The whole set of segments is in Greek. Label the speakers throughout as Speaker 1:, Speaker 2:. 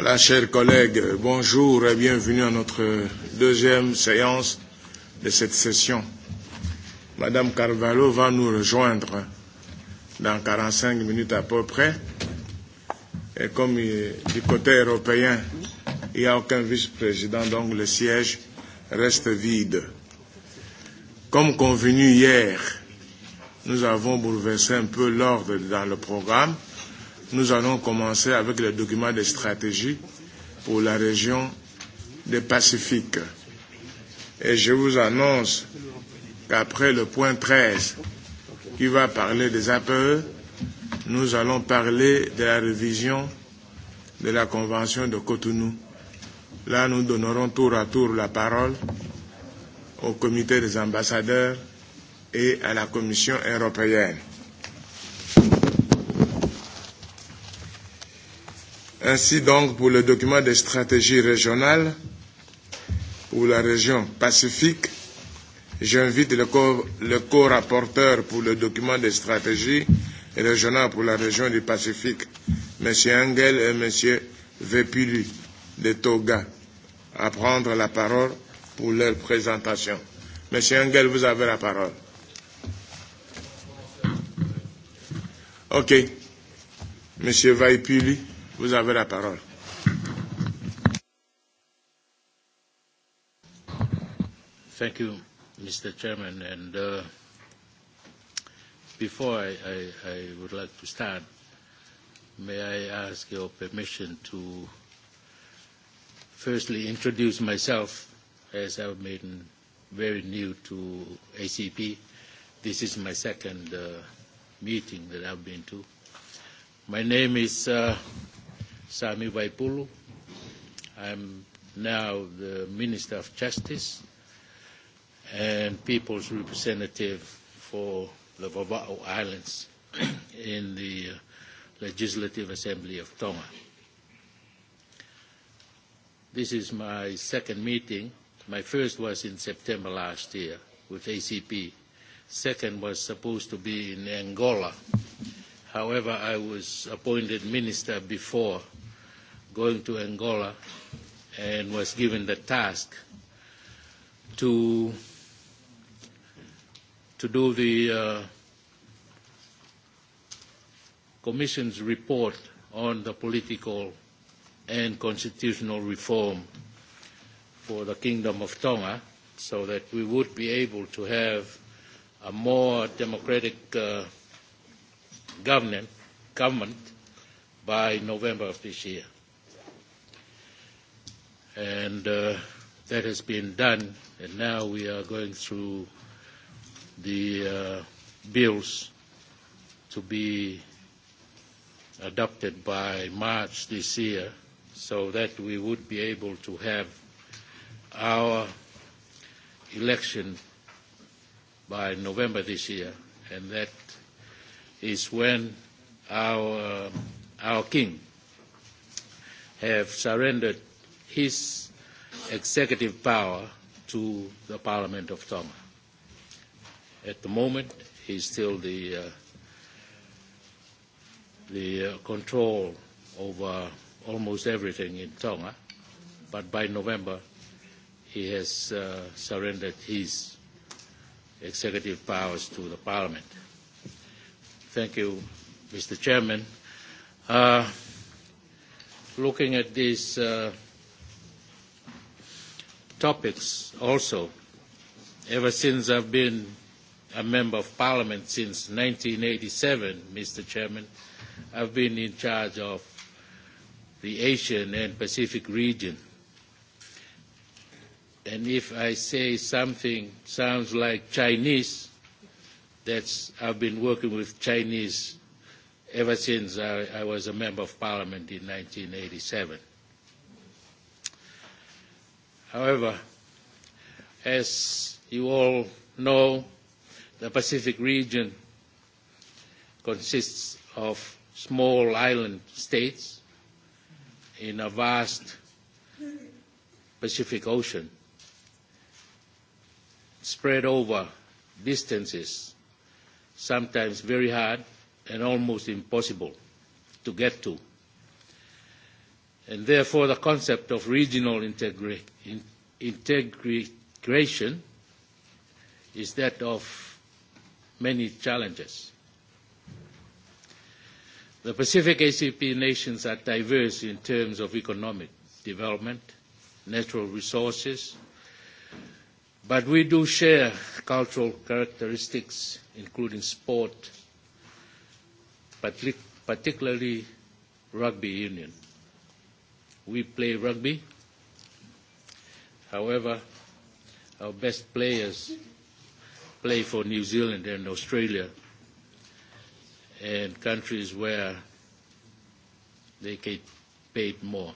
Speaker 1: Voilà, chers collègues, bonjour et bienvenue à notre deuxième séance de cette session. Madame Carvalho va nous rejoindre dans 45 minutes à peu près. Et comme du côté européen, il n'y a aucun vice-président, donc le siège reste vide. Comme convenu hier, nous avons bouleversé un peu l'ordre dans le programme nous allons commencer avec le document de stratégie pour la région du Pacifique. Et je vous annonce qu'après le point 13, qui va parler des APE, nous allons parler de la révision de la Convention de Cotonou. Là, nous donnerons tour à tour la parole au comité des ambassadeurs et à la Commission européenne. Ainsi donc, pour le document de stratégie régionale pour la région Pacifique, j'invite le co-rapporteur pour le document des stratégie régionales pour la région du Pacifique, M. Engel et M. Vepili de Toga, à prendre la parole pour leur présentation. M. Engel, vous avez la parole. OK. Monsieur Vaipuli. Vous avez la parole. Thank you,
Speaker 2: Mr. Chairman. And uh, before I, I, I would like to start, may I ask your permission to firstly introduce myself as I've been very new to ACP. This is my second uh, meeting that I've been to. My name is uh, Sami Waipulu. I'm now the Minister of Justice and People's Representative for the Vava'o Islands in the Legislative Assembly of Tonga. This is my second meeting. My first was in September last year with ACP. Second was supposed to be in Angola. However, I was appointed minister before going to Angola and was given the task to to do the Commission's report on the political and constitutional reform for the Kingdom of Tonga so that we would be able to have a more democratic government by November of this year and that has been done and now we are going through the bills to be adopted by March this year so that we would be able to have our election by November this year and that is when our king have surrendered his executive power to the Parliament of Tonga. At the moment, he is still the the control over almost everything in Tonga, but by November he has surrendered his executive powers to the Parliament. Thank you, Mr. Chairman. Looking at this topics also ever since I've been a member of parliament since 1987, Mr. Chairman. I've been in charge of the Asian and Pacific region. And if I say something sounds like Chinese, that's I've been working with Chinese ever since I was a member of parliament in 1987. However, as you all know, the Pacific region consists of small island states in a vast Pacific Ocean spread over distances sometimes very hard and almost impossible to get to and therefore the concept of regional integration is that of many challenges. The Pacific ACP nations are diverse in terms of economic development, natural resources, but we do share cultural characteristics, including sport, particularly rugby union. We play rugby. However, our best players play for New Zealand and Australia and countries where they get paid more.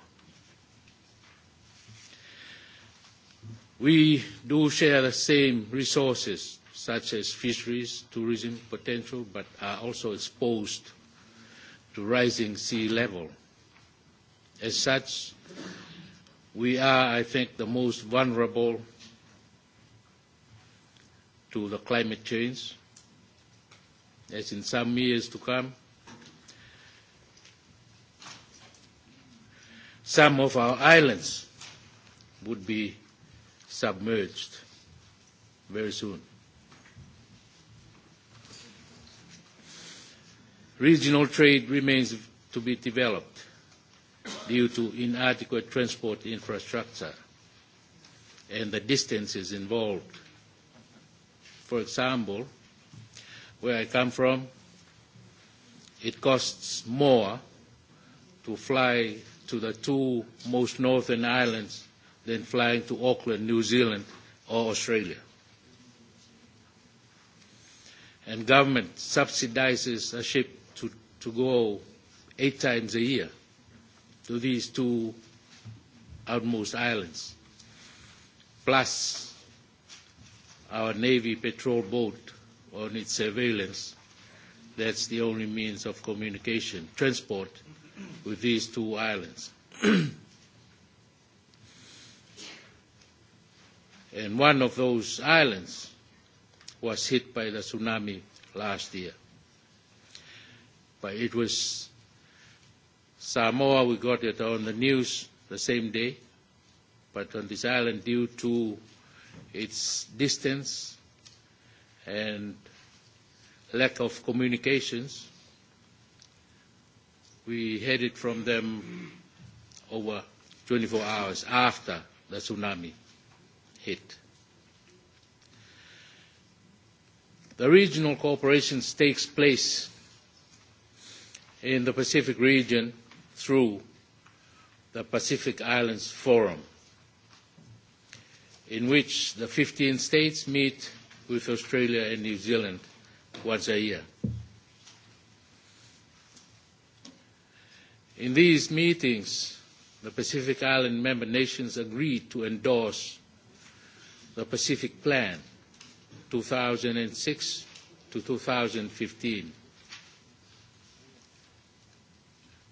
Speaker 2: We do share the same resources such as fisheries, tourism potential, but are also exposed to rising sea level As such, we are, I think, the most vulnerable to the climate change, as in some years to come. Some of our islands would be submerged very soon. Regional trade remains to be developed due to inadequate transport infrastructure and the distances involved. For example, where I come from, it costs more to fly to the two most northern islands than flying to Auckland, New Zealand or Australia. And government subsidises a ship to go eight times a year to these two outmost islands, plus our Navy patrol boat on its surveillance. That's the only means of communication, transport with these two islands. And one of those islands was hit by the tsunami last year. But it was Samoa, we got it on the news the same day, but on this island, due to its distance and lack of communications, we heard it from them over 24 hours after the tsunami hit. The regional cooperation takes place in the Pacific region through the Pacific Islands Forum, in which the 15 states meet with Australia and New Zealand once a year. In these meetings, the Pacific Island member nations agreed to endorse the Pacific Plan 2006 to 2015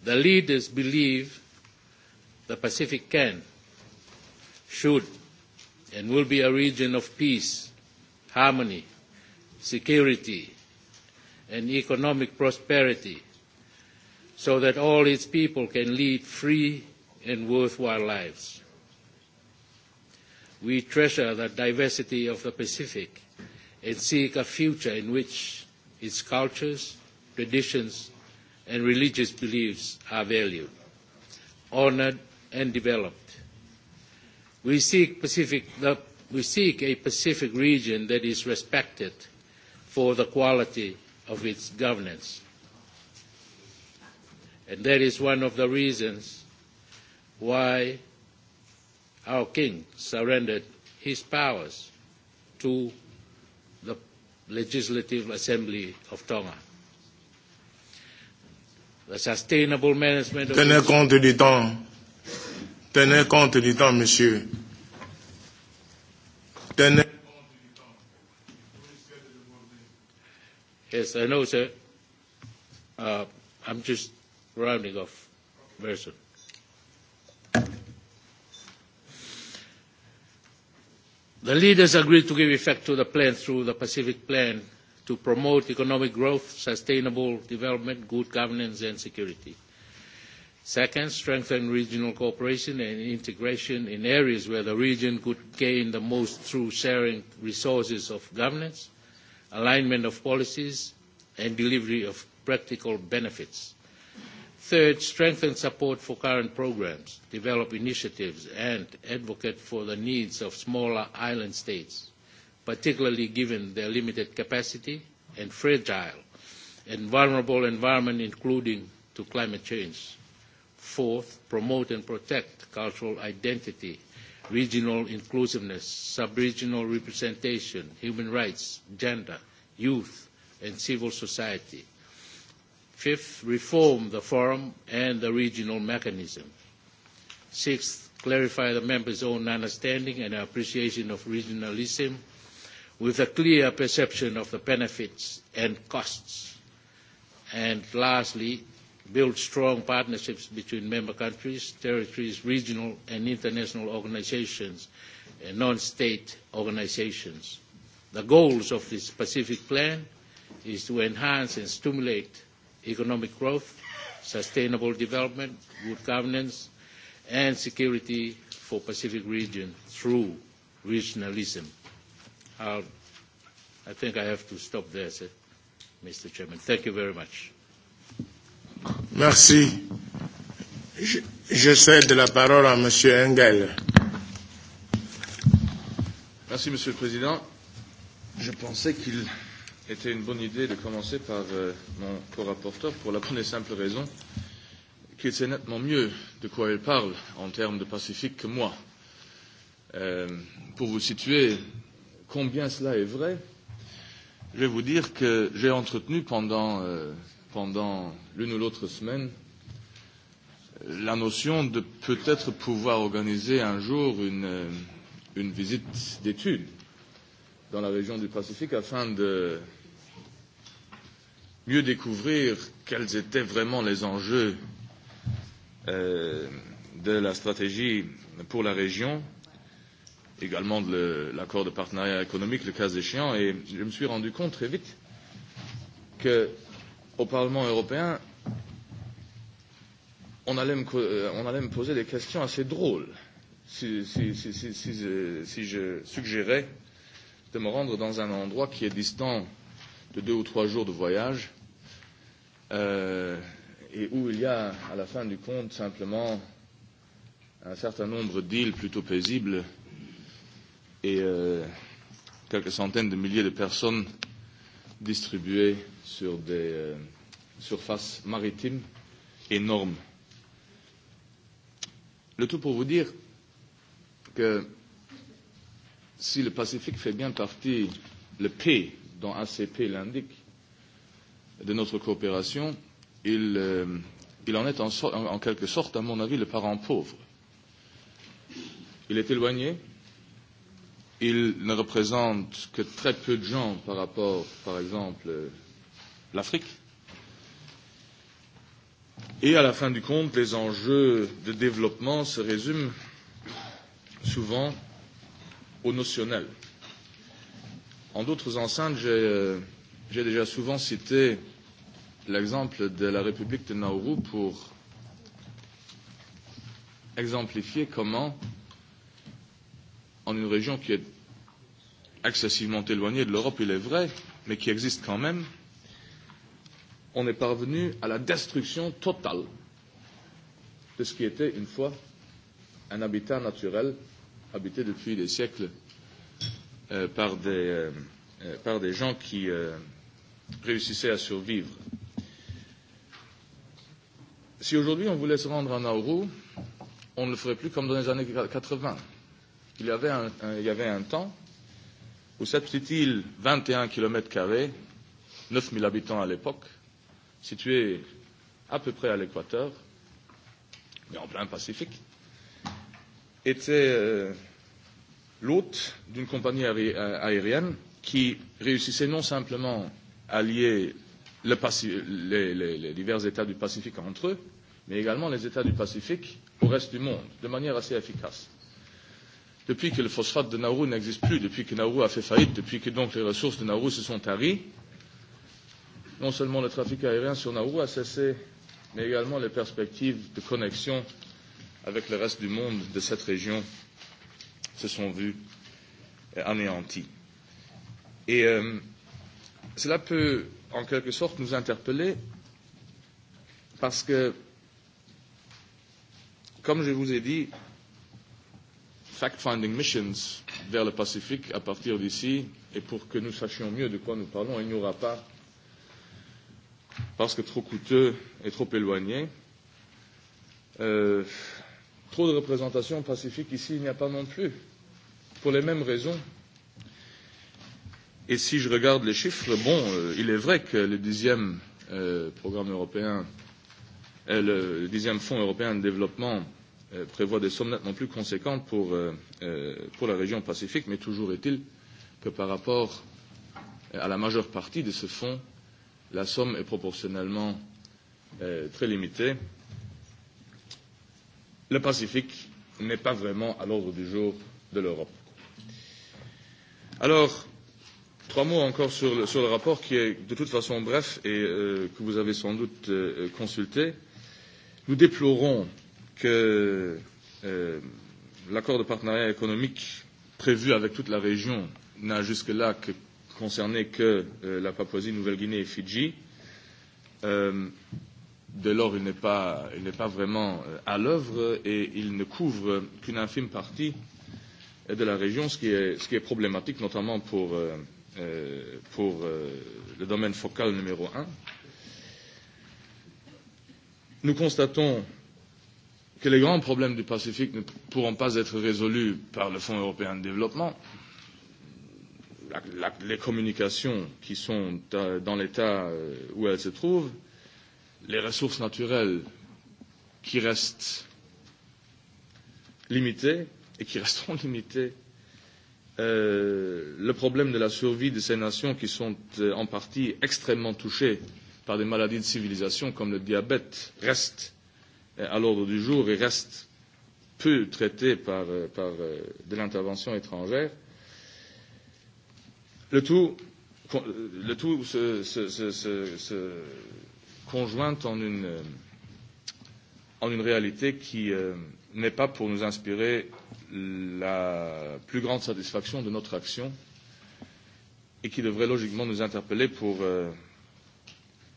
Speaker 2: The leaders believe the Pacific can, should, and will be a region of peace, harmony, security, and economic prosperity so that all its people can lead free and worthwhile lives. We treasure the diversity of the Pacific and seek a future in which its cultures, traditions, and religious beliefs are valued, honoured and developed. We seek a Pacific region that is respected for the quality of its governance. And that is one of the reasons why our king surrendered his powers to the Legislative Assembly of Tonga sustainable management of Tenez compte
Speaker 1: du temps. Tenez compte du temps, monsieur. Tenez
Speaker 2: Yes, I know, sir. Uh, I'm just rounding off very soon. The leaders agreed to give effect to the plan through the Pacific Plan to promote economic growth, sustainable development, good governance and security. Second, strengthen regional cooperation and integration in areas where the region could gain the most through sharing resources of governance, alignment of policies and delivery of practical benefits. Third, strengthen support for current programs, develop initiatives and advocate for the needs of smaller island states particularly given their limited capacity and fragile and vulnerable environment, including to climate change. Fourth, promote and protect cultural identity, regional inclusiveness, sub-regional representation, human rights, gender, youth, and civil society. Fifth, reform the forum and the regional mechanism. Sixth, clarify the members' own understanding and appreciation of regionalism with a clear perception of the benefits and costs. And lastly, build strong partnerships between member countries, territories, regional and international organisations, and non-state organisations. The goals of this Pacific Plan is to enhance and stimulate economic growth, sustainable development, good governance, and security for Pacific region through regionalism. I think I have to stop there, Mr. Chairman. Thank you very much.
Speaker 1: Merci. Je cède la parole à Monsieur Engel.
Speaker 3: Merci, Monsieur le Président. Je pensais qu'il était une bonne idée de commencer par mon co-rapporteur pour la bonne et simple raison qu'il sait nettement mieux de quoi il parle en termes de Pacifique que moi. Euh, Pour vous situer, combien cela est vrai, je vais vous dire que j'ai entretenu pendant, pendant l'une ou l'autre semaine la notion de peut-être pouvoir organiser un jour une, une visite d'études dans la région du Pacifique afin de mieux découvrir quels étaient vraiment les enjeux de la stratégie pour la région également de l'accord de partenariat économique, le cas échéant, et je me suis rendu compte très vite qu'au Parlement européen, on allait me poser des questions assez drôles si je suggérais de me rendre dans un endroit qui est distant de deux ou trois jours de voyage et où il y a, à la fin du compte, simplement un certain nombre d'îles plutôt paisibles et quelques centaines de milliers de personnes distribuées sur des surfaces maritimes énormes. Le tout pour vous dire que si le Pacifique fait bien partie, le P dont ACP l'indique, de notre coopération, il en est en en quelque sorte, à mon avis, le parent pauvre. Il est éloigné il ne représente que très peu de gens par rapport, par exemple, à l'Afrique. Et à la fin du compte, les enjeux de développement se résument souvent au notionnel. En d'autres enceintes, j'ai déjà souvent cité l'exemple de la République de Nauru pour exemplifier comment Dans une région qui est excessivement éloignée de l'Europe, il est vrai, mais qui existe quand même, on est parvenu à la destruction totale de ce qui était une fois un habitat naturel habité depuis des siècles par des gens qui réussissaient à survivre. Si aujourd'hui on voulait se rendre à Nauru, on ne le ferait plus comme dans les années 80 il y avait un, y avait un temps où cette petite île, 21 km carrés, 9000 habitants à l'époque, située à peu près à l'équateur, mais en plein Pacifique, était l'hôte d'une compagnie aérienne qui réussissait non simplement à lier les divers États du Pacifique entre eux, mais également les États du Pacifique au reste du monde, de manière assez efficace depuis que le phosphate de Nauru n'existe plus, depuis que Nauru a fait faillite, depuis que donc les ressources de Nauru se sont taries, non seulement le trafic aérien sur Nauru a cessé, mais également les perspectives de connexion avec le reste du monde de cette région se sont vues anéanties. Et cela peut, en quelque sorte, nous interpeller parce que, comme je vous ai dit, fact-finding missions vers le Pacifique à partir d'ici et pour que nous sachions mieux de quoi nous parlons, il n'y aura pas, parce que trop coûteux et trop éloigné, trop de représentations pacifiques ici, il n'y a pas non plus, pour les mêmes raisons. Et si je regarde les chiffres, bon, il est vrai que le dixième programme européen, le dixième fonds européen de développement prévoit des sommes nettement plus conséquentes pour la région Pacifique, mais toujours est-il que par rapport à la majeure partie de ce fonds, la somme est proportionnellement très limitée. Le Pacifique n'est pas vraiment à l'ordre du jour de l'Europe. Alors, trois mots encore sur le rapport qui est de toute façon bref et que vous avez sans doute consulté. Nous déplorons que l'accord de partenariat économique prévu avec toute la région n'a jusque-là que concerné que la Papouasie-Nouvelle-Guinée et Fidji. Dès lors, il n'est pas vraiment à l'œuvre et il ne couvre qu'une infime partie de la région, ce qui est problématique, notamment pour le domaine focal numéro un. Nous constatons que les grands problèmes du Pacifique ne pourront pas être résolus par le Fonds européen de développement, les communications qui sont dans l'état où elles se trouvent, les ressources naturelles qui restent limitées et qui resteront limitées, le problème de la survie de ces nations qui sont en partie extrêmement touchées par des maladies de civilisation comme le diabète reste à l'ordre du jour et reste peu traité par de l'intervention étrangère. Le tout se conjointe en une réalité qui n'est pas pour nous inspirer la plus grande satisfaction de notre action et qui devrait logiquement nous interpeller pour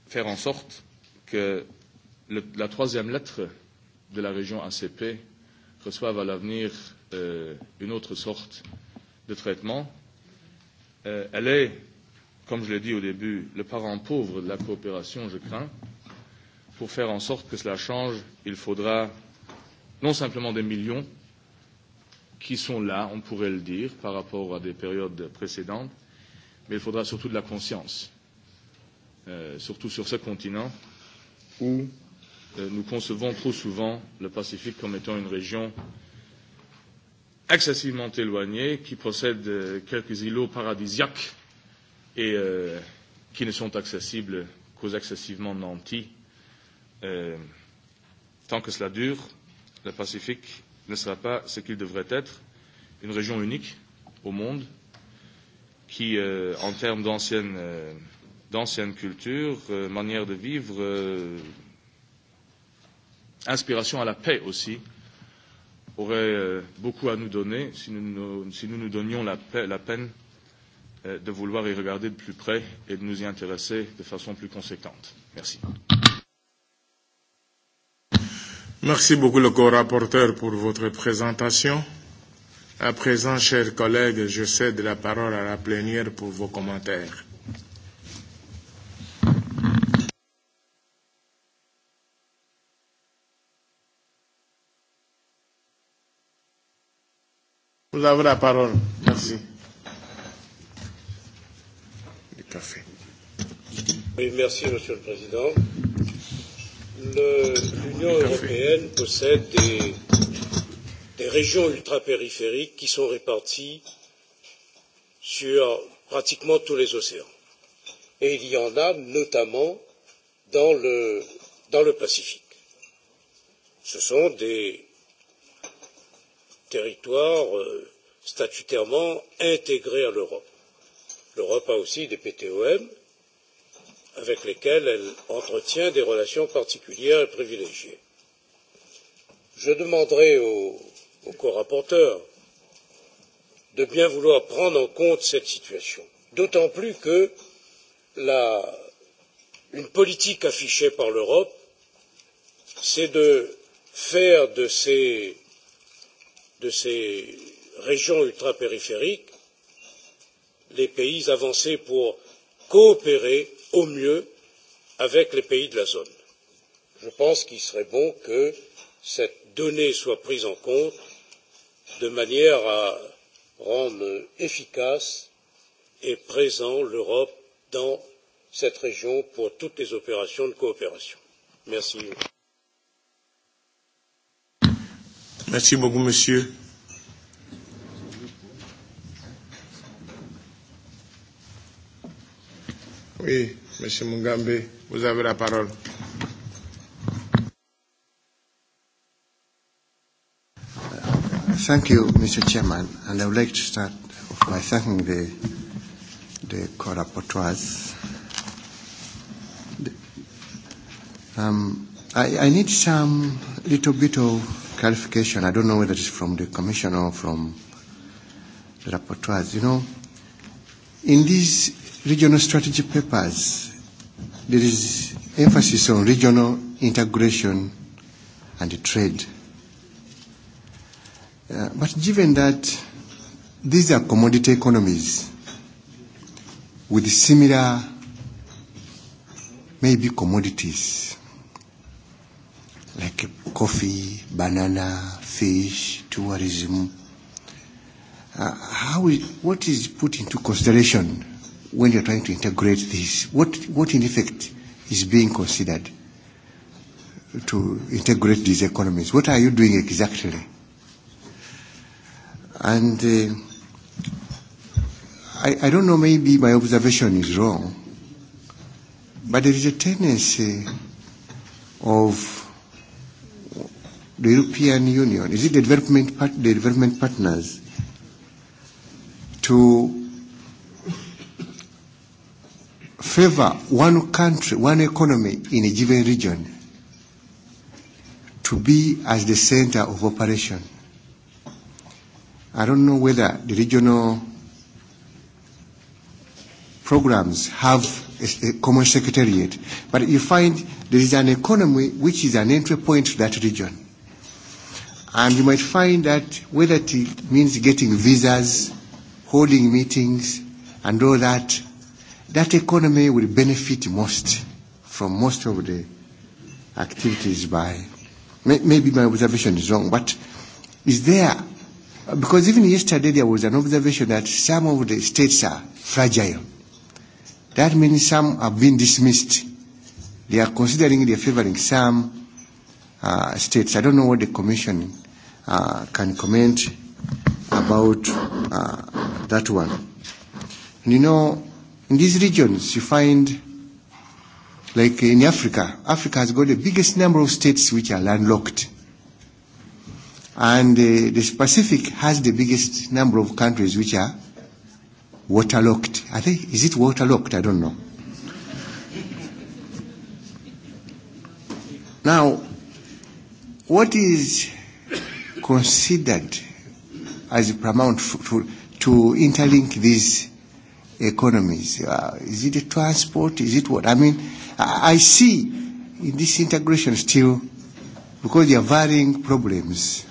Speaker 3: faire en sorte que la troisième lettre de la région ACP reçoive à l'avenir une autre sorte de traitement. Elle est, comme je l'ai dit au début, le parent pauvre de la coopération, je crains. Pour faire en sorte que cela change, il faudra non simplement des millions qui sont là, on pourrait le dire, par rapport à des périodes précédentes, mais il faudra surtout de la conscience, surtout sur ce continent où nous concevons trop souvent le Pacifique comme étant une région excessivement éloignée, qui possède quelques îlots paradisiaques et qui ne sont accessibles qu'aux excessivement nantis. Tant que cela dure, le Pacifique ne sera pas ce qu'il devrait être, une région unique au monde, qui, en termes d'anciennes cultures, manières de vivre, inspiration à la paix aussi, aurait beaucoup à nous donner si nous nous donnions la peine de vouloir y regarder de plus près et de nous y intéresser de façon plus conséquente. Merci.
Speaker 1: Merci beaucoup, le co-rapporteur, pour votre présentation. À présent, chers collègues, je cède la parole à la plénière pour vos commentaires. Vous avez la Merci. café.
Speaker 4: Oui, merci, Monsieur le Président. L'Union européenne possède des, des régions ultra-périphériques qui sont réparties sur pratiquement tous les océans. Et il y en a notamment dans le, dans le Pacifique. Ce sont des territoire statutairement intégrés à l'Europe. L'Europe a aussi des PTOM avec lesquels elle entretient des relations particulières et privilégiées. Je demanderai aux corapporteurs de bien vouloir prendre en compte cette situation, d'autant plus que une politique affichée par l'Europe, c'est de faire de ces de ces régions ultrapériphériques, les pays avancés pour coopérer au mieux avec les pays de la zone. Je pense qu'il serait bon que cette donnée soit prise en compte de manière à rendre efficace et présent l'Europe dans cette région pour toutes les opérations de coopération. Merci.
Speaker 1: Merci beaucoup, monsieur. Oui, monsieur Mugambe, vous avez la parole.
Speaker 5: Thank you, Mr. Chairman, and I would like to start by thanking the, the co-rapporteurs. Um, I, I need some little bit of clarification. I don't know whether it's from the Commission or from the rapporteurs. You know, in these regional strategy papers, there is emphasis on regional integration and trade. But given that these are commodity economies with similar maybe commodities like coffee, banana, fish, tourism. how is, what is put into consideration when you're trying to integrate this? What, what in effect is being considered to integrate these economies? What are you doing exactly? And I, I don't know, maybe my observation is wrong, but there is a tendency of the European Union, is it the development, part, the development partners to favor one country, one economy in a given region to be as the center of operation. I don't know whether the regional programs have a common secretariat, but you find there is an economy which is an entry point to that region. And you might find that whether it means getting visas, holding meetings, and all that, that economy will benefit most from most of the activities by. Maybe my observation is wrong, but is there. Because even yesterday there was an observation that some of the states are fragile. That means some have been dismissed. They are considering they are favoring some states. I don't know what the Commission can comment about that one. You know, in these regions you find, like in Africa, Africa has got the biggest number of states which are landlocked. And the Pacific has the biggest number of countries which are waterlocked. Are they, is it waterlocked? I don't know. Now, what is considered as paramount to, to interlink these economies? Uh, is it transport? Is it what? I mean, I, I see in this integration still, because there are varying problems.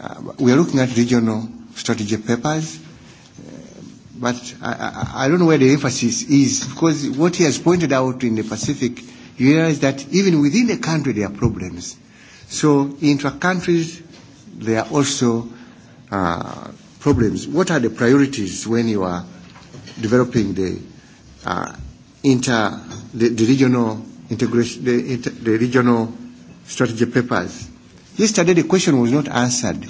Speaker 5: Uh, we are looking at regional strategy papers, but I, I, I don't know where the emphasis is, because what he has pointed out in the Pacific, you realize that even within the country there are problems So intra-countries, there are also uh, problems. What are the priorities when you are developing the uh, inter, the, regional integration, the, the regional strategy papers? Yesterday the question was not answered.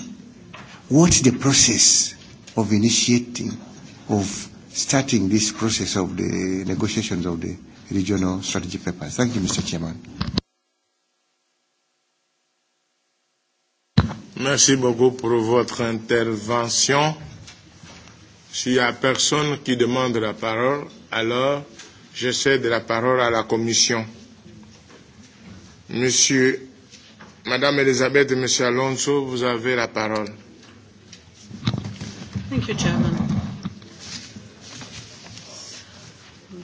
Speaker 5: What's the process of initiating, of starting this process of the negotiations of the regional strategy papers? Thank you, Mr. Chairman.
Speaker 1: Merci beaucoup pour votre intervention. S'il n'y a personne qui demande la parole, alors je cède la parole à la Commission. Monsieur, Madame Elisabeth et Monsieur Alonso, vous avez la parole.
Speaker 6: Thank you, Chairman.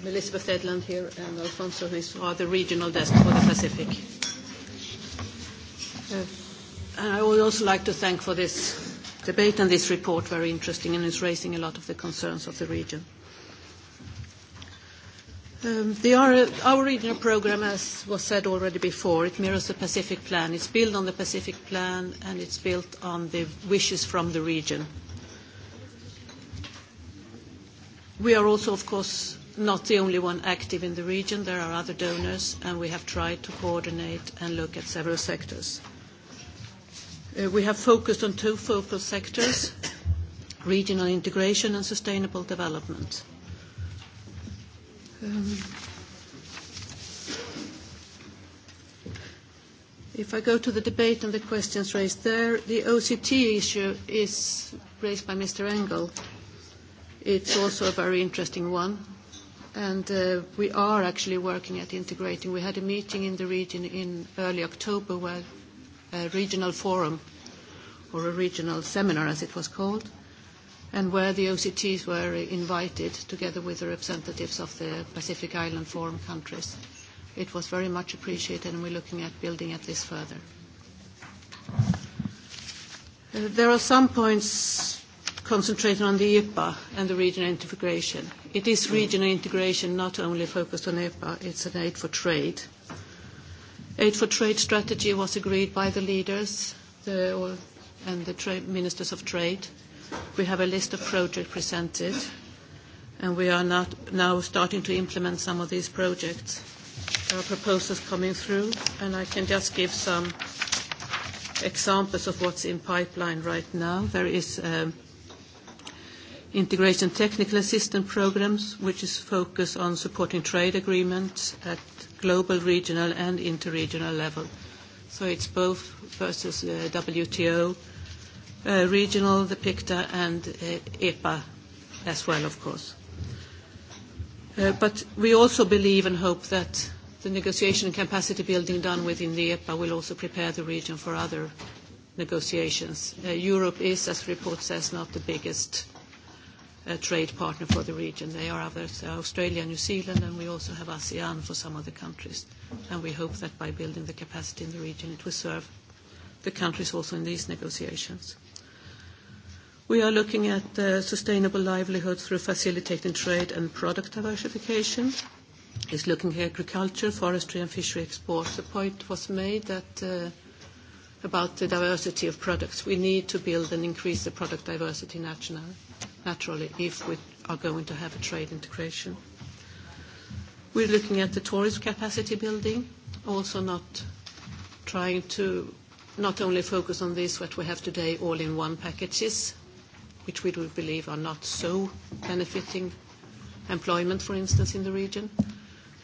Speaker 6: Elizabeth Edland here and Alfonso is the regional desk for the Pacific. I would also like to thank for this debate and this report, very interesting, and it's raising a lot of the concerns of the region. Our regional program, as was said already before, it mirrors the Pacific Plan. It's built on the Pacific Plan, and it's built on the wishes from the region. We are also, of course, not the only one active in the region. There are other donors, and we have tried to coordinate and look at several sectors. We have focused on two focal sectors, regional integration and sustainable development. If I go to the debate and the questions raised there, the OCT issue is raised by Mr. Engel. It's also a very interesting one, and we are actually working at integrating. We had a meeting in the region in early October where a regional forum or a regional seminar as it was called and where the OCTs were invited together with the representatives of the Pacific Island Forum countries. It was very much appreciated and we're looking at building at this further. There are some points concentrated on the IPA and the regional integration. It is regional integration not only focused on IPA, it's an aid for trade aid for trade strategy was agreed by the leaders and the ministers of trade. We have a list of projects presented, and we are now starting to implement some of these projects. There are proposals coming through, and I can just give some examples of what's in pipeline right now. There is integration technical assistance programs, which is focused on supporting trade agreements at global, regional, and interregional level. So it's both versus WTO, regional, the PICTA, and EPA as well, of course. But we also believe and hope that the negotiation and capacity building done within the EPA will also prepare the region for other negotiations. Europe is, as the report says, not the biggest a trade partner for the region. They are others, Australia, New Zealand, and we also have ASEAN for some of the countries. And we hope that by building the capacity in the region, it will serve the countries also in these negotiations. We are looking at sustainable livelihoods through facilitating trade and product diversification. Is looking at agriculture, forestry, and fishery exports. The point was made that about the diversity of products. We need to build and increase the product diversity nationally naturally, if we are going to have a trade integration. We're looking at the tourist capacity building, also not trying to not only focus on this, what we have today, all-in-one packages, which we do believe are not so benefiting employment, for instance, in the region,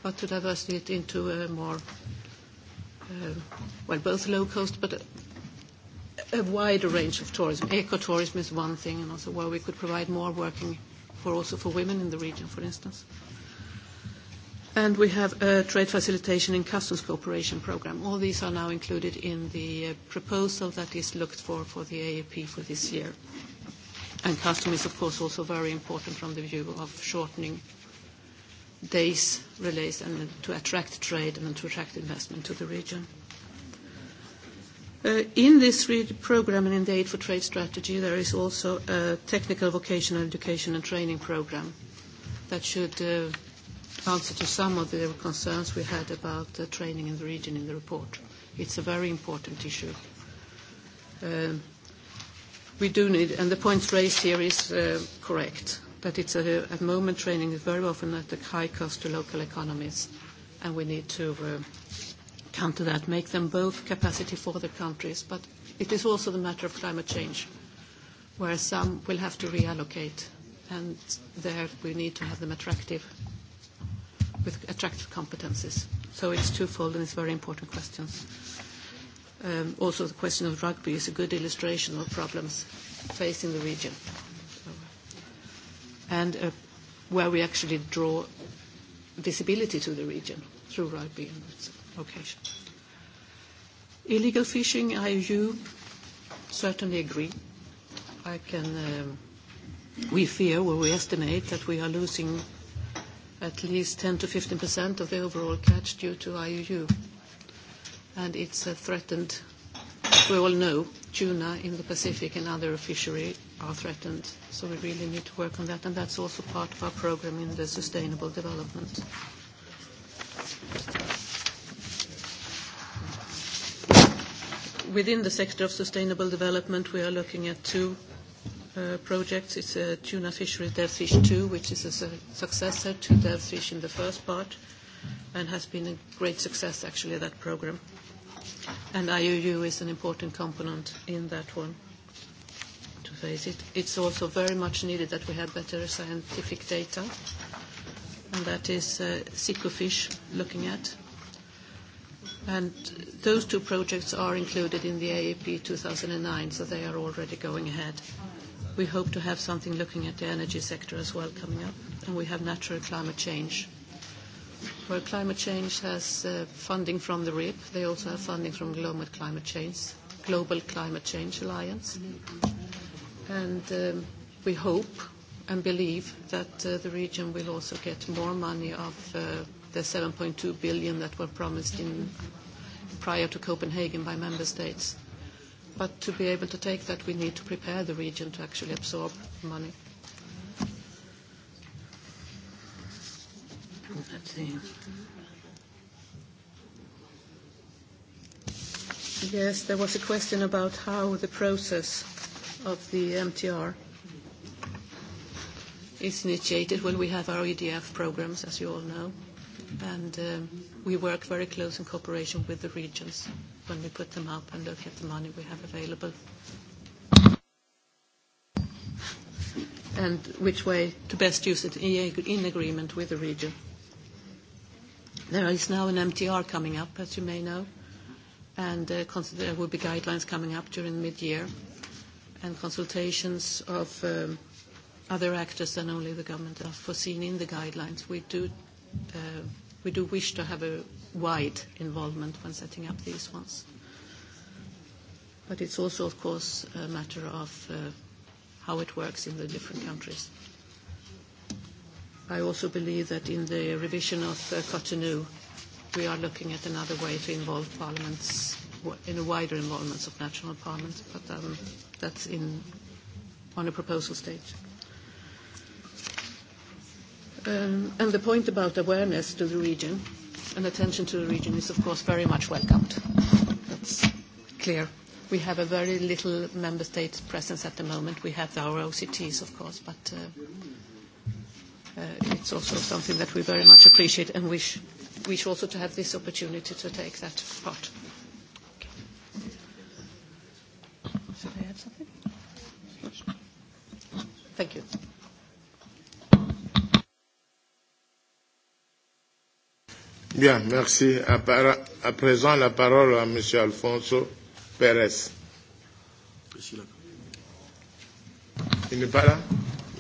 Speaker 6: but to diversify it into a more, well, both low cost, but a wider range of tourism. tourism is one thing, and also where we could provide more working for also for women in the region, for instance. And we have a trade facilitation and customs cooperation program. All these are now included in the proposal that is looked for for the AAP for this year. And custom is, of course, also very important from the view of shortening days relays and to attract trade and to attract investment to the region. In this program and in the Aid for Trade strategy, there is also a technical vocational education and training program that should answer to some of the concerns we had about the training in the region in the report. It's a very important issue. We do need, and the points raised here is correct, that it's at moment training is very often at a high cost to local economies, and we need to counter to that, make them both capacity for the countries. But it is also the matter of climate change, where some will have to reallocate, and there we need to have them attractive, with attractive competences. So it's twofold, and it's very important questions. Also, the question of rugby is a good illustration of problems facing the region, and where we actually draw visibility to the region through rugby. and location Illegal fishing, IUU, certainly agree. I can, we fear we estimate that we are losing at least 10 to 15% of the overall catch due to IUU. And it's a threatened, we all know, tuna in the Pacific and other fishery are threatened. So we really need to work on that. And that's also part of our program in the sustainable development. Within the sector of sustainable development, we are looking at two projects. It's a tuna fishery, Delfish 2, which is a successor to Delfish in the first part and has been a great success, actually, that program. And IUU is an important component in that one, to face it. It's also very much needed that we have better scientific data, and that is Sico fish looking at And those two projects are included in the AAP 2009, so they are already going ahead. We hope to have something looking at the energy sector as well coming up. And we have natural climate change, where climate change has funding from the RIP. They also have funding from Global Climate Change, Global Climate Change Alliance. And we hope and believe that the region will also get more money of the 7.2 billion that were promised in prior to Copenhagen by member states. But to be able to take that, we need to prepare the region to actually absorb money. Yes, there was a question about how the process of the MTR is initiated. When we have our EDF programs, as you all know and we work very close in cooperation with the regions when we put them up and look at the money we have available and which way to best use it in agreement with the region. There is now an MTR coming up, as you may know, and there will be guidelines coming up during mid-year and consultations of other actors than only the government are foreseen in the guidelines. We do we do wish to have a wide involvement when setting up these ones. But it's also, of course, a matter of how it works in the different countries. I also believe that in the revision of Cotonou, we are looking at another way to involve parliaments in a wider involvement of national parliaments, but that's in on a proposal stage. And the point about awareness to the region and attention to the region is, of course, very much welcomed. That's clear. We have a very little member state presence at the moment. We have our OCTs, of course, but it's also something that we very much appreciate and wish wish also to have this opportunity to take that part.
Speaker 1: Thank you. Bien, merci. À, présent, la parole à M. Alfonso Pérez.
Speaker 7: Il n'est pas là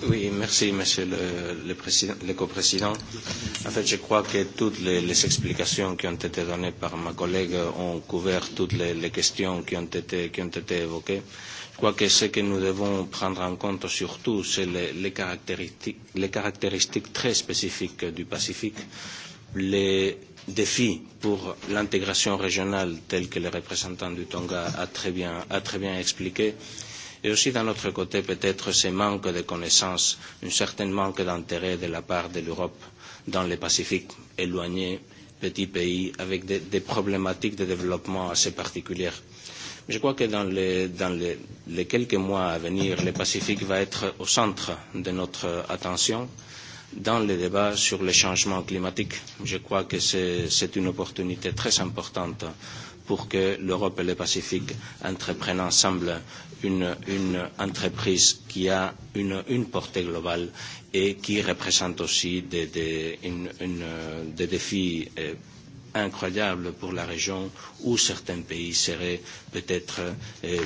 Speaker 7: Oui, merci, Monsieur le, le, président, le En fait, je crois que toutes les, les explications qui ont été données par ma collègue ont couvert toutes les, les questions qui ont, été, qui ont été évoquées. Je crois que ce que nous devons prendre en compte surtout, c'est les, les, caractéristiques, les caractéristiques très spécifiques du Pacifique. Les, défis pour l'intégration régionale tel que le représentant du Tonga a très bien expliqué et aussi d'un autre côté peut être ce manque de connaissances, un certain manque d'intérêt de la part de l'Europe dans le Pacifique éloigné, petit pays, avec des problématiques de développement assez particulières. Je crois que dans les quelques mois à venir, le Pacifique va être au centre de notre attention dans le débat sur le changement climatique. Je crois que c'est une opportunité très importante pour que l'Europe et le Pacifique entreprennent ensemble une entreprise qui a une portée globale et qui représente aussi des défis incroyables pour la région où certains pays seraient peut-être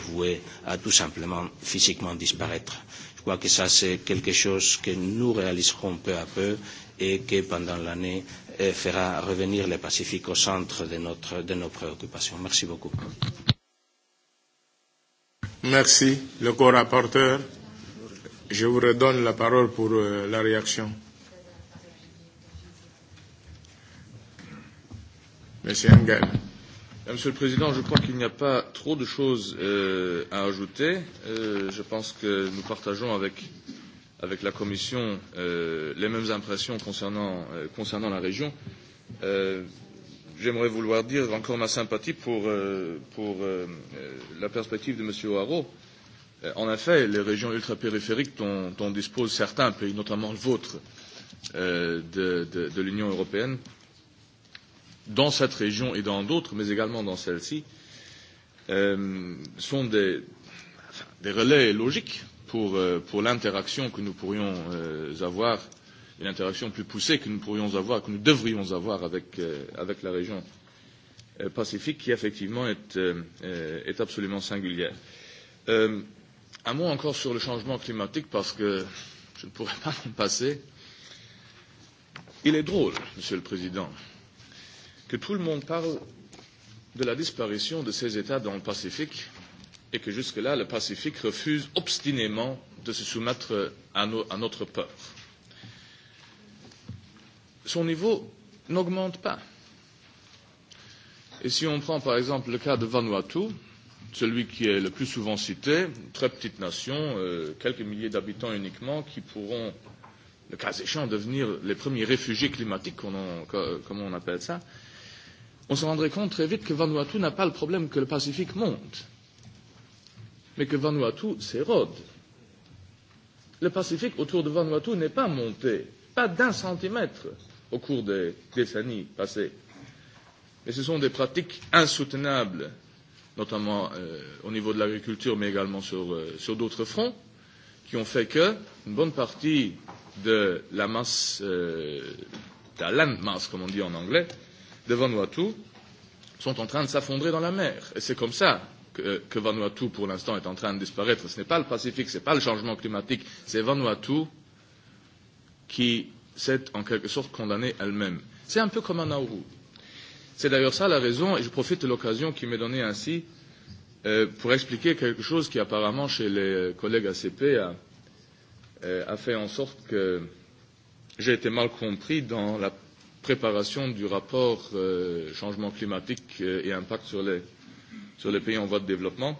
Speaker 7: voués à tout simplement physiquement disparaître. Je crois que ça, c'est quelque chose que nous réaliserons peu à peu et que pendant l'année fera revenir le Pacifique au centre de, notre, de nos préoccupations. Merci beaucoup. Merci. Le co-rapporteur,
Speaker 1: je vous redonne la parole pour la réaction.
Speaker 3: Monsieur Engel. Monsieur le Président, je crois qu'il n'y a pas trop de choses à ajouter. Je pense que nous partageons avec la Commission les mêmes impressions concernant la région. J'aimerais vouloir dire encore ma sympathie pour la perspective de Monsieur O'Haraud. En effet, les régions ultrapériphériques dont disposent certains pays, notamment le vôtre, de l'Union européenne, dans cette région et dans d'autres, mais également dans celle-ci, sont des relais logiques pour l'interaction que nous pourrions avoir, une interaction plus poussée que nous pourrions avoir, que nous devrions avoir avec la région pacifique, qui effectivement est absolument singulière. Un mot encore sur le changement climatique, parce que je ne pourrais pas m'en passer. Il est drôle, Monsieur le Président que tout le monde parle de la disparition de ces États dans le Pacifique et que jusque-là, le Pacifique refuse obstinément de se soumettre à notre peur. Son niveau n'augmente pas. Et si on prend par exemple le cas de Vanuatu, celui qui est le plus souvent cité, très petite nation, quelques milliers d'habitants uniquement, qui pourront, le cas échéant, devenir les premiers réfugiés climatiques, comment on appelle ça, on se rendrait compte très vite que Vanuatu n'a pas le problème que le Pacifique monte, mais que Vanuatu s'érode. Le Pacifique autour de Vanuatu n'est pas monté, pas d'un centimètre au cours des décennies passées. mais ce sont des pratiques insoutenables, notamment au niveau de l'agriculture, mais également sur d'autres fronts, qui ont fait que une bonne partie de la masse, de la landmass, comme on dit en anglais, de Vanuatu sont en train de s'affondrer dans la mer. Et c'est comme ça que Vanuatu, pour l'instant, est en train de disparaître. Ce n'est pas le Pacifique, ce n'est pas le changement climatique, c'est Vanuatu qui s'est en quelque sorte condamnée elle-même. C'est un peu comme un Nauru. C'est d'ailleurs ça la raison, et je profite de l'occasion qui m'est donnée ainsi pour expliquer quelque chose qui apparemment chez les collègues ACP a, a fait en sorte que j'ai été mal compris dans la préparation du rapport changement climatique et impact sur les, sur les pays en voie de développement,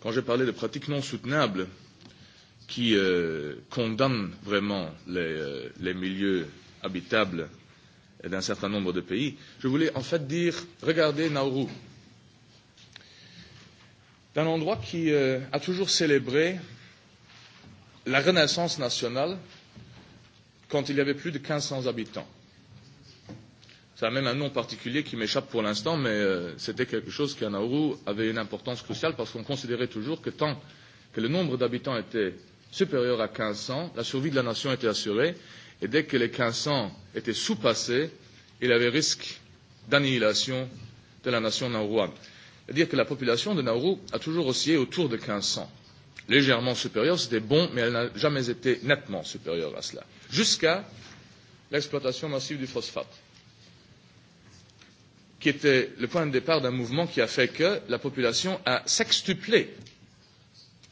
Speaker 3: quand j'ai parlé de pratiques non soutenables qui condamnent vraiment les, les milieux habitables d'un certain nombre de pays, je voulais en fait dire, regardez Nauru, d'un endroit qui a toujours célébré la renaissance nationale quand il y avait plus de 1500 habitants. Ça a même un nom particulier qui m'échappe pour l'instant, mais c'était quelque chose qui, à Nauru, avait une importance cruciale parce qu'on considérait toujours que tant que le nombre d'habitants était supérieur à 1500, la survie de la nation était assurée, et dès que les 1500 étaient sous-passés, il y avait risque d'annihilation de la nation nauruane. C'est-à-dire que la population de Nauru a toujours oscillé autour de 1500. Légèrement supérieure, c'était bon, mais elle n'a jamais été nettement supérieure à cela. Jusqu'à l'exploitation massive du phosphate qui était le point de départ d'un mouvement qui a fait que la population a sextuplé,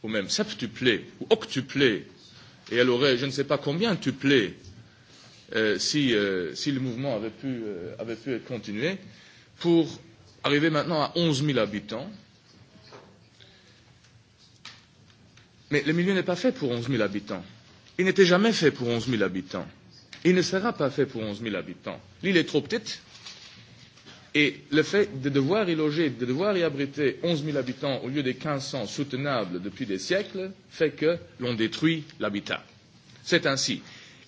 Speaker 3: ou même septuplé, ou octuplé, et elle aurait je ne sais pas combien tuplé si le mouvement avait pu être continué, pour arriver maintenant à 11 000 habitants. Mais le milieu n'est pas fait pour 11 000 habitants. Il n'était jamais fait pour 11 000 habitants. Il ne sera pas fait pour 11 000 habitants. L'île est trop petite Et le fait de devoir y loger, de devoir y abriter 11 000 habitants au lieu des 1500 soutenables depuis des siècles fait que l'on détruit l'habitat. C'est ainsi.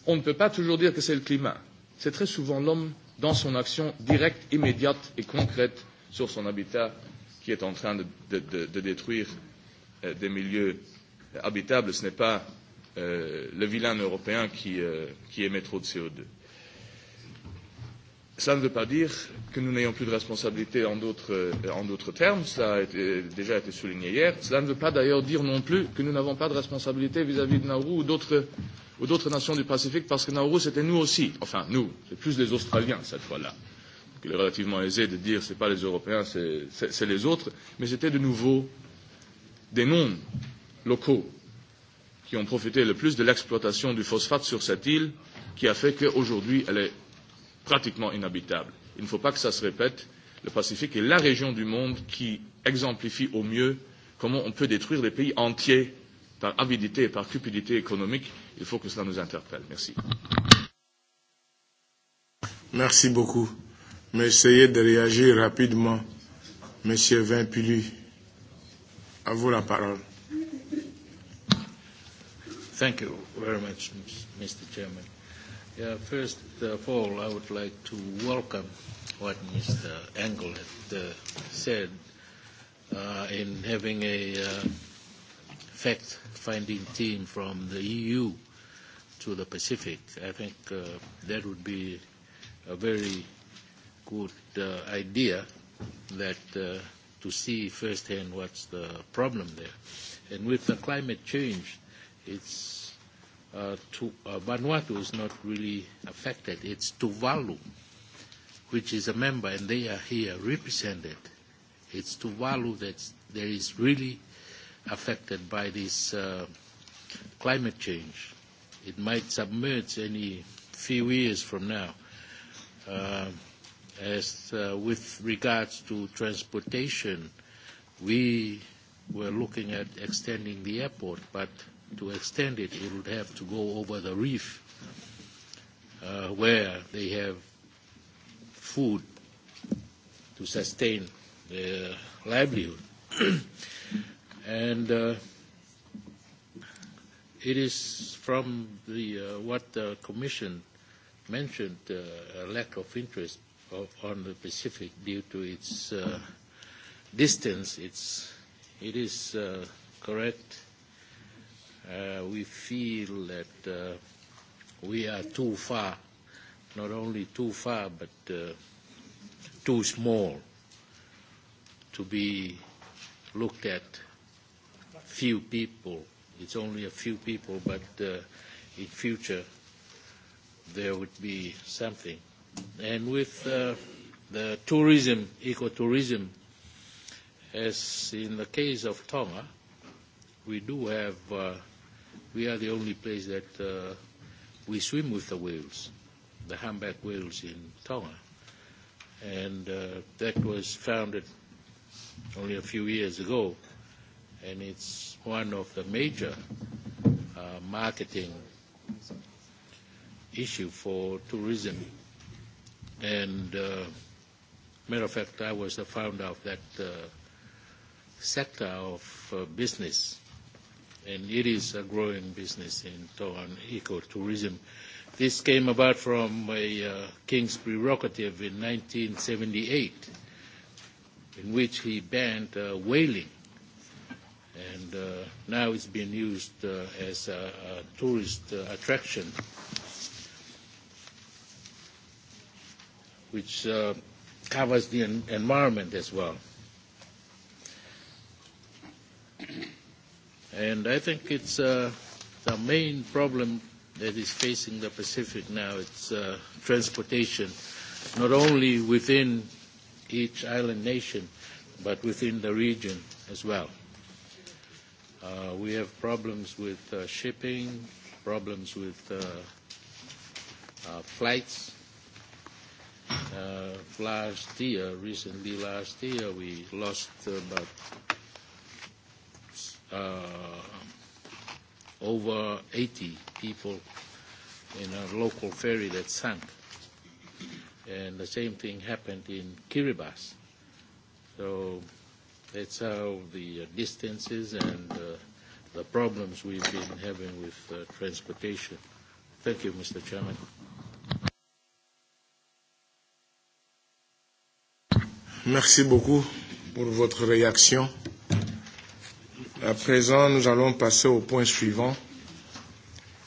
Speaker 3: On ne peut pas toujours dire que c'est le climat. C'est très souvent l'homme dans son action directe, immédiate et concrète sur son habitat qui est en train de détruire des milieux habitables. Ce n'est pas le vilain européen qui émet trop de CO2. Cela ne veut pas dire que nous n'ayons plus de responsabilité en d'autres termes, cela a déjà été souligné hier. Cela ne veut pas d'ailleurs dire non plus que nous n'avons pas de responsabilité vis-à-vis de Nauru ou d'autres nations du Pacifique, parce que Nauru, c'était nous aussi. Enfin, nous, c'est plus les Australiens cette fois-là. Il est relativement aisé de dire que ce n'est pas les Européens, c'est les autres, mais c'était de nouveau des noms locaux qui ont profité le plus de l'exploitation du phosphate sur cette île, qui a fait qu'aujourd'hui, elle est pratiquement inhabitable. Il ne faut pas que ça se répète. Le Pacifique est la région du monde qui exemplifie au mieux comment on peut détruire des pays entiers par avidité et par cupidité économique. Il faut que cela nous interpelle. Merci.
Speaker 1: Merci beaucoup. Mais essayez de réagir rapidement. Monsieur à vous la parole. Thank you very much, Mr. Chairman.
Speaker 2: First of all, I would like to welcome what Mr. Engel had said in having a fact-finding team from the EU to the Pacific. I think that would be a very good idea that to see firsthand what's the problem there. And with the climate change, it's Vanuatu is not really affected. It's Tuvalu, which is a member, and they are here represented. It's Tuvalu that is really affected by this climate change. It might submerge any few years from now. As with regards to transportation, we were looking at extending the airport, but to extend it, it would have to go over the reef where they have food to sustain their livelihood. And it is from the what the Commission mentioned, a lack of interest on the Pacific due to its distance. It's It is correct we feel that we are too far, not only too far, but too small to be looked at. Few people, it's only a few people, but in future there would be something. And with the tourism, ecotourism, as in the case of Tonga, we do have we are the only place that we swim with the whales, the humpback whales in Tonga. And that was founded only a few years ago, and it's one of the major marketing issue for tourism. And matter of fact, I was the founder of that sector of business and it is a growing business in eco ecotourism. This came about from a king's prerogative in 1978, in which he banned whaling, and now it's been used as a tourist attraction, which covers the environment as well. And I think it's the main problem that is facing the Pacific now. It's transportation, not only within each island nation, but within the region as well. We have problems with shipping, problems with flights. Last year, recently last year, we lost about over 80 people in a local ferry that sank. And the same thing happened in Kiribati. So that's how the distances and the problems we've been having with transportation. Thank you, Mr. Chairman.
Speaker 1: Merci beaucoup pour votre réaction. À présent, nous allons passer au point suivant,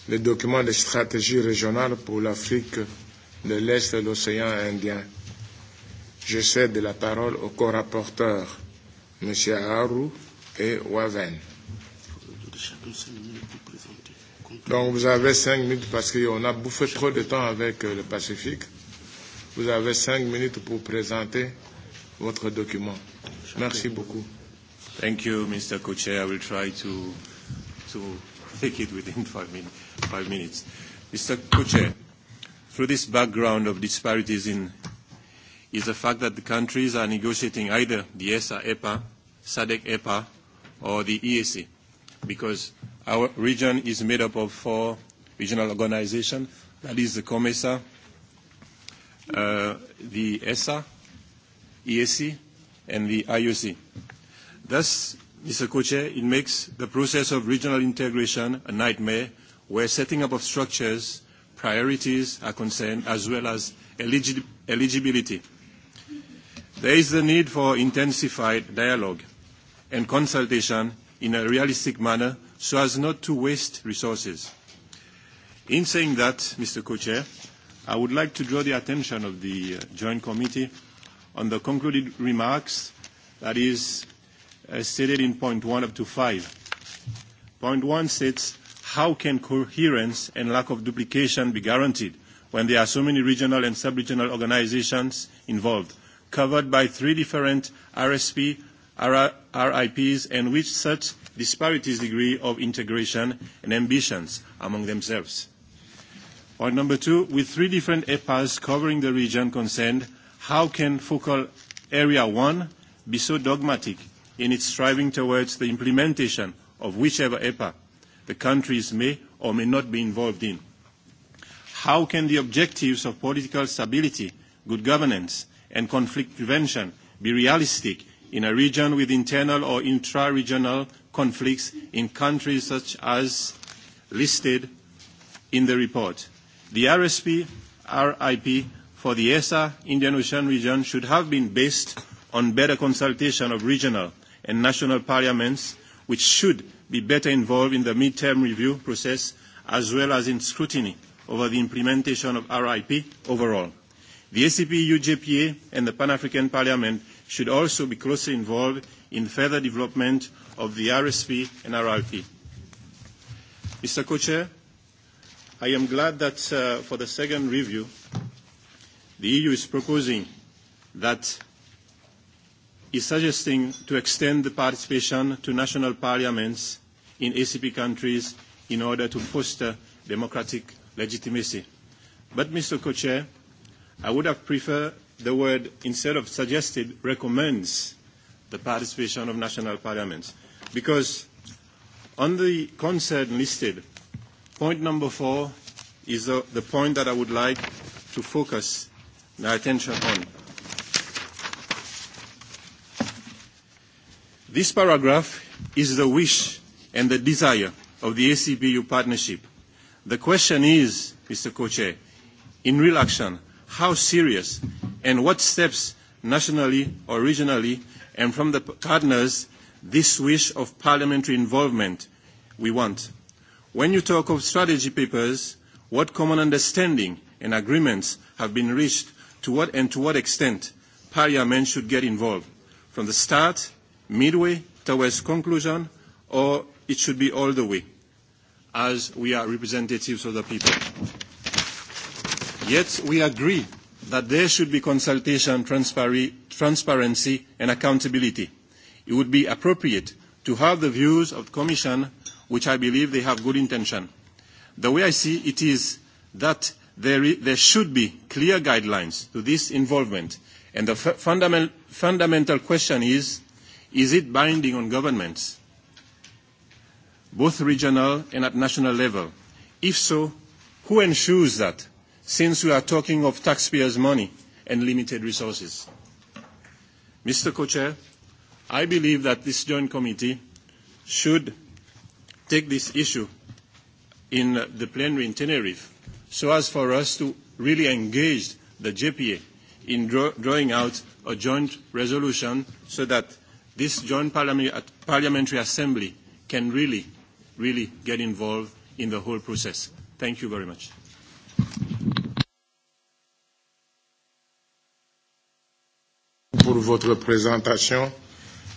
Speaker 1: le document de stratégie régionale pour l'Afrique de l'Est et l'océan Indien. Je cède la parole au co-rapporteur, M. Haru et Waven. Donc vous avez cinq minutes parce qu'on a bouffé trop de temps avec le Pacifique. Vous avez cinq minutes pour présenter votre document.
Speaker 8: Merci beaucoup. Thank you, Mr. co I will try to to take it within five minutes. Mr. co through this background of disparities in is the fact that the countries are negotiating either the ESA-EPA, SADC-EPA, or the EAC, because our region is made up of four regional organizations, that is the COMESA, the ESA, EAC, and the IOC. Thus, Mr. Koche, it makes the process of regional integration a nightmare where setting up of structures, priorities are concerned, as well as eligibility. There is the need for intensified dialogue and consultation in a realistic manner so as not to waste resources. In saying that, Mr. Co-Chair, I would like to draw the attention of the Joint Committee on the concluded remarks, that is as stated in point one up to five. Point one states how can coherence and lack of duplication be guaranteed when there are so many regional and sub-regional organizations involved, covered by three different RSP, RIPs, and with such disparities degree of integration and ambitions among themselves. Point number two, with three different EPAs covering the region concerned, how can focal area one be so dogmatic in its striving towards the implementation of whichever EPA the countries may or may not be involved in. How can the objectives of political stability, good governance, and conflict prevention be realistic in a region with internal or intra-regional conflicts in countries such as listed in the report? The RSP RIP for the ESA Indian Ocean region should have been based on better consultation of regional and national parliaments, which should be better involved in the mid-term review process as well as in scrutiny over the implementation of RIP overall. The ACP, UJPA and the Pan-African Parliament should also be closely involved in further development of the RSP and RIP. Mr. Co-Chair, I am glad that for the second review, the EU is proposing that is suggesting to extend the participation to national parliaments in ACP countries in order to foster democratic legitimacy. But, Mr. co I would have preferred the word, instead of suggested, recommends the participation of national parliaments. Because on the concern listed, point number four is the point that I would like to focus my attention on. This paragraph is the wish and the desire of the ACBU partnership. The question is, Mr. co in real action, how serious and what steps nationally or regionally and from the partners this wish of parliamentary involvement we want. When you talk of strategy papers, what common understanding and agreements have been reached to what and to what extent parliament should get involved. From the start, midway towards conclusion, or it should be all the way, as we are representatives of the people. Yet we agree that there should be consultation, transparency and accountability. It would be appropriate to have the views of the Commission, which I believe they have good intention. The way I see it is that there should be clear guidelines to this involvement, and the fundamental question is Is it binding on governments, both regional and at national level? If so, who ensures that, since we are talking of taxpayers' money and limited resources? Mr. Co-Chair, I believe that this joint committee should take this issue in the plenary in Tenerife so as for us to really engage the JPA in drawing out a joint resolution so that this joint parliamentary assembly can really, really get involved in the whole process. Thank you very much.
Speaker 1: Pour votre présentation,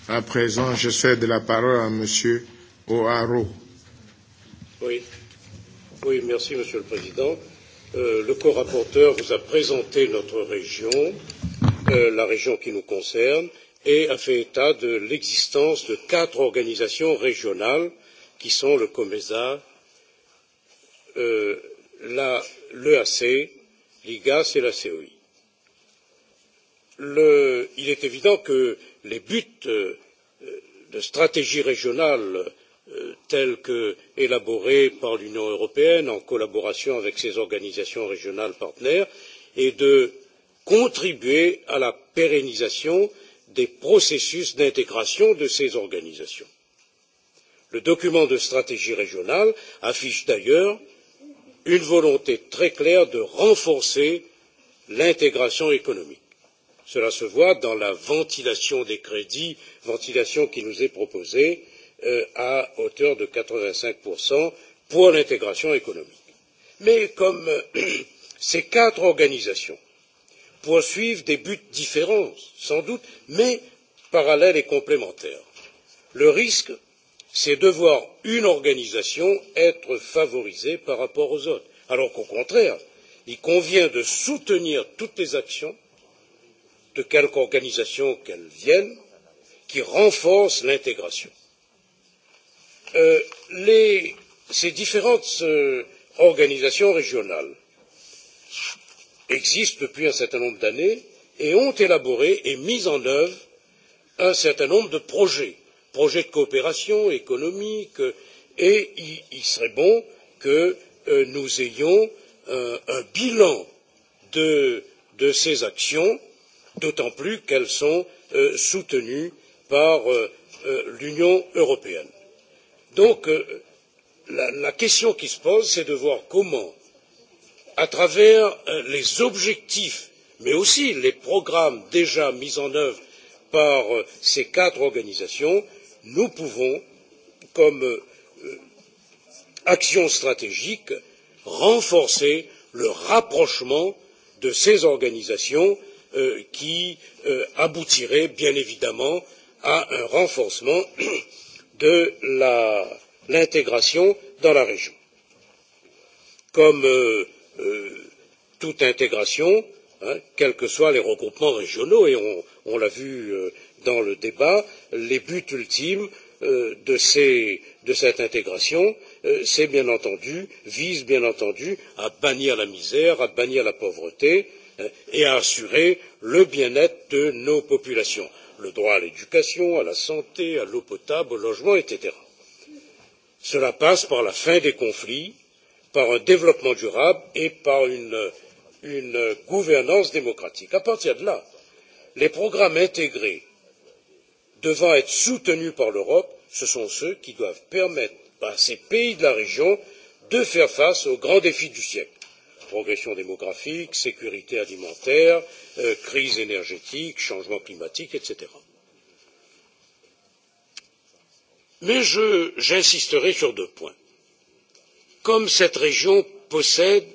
Speaker 1: à présent, je cède la parole à Monsieur O'Haro.
Speaker 4: Oui. Oui, merci Monsieur le Président. Le co-rapporteur vous a présenté notre région, la région qui nous concerne et a fait état de l'existence de quatre organisations régionales qui sont le comesa l'eac l'igas et la coi. il est évident que les buts de stratégie régionale tels que élaborés par l'union européenne en collaboration avec ces organisations régionales partenaires est de contribuer à la pérennisation des processus d'intégration de ces organisations. Le document de stratégie régionale affiche d'ailleurs une volonté très claire de renforcer l'intégration économique. Cela se voit dans la ventilation des crédits, ventilation qui nous est proposée à hauteur de 85 pour l'intégration économique. Mais comme ces quatre organisations poursuivent des buts différents sans doute mais parallèles et complémentaires. le risque c'est de voir une organisation être favorisée par rapport aux autres alors qu'au contraire il convient de soutenir toutes les actions de quelque organisation qu'elles viennent qui renforcent l'intégration. ces différentes organisations régionales existent depuis un certain nombre d'années et ont élaboré et mis en œuvre un certain nombre de projets projets de coopération économique et il serait bon que nous ayons un bilan de ces actions d'autant plus qu'elles sont soutenues par l'union européenne. donc la question qui se pose c'est de voir comment à travers les objectifs mais aussi les programmes déjà mis en œuvre par ces quatre organisations nous pouvons comme action stratégique renforcer le rapprochement de ces organisations qui aboutirait bien évidemment à un renforcement de l'intégration dans la région. comme toute intégration, quels que soient les regroupements régionaux, et on l'a vu dans le débat, les buts ultimes de cette intégration visent bien entendu à bannir la misère, à bannir la pauvreté et à assurer le bien être de nos populations le droit à l'éducation, à la santé, à l'eau potable, au logement, etc. Cela passe par la fin des conflits par un développement durable et par une gouvernance démocratique. à partir de là les programmes intégrés devant être soutenus par l'europe ce sont ceux qui doivent permettre à ces pays de la région de faire face aux grands défis du siècle progression démographique sécurité alimentaire crise énergétique changement climatique etc. mais j'insisterai sur deux points comme cette région possède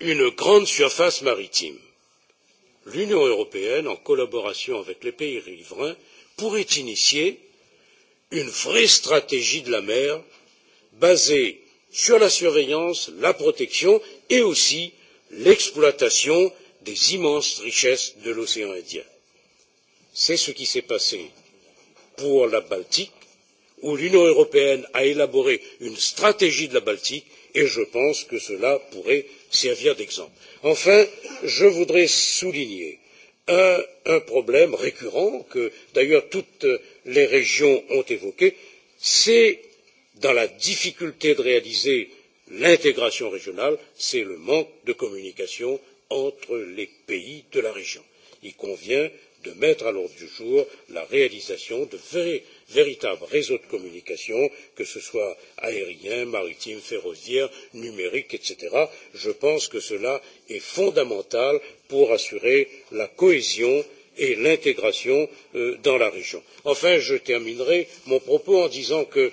Speaker 4: une grande surface maritime l'union européenne en collaboration avec les pays riverains pourrait initier une vraie stratégie de la mer basée sur la surveillance la protection et aussi l'exploitation des immenses richesses de l'océan indien. c'est ce qui s'est passé pour la baltique où l'Union européenne a élaboré une stratégie de la Baltique et je pense que cela pourrait servir d'exemple. Enfin, je voudrais souligner un problème récurrent que d'ailleurs toutes les régions ont évoqué, c'est dans la difficulté de réaliser l'intégration régionale, c'est le manque de communication entre les pays de la région. Il convient de mettre à l'ordre du jour la réalisation de vrais véritables réseaux de communication, que ce soit aérien, maritime, ferroviaire, numérique, etc. Je pense que cela est fondamental pour assurer la cohésion et l'intégration dans la région. Enfin, je terminerai mon propos en disant que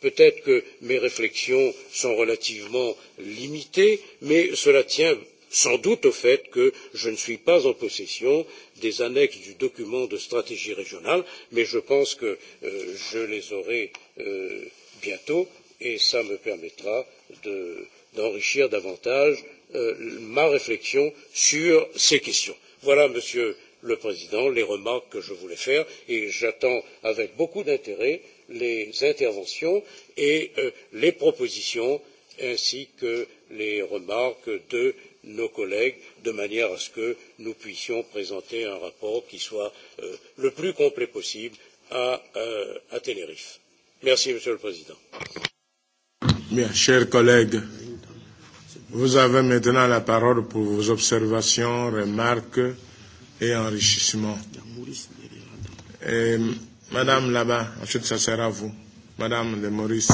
Speaker 4: peut être que mes réflexions sont relativement limitées, mais cela tient sans doute au fait que je ne suis pas en possession des annexes du document de stratégie régionale mais je pense que je les aurai bientôt et cela me permettra d'enrichir davantage ma réflexion sur ces questions. voilà monsieur le président les remarques que je voulais faire et j'attends avec beaucoup d'intérêt les interventions et les propositions ainsi que les remarques de nos collègues de manière à ce que nous puissions présenter un rapport qui soit le plus complet possible à Tenerife. Merci, Monsieur le Président.
Speaker 1: Bien, chers collègues, vous avez maintenant la parole pour vos observations, remarques et enrichissements. Madame là-bas, ensuite ça sera à vous. Madame de Maurice.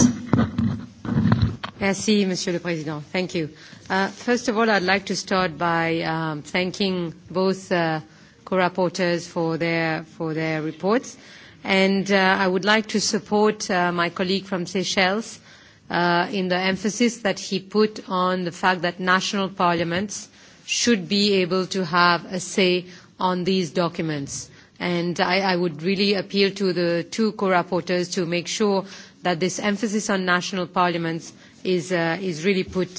Speaker 9: Merci, Monsieur le Président. Thank you. First of all, I'd like to start by thanking both co-rapporteurs for their for their reports, and I would like to support my colleague from Seychelles in the emphasis that he put on the fact that national parliaments should be able to have a say on these documents. And I would really appeal to the two co-rapporteurs to make sure that this emphasis on national parliaments is really put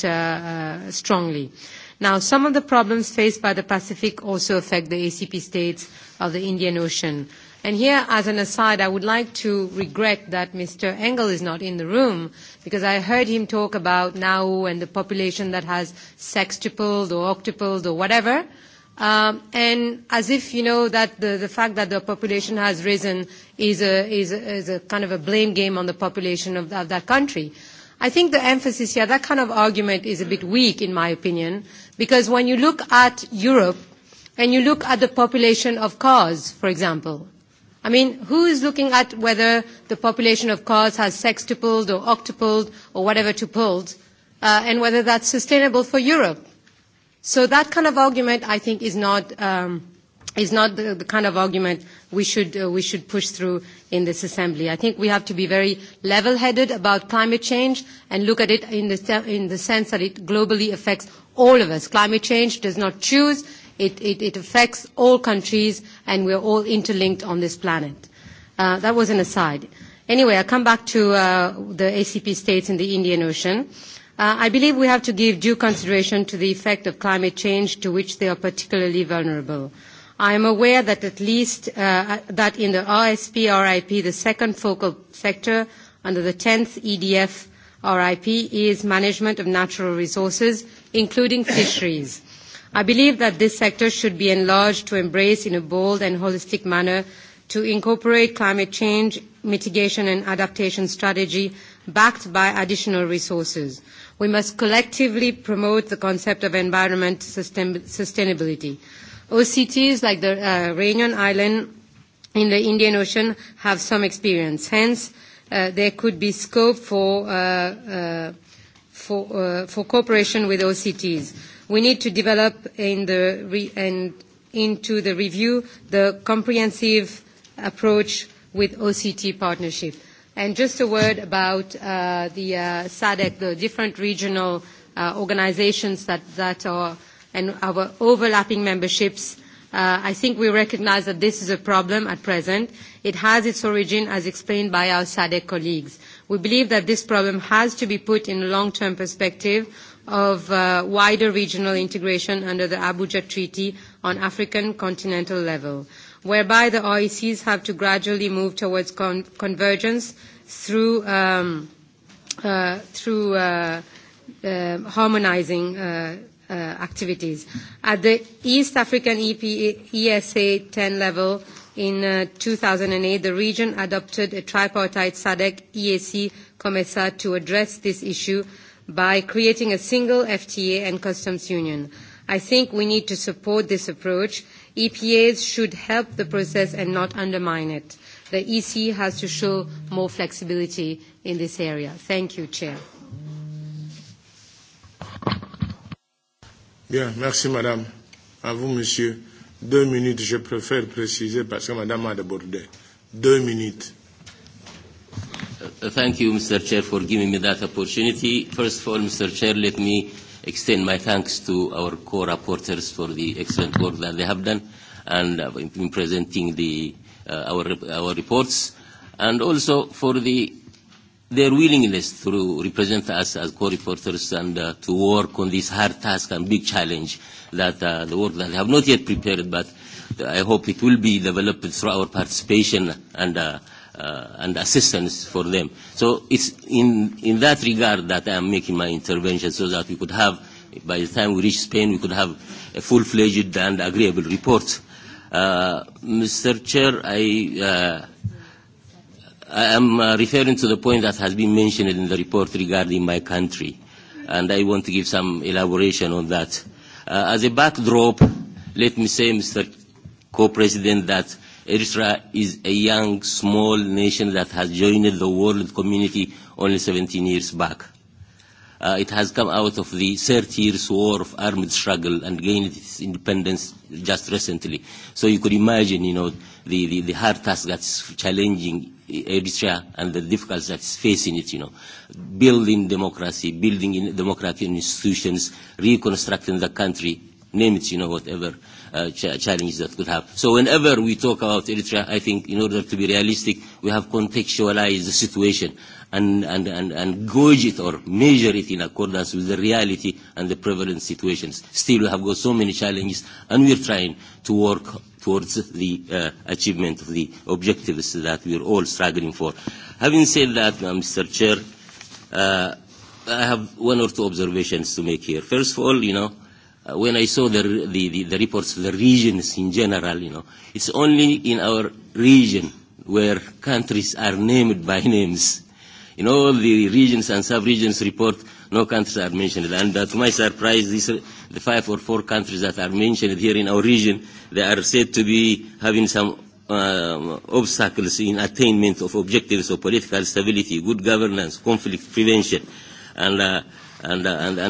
Speaker 9: strongly. Now, some of the problems faced by the Pacific also affect the ACP states of the Indian Ocean. And here, as an aside, I would like to regret that Mr. Engel is not in the room because I heard him talk about Nauru and the population that has sextupled or octupled or whatever. And as if, you know, that the fact that the population has risen is a kind of a blame game on the population of that country. I think the emphasis here, that kind of argument is a bit weak in my opinion, because when you look at Europe and you look at the population of cars, for example, I mean, who is looking at whether the population of cars has sextupled or octupled or whatever tupled, and whether that's sustainable for Europe? So that kind of argument, I think, is not is not the kind of argument we should we should push through in this assembly i think we have to be very level headed about climate change and look at it in the in the sense that it globally affects all of us climate change does not choose it it affects all countries and we are all interlinked on this planet that was an aside anyway i come back to the acp states in the indian ocean i believe we have to give due consideration to the effect of climate change to which they are particularly vulnerable I am aware that at least that in the RSP RIP, the second focal sector under the 10th EDF RIP is management of natural resources, including fisheries. I believe that this sector should be enlarged to embrace in a bold and holistic manner to incorporate climate change mitigation and adaptation strategy backed by additional resources. We must collectively promote the concept of environment sustainability. OCTs like the Reunion Island in the Indian Ocean have some experience. Hence, there could be scope for for cooperation with OCTs. We need to develop and into the review the comprehensive approach with OCT partnership. And just a word about the SADC, the different regional organizations that that are and our overlapping memberships, I think we recognize that this is a problem at present. It has its origin, as explained by our SADC colleagues. We believe that this problem has to be put in a long-term perspective of wider regional integration under the Abuja Treaty on African continental level, whereby the OECs have to gradually move towards convergence through harmonizing activities. At the East African ESA 10 level in 2008, the region adopted a tripartite SADC EAC COMESA to address this issue by creating a single FTA and customs union. I think we need to support this approach. EPAs should help the process and not undermine it. The EC has to show more flexibility in this area. Thank you, Chair.
Speaker 1: Bien, merci madame. À vous monsieur. Deux minutes, je préfère préciser parce que madame a débordé. Deux minutes.
Speaker 10: Thank you, Mr. Chair, for giving me that opportunity. First of all, Mr. Chair, let me extend my thanks to our co-rapporteurs for the excellent work that they have done and in presenting the, our, our reports, and also for the their willingness to represent us as co-reporters and to work on this hard task and big challenge that the work that they have not yet prepared, but I hope it will be developed through our participation and and assistance for them. So it's in in that regard that I am making my intervention so that we could have, by the time we reach Spain, we could have a full-fledged and agreeable report. Mr. Chair, I I am referring to the point that has been mentioned in the report regarding my country, and I want to give some elaboration on that. As a backdrop, let me say, Mr. Co-President, that Eritrea is a young, small nation that has joined the world community only 17 years back. It has come out of the 30 years war of armed struggle and gained its independence just recently. So you could imagine, you know, the the hard task that's challenging Eritrea and the difficulties that's facing it, you know, building democracy, building in democratic institutions, reconstructing the country, name it, you know, whatever challenges that could have. So whenever we talk about Eritrea, I think in order to be realistic, we have contextualized the situation and, and, and, and gauge it or measure it in accordance with the reality and the prevalent situations. Still, we have got so many challenges, and we are trying to work towards the achievement of the objectives that we are all struggling for. Having said that, Mr. Chair, I have one or two observations to make here. First of all, you know, when I saw the, the, the, reports of the regions in general, you know, it's only in our region where countries are named by names. In all the regions and sub-regions report, no countries are mentioned. And uh, to my surprise, these, the five or four countries that are mentioned here in our region, they are said to be having some um, obstacles in attainment of objectives of political stability, good governance, conflict prevention, and uh, and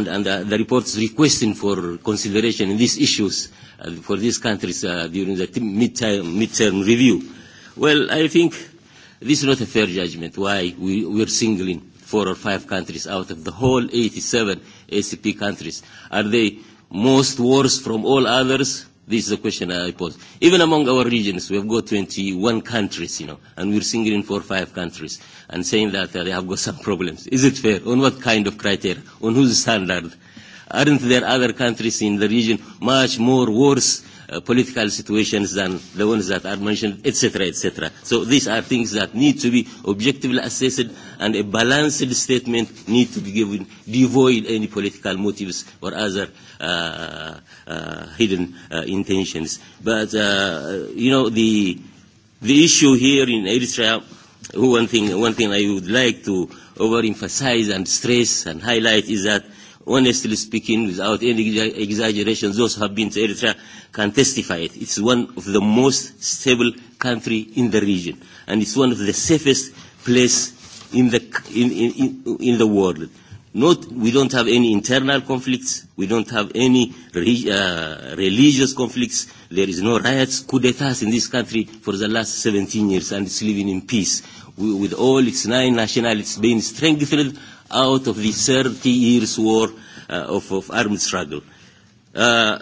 Speaker 10: and the reports requesting for consideration in these issues for these countries during the mid-term review. Well, I think this is not a fair judgment why we we are singling four or five countries out of the whole 87 ACP countries. Are they most worse from all others? This is a question I pose. Even among our regions, we have got 21 countries, you know, and we're singling or five countries and saying that they have got some problems. Is it fair? On what kind of criteria? On whose standard? Aren't there other countries in the region much more worse political situations than the ones that are mentioned, etc., etc. So these are things that need to be objectively assessed, and a balanced statement needs to be given, devoid any political motives or other hidden intentions. But, you know, the the issue here in Eritrea, one thing, one thing I would like to overemphasize and stress and highlight is that honestly speaking, without any exaggeration, those who have been to Eritrea can testify it. It's one of the most stable country in the region, and it's one of the safest place in the, in, in, in the world. Not, we don't have any internal conflicts. We don't have any religious conflicts. There is no riots, coup d'etats in this country for the last 17 years, and it's living in peace. With all its nine nationalities being strengthened out of the 30 years war of armed struggle. Not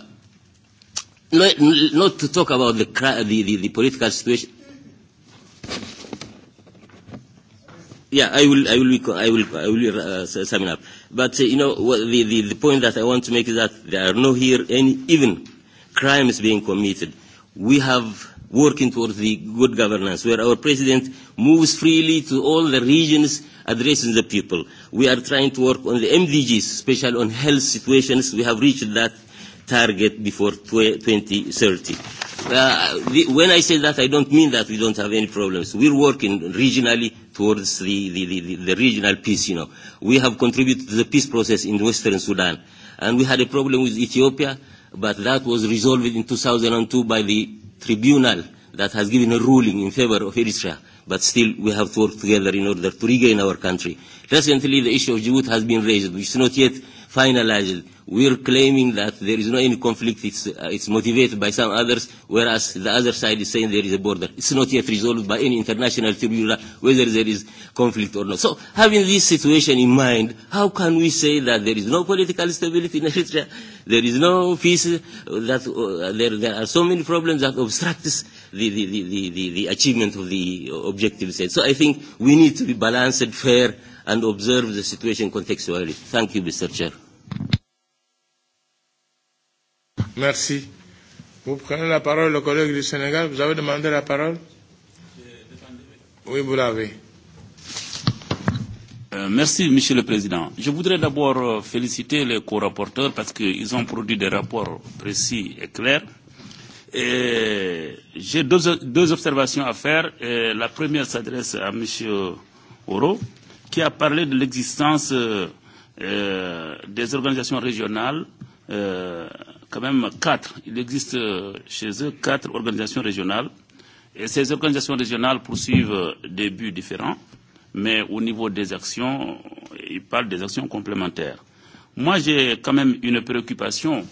Speaker 10: to talk about the political situation. Yeah, I will, I will, I will, I will sum it up. But you know, the, the, the point that I want to make is that there are no here any even crimes being committed. We have working towards the good governance, where our president moves freely to all the regions addressing the people. We are trying to work on the MDGs, especially on health situations. We have reached that target before 2030. When I say that, I don't mean that we don't have any problems. We're working regionally towards the regional peace. You know, we have contributed to the peace process in Western Sudan, and we had a problem with Ethiopia, but that was resolved in 2002 by the tribunal that has given a ruling in favor of Eritrea but still we have to work together in order to regain our country. Recently the issue of Djibouti has been raised, which is not yet finalized. We are claiming that there is no any conflict, it's, it's motivated by some others, whereas the other side is saying there is a border. It's not yet resolved by any international tribunal whether there is conflict or not. So having this situation in mind, how can we say that there is no political stability in Eritrea, there is no peace, that there, there are so many problems that obstruct the, the, the, the, the achievement of the objectives set. So I think we need to be balanced, fair, and observe the situation contextually. Thank you, Mr. Chair. Merci.
Speaker 1: Vous prenez la parole, le collègue du Sénégal. Vous avez demandé la parole Oui, vous l'avez.
Speaker 11: Merci, Monsieur le Président. Je voudrais d'abord féliciter les co-rapporteurs parce qu'ils ont produit des rapports précis et clairs J'ai deux observations à faire. La première s'adresse à M. Oro, qui a parlé de l'existence des organisations régionales, quand même quatre. Il existe chez eux quatre organisations régionales. Et ces organisations régionales poursuivent des buts différents, mais au niveau des actions, ils parlent des actions complémentaires. Moi, j'ai quand même une préoccupation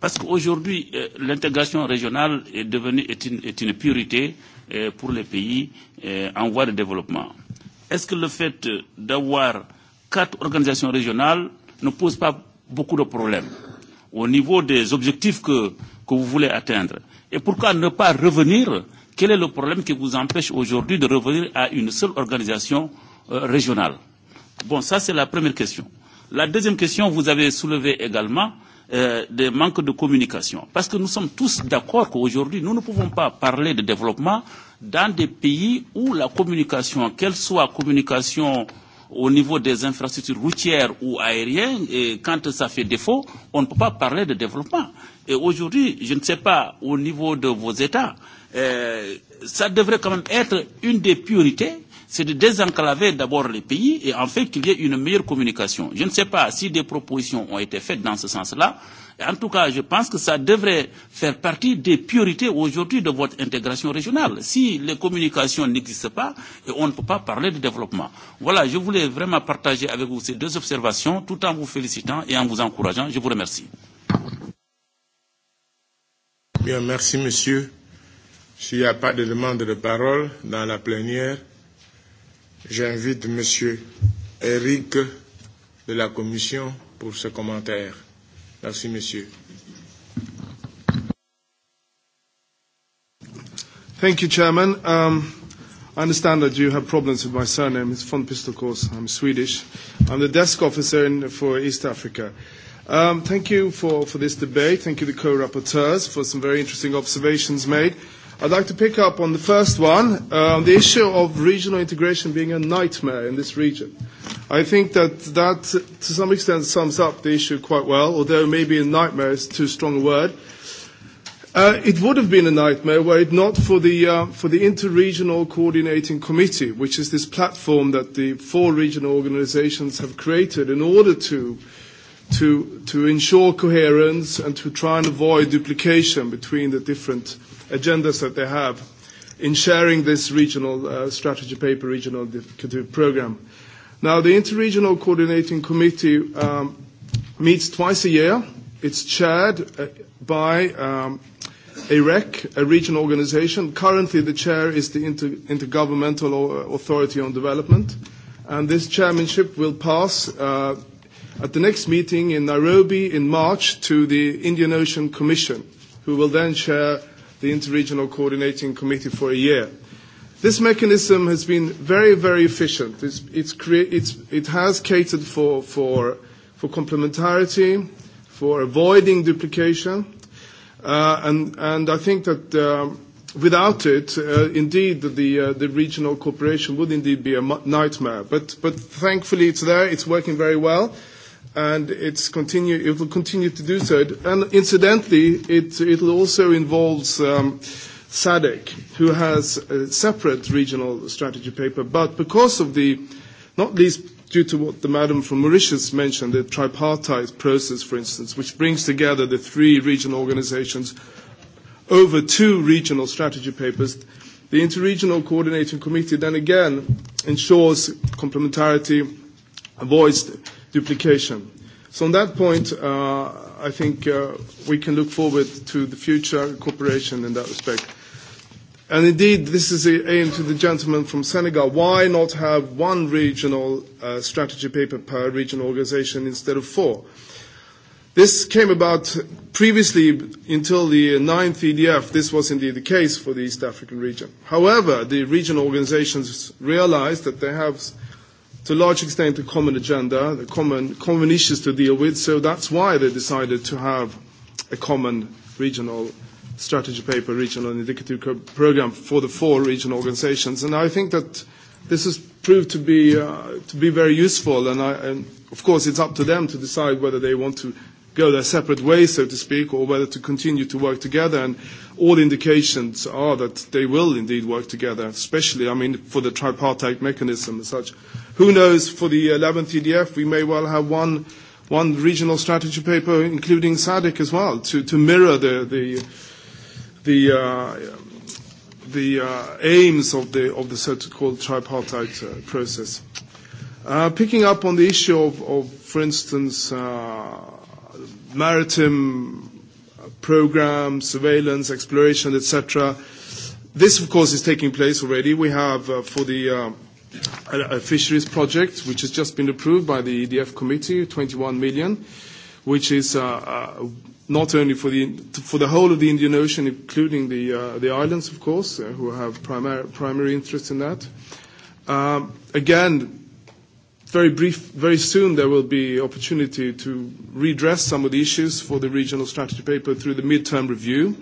Speaker 11: parce qu'aujourd'hui, l'intégration régionale est devenue est une priorité pour les pays en voie de développement. Est-ce que le fait d'avoir quatre organisations régionales ne pose pas beaucoup de problèmes au niveau des objectifs que vous voulez atteindre Et pourquoi ne pas revenir Quel est le problème qui vous empêche aujourd'hui de revenir à une seule organisation régionale Bon, ça c'est la première question. La deuxième question, vous avez soulevé également de manque de communication. Parce que nous sommes tous d'accord qu'aujourd'hui, nous ne pouvons pas parler de développement dans des pays où la communication, qu'elle soit communication au niveau des infrastructures routières ou aériennes, et quand ça fait défaut, on ne peut pas parler de développement. Et aujourd'hui, je ne sais pas, au niveau de vos États, euh, ça devrait quand même être une des priorités c'est de désenclaver d'abord les pays et en fait qu'il y ait une meilleure communication. Je ne sais pas si des propositions ont été faites dans ce sens-là. En tout cas, je pense que ça devrait faire partie des priorités aujourd'hui de votre intégration régionale. Si les communications n'existent pas, on ne peut pas parler de développement. Voilà, je voulais vraiment partager avec vous ces deux observations tout en vous félicitant et en vous encourageant. Je vous remercie.
Speaker 1: Bien, merci monsieur. S'il n'y a pas de demande de parole dans la plénière, J'invite Monsieur Eric de la Commission pour ce commentaire. Merci, Monsieur.
Speaker 12: Thank you, Chairman. Um, I understand that you have problems with my surname. It's von Pistokos. I'm Swedish. I'm the desk officer in, for East Africa. Um, thank you for, for this debate. Thank you, the co-rapporteurs, for some very interesting observations made. I'd like to pick up on the first one, on the issue of regional integration being a nightmare in this region. I think that that, to some extent, sums up the issue quite well, although maybe a nightmare is too strong a word. It would have been a nightmare were it not for the for the interregional Coordinating Committee, which is this platform that the four regional organizations have created in order to to ensure coherence and to try and avoid duplication between the different agendas that they have in sharing this regional strategy paper regional program. Now the Interregional Coordinating Committee meets twice a year. It's chaired by a REC, a regional organization. Currently the chair is the Intergovernmental Authority on Development and this chairmanship will pass at the next meeting in Nairobi in March to the Indian Ocean Commission, who will then chair the Interregional Coordinating Committee for a year. This mechanism has been very, very efficient. It has catered for complementarity, for avoiding duplication, and I think that without it, indeed, the regional cooperation would indeed be a nightmare. But thankfully, it's there. It's working very well and it's continue, it will continue to do so. And incidentally, it, it also involves um, SADC, who has a separate regional strategy paper, but because of the, not least due to what the madam from Mauritius mentioned, the tripartite process, for instance, which brings together the three regional organizations over two regional strategy papers, the Interregional Coordinating Committee then again ensures complementarity, avoids duplication. So on that point, I think we can look forward to the future cooperation in that respect. And indeed, this is the aim to the gentleman from Senegal. Why not have one regional strategy paper per regional organization instead of four? This came about previously until the ninth EDF. This was indeed the case for the East African region. However, the regional organizations realized that they have to a large extent, a common agenda, the common common issues to deal with. So that's why they decided to have a common regional strategy paper, regional indicative program for the four regional organizations. And I think that this has proved to be to be very useful. And of course, it's up to them to decide whether they want to go their separate ways, so to speak, or whether to continue to work together. And all indications are that they will indeed work together, especially, I mean, for the tripartite mechanism and such. Who knows, for the 11th EDF, we may well have one, one regional strategy paper, including SADC as well, to, to mirror the, the, the, the aims of the, of the so-called tripartite process. picking up on the issue of, for instance, maritime program, surveillance, exploration, etc. This, of course, is taking place already. We have for the fisheries project, which has just been approved by the EDF committee, 21 million, which is not only for the for the whole of the Indian Ocean, including the the islands, of course, who have primary interest in that. Again, very brief, very soon there will be opportunity to redress some of the issues for the regional strategy paper through the mid-term review.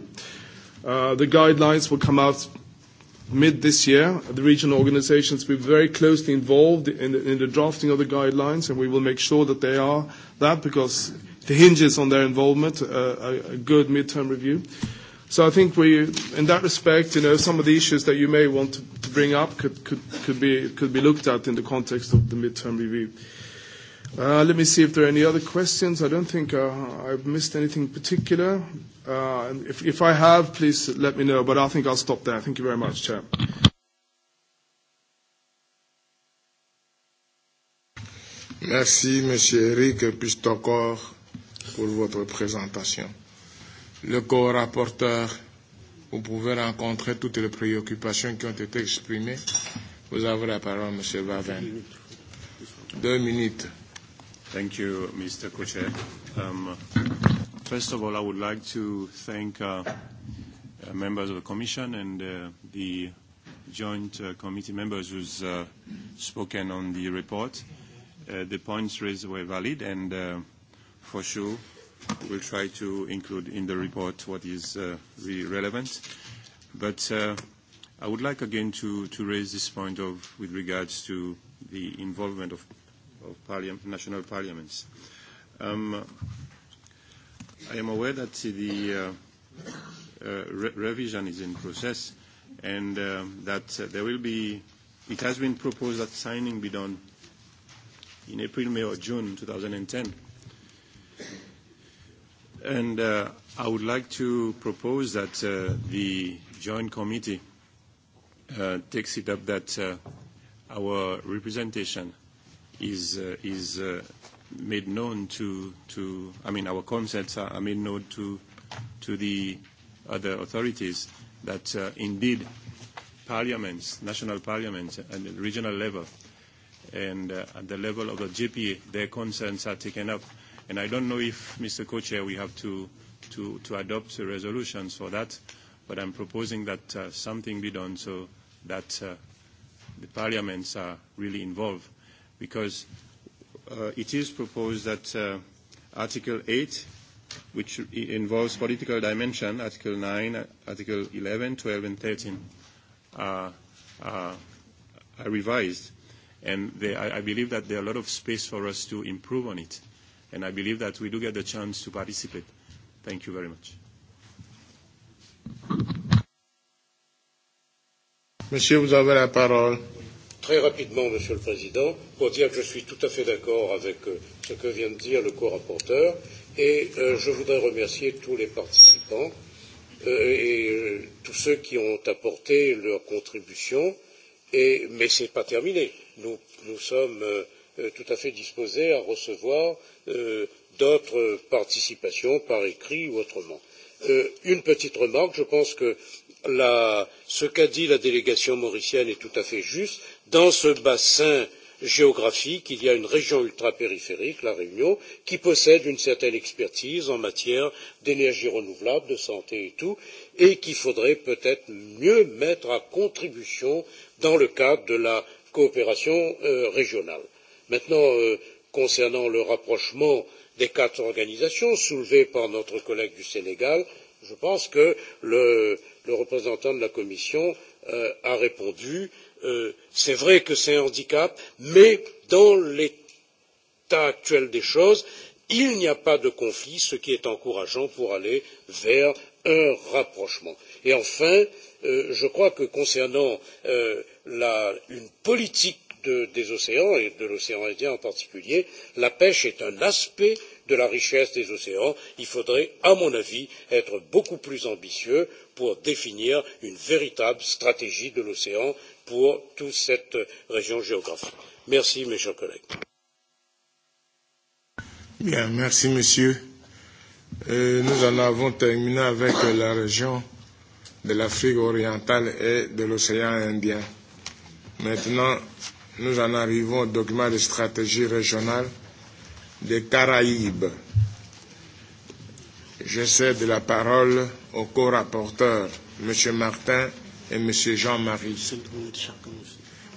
Speaker 12: The guidelines will come out mid this year. The regional organizations will be very closely involved in the drafting of the guidelines, and we will make sure that they are that because it hinges on their involvement, a good mid-term review. So I think we, in that respect, you know, some of the issues that you may want to bring up could be looked at in the context of the mid term review. Let me see if there are any other questions. I don't think I've missed anything particular. If I have, please let me know, but I think I'll stop there. Thank you very much, Chair. Merci,
Speaker 1: Monsieur Eric pour le co-rapporteur. Vous pouvez rencontrer toutes les préoccupations qui ont été exprimées. Vous avez la parole, M. Vaven. Deux minutes.
Speaker 8: Thank you, Mr. co Um, first of all, I would like to thank uh, members of the Commission and uh, the joint uh, committee members have uh, spoken on the report. Uh, the points raised were valid and uh, for sure We'll try to include in the report what is really relevant. But I would like again to raise this point of with regards to the involvement of national parliaments. I am aware that the revision is in process and that there will be, it has been proposed that signing be done in April, May or June 2010 And I would like to propose that the joint committee takes it up that our representation is is made known to I mean our concepts are made known to to the other authorities that indeed parliaments, national parliaments and regional level and at the level of the GPA their concerns are taken up And I don't know if, Mr. Co-Chair, we have to adopt resolutions for that, but I'm proposing that something be done so that the parliaments are really involved, because it is proposed that Article 8, which involves political dimension, Article 9, Article 11, 12, and 13, are revised. And I believe that there are a lot of space for us to improve on it and I believe that we do get the chance to participate. Thank you very much.
Speaker 1: Monsieur, vous avez la parole.
Speaker 4: Très rapidement, Monsieur le Président, pour dire que je suis tout à fait d'accord avec ce que vient de dire le co-rapporteur et je voudrais remercier tous les participants et tous ceux qui ont apporté leur contribution. et Mais ce n'est pas terminé. Nous sommes tout à fait disposé à recevoir d'autres participations par écrit ou autrement. Une petite remarque, je pense que ce qu'a dit la délégation mauricienne est tout à fait juste. Dans ce bassin géographique, il y a une région ultrapériphérique, la Réunion, qui possède une certaine expertise en matière d'énergie renouvelable, de santé et tout, et qu'il faudrait peut-être mieux mettre à contribution dans le cadre de la coopération régionale. Maintenant, concernant le rapprochement des quatre organisations soulevées par notre collègue du Sénégal, je pense que le représentant de la Commission a répondu. C'est vrai que c'est un handicap, mais dans l'état actuel des choses, il n'y a pas de conflit, ce qui est encourageant pour aller vers un rapprochement. Et enfin, je crois que concernant une politique des océans et de l'océan Indien en particulier, la pêche est un aspect de la richesse des océans. Il faudrait, à mon avis, être beaucoup plus ambitieux pour définir une véritable stratégie de l'océan pour toute cette région géographique. Merci, mes chers collègues.
Speaker 1: Bien, merci, monsieur. Nous en avons terminé avec la région de l'Afrique orientale et de l'océan Indien. Maintenant, nous en arrivons au document de stratégie régionale des Caraïbes. Je cède la parole aux co-rapporteurs, M. Martin et M. Jean-Marie.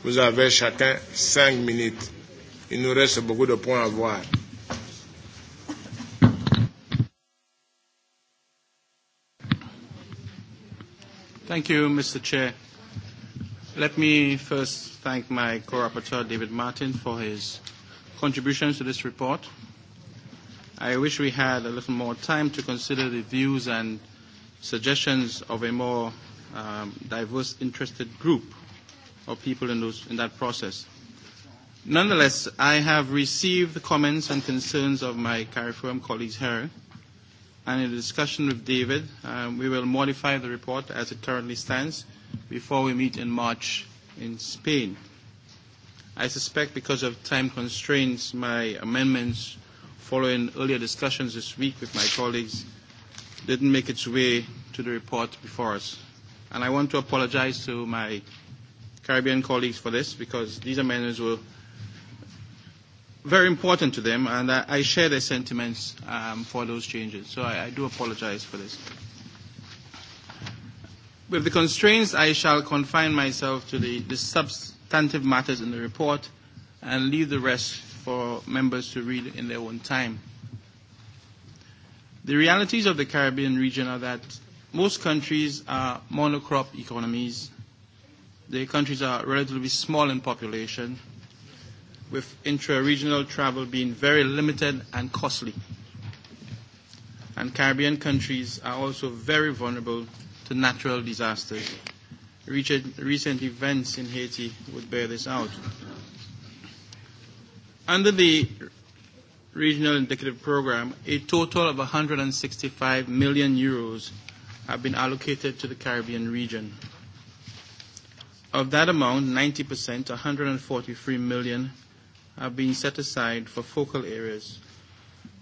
Speaker 1: Vous avez chacun cinq minutes. Il nous reste beaucoup de points à voir.
Speaker 13: Thank you, Mr. Chair. Let me first thank my co-rapporteur, David Martin, for his contributions to this report. I wish we had a little more time to consider the views and suggestions of a more diverse interested group of people in those in that process. Nonetheless, I have received the comments and concerns of my CARIFORM colleagues here, and in the discussion with David, we will modify the report as it currently stands before we meet in March in Spain. I suspect because of time constraints, my amendments following earlier discussions this week with my colleagues didn't make its way to the report before us. And I want to apologize to my Caribbean colleagues for this because these amendments were very important to them and I share their sentiments for those changes. So I do apologize for this. With the constraints, I shall confine myself to the, the substantive matters in the report and leave the rest for members to read in their own time. The realities of the Caribbean region are that most countries are monocrop economies. The countries are relatively small in population, with intra-regional travel being very limited and costly. And Caribbean countries are also very vulnerable to natural disasters. Recent events in Haiti would bear this out. Under the Regional Indicative Program, a total of 165 million euros have been allocated to the Caribbean region. Of that amount, 90%, 143 million, have been set aside for focal areas,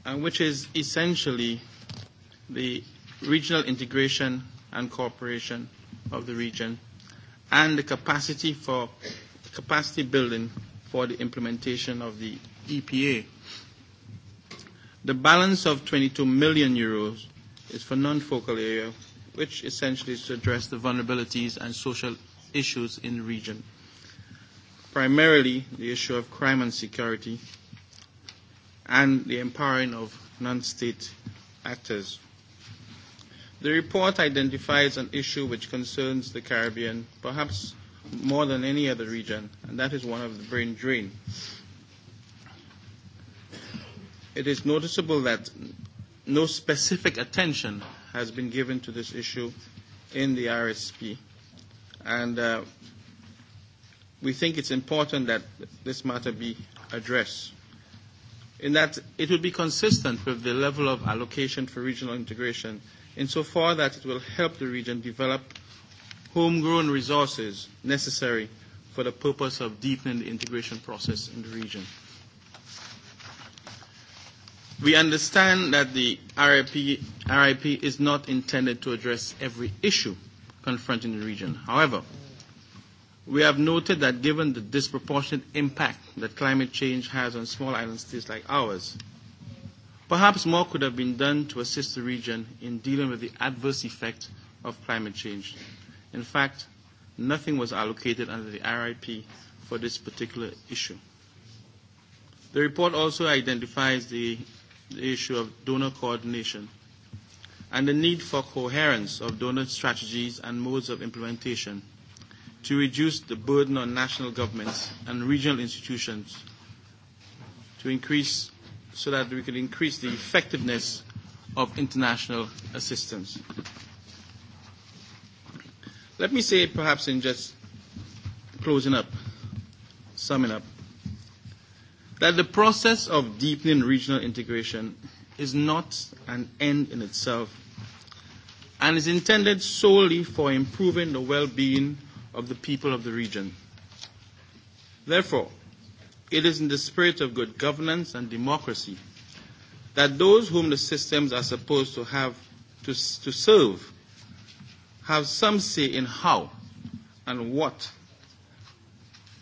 Speaker 13: and which is essentially the regional integration and cooperation of the region, and the capacity for capacity building for the implementation of the EPA. The balance of 22 million euros is for non-focal area, which essentially is to address the vulnerabilities and social issues in the region, primarily the issue of crime and security, and the empowering of non-state actors. The report identifies an issue which concerns the Caribbean, perhaps more than any other region, and that is one of the brain drain. It is noticeable that no specific attention has been given to this issue in the RSP, and we think it's important that this matter be addressed in that it would be consistent with the level of allocation for regional integration insofar that it will help the region develop homegrown resources necessary for the purpose of deepening the integration process in the region. We understand that the RIP is not intended to address every issue confronting the region. However, we have noted that given the disproportionate impact that climate change has on small island states like ours, Perhaps more could have been done to assist the region in dealing with the adverse effect of climate change. In fact, nothing was allocated under the RIP for this particular issue. The report also identifies the issue of donor coordination and the need for coherence of donor strategies and modes of implementation to reduce the burden on national governments and regional institutions to increase so that we could increase the effectiveness of international assistance. Let me say, perhaps in just closing up, summing up, that the process of deepening regional integration is not an end in itself and is intended solely for improving the well-being of the people of the region. Therefore, It is in the spirit of good governance and democracy that those whom the systems are supposed to have to serve have some say in how and what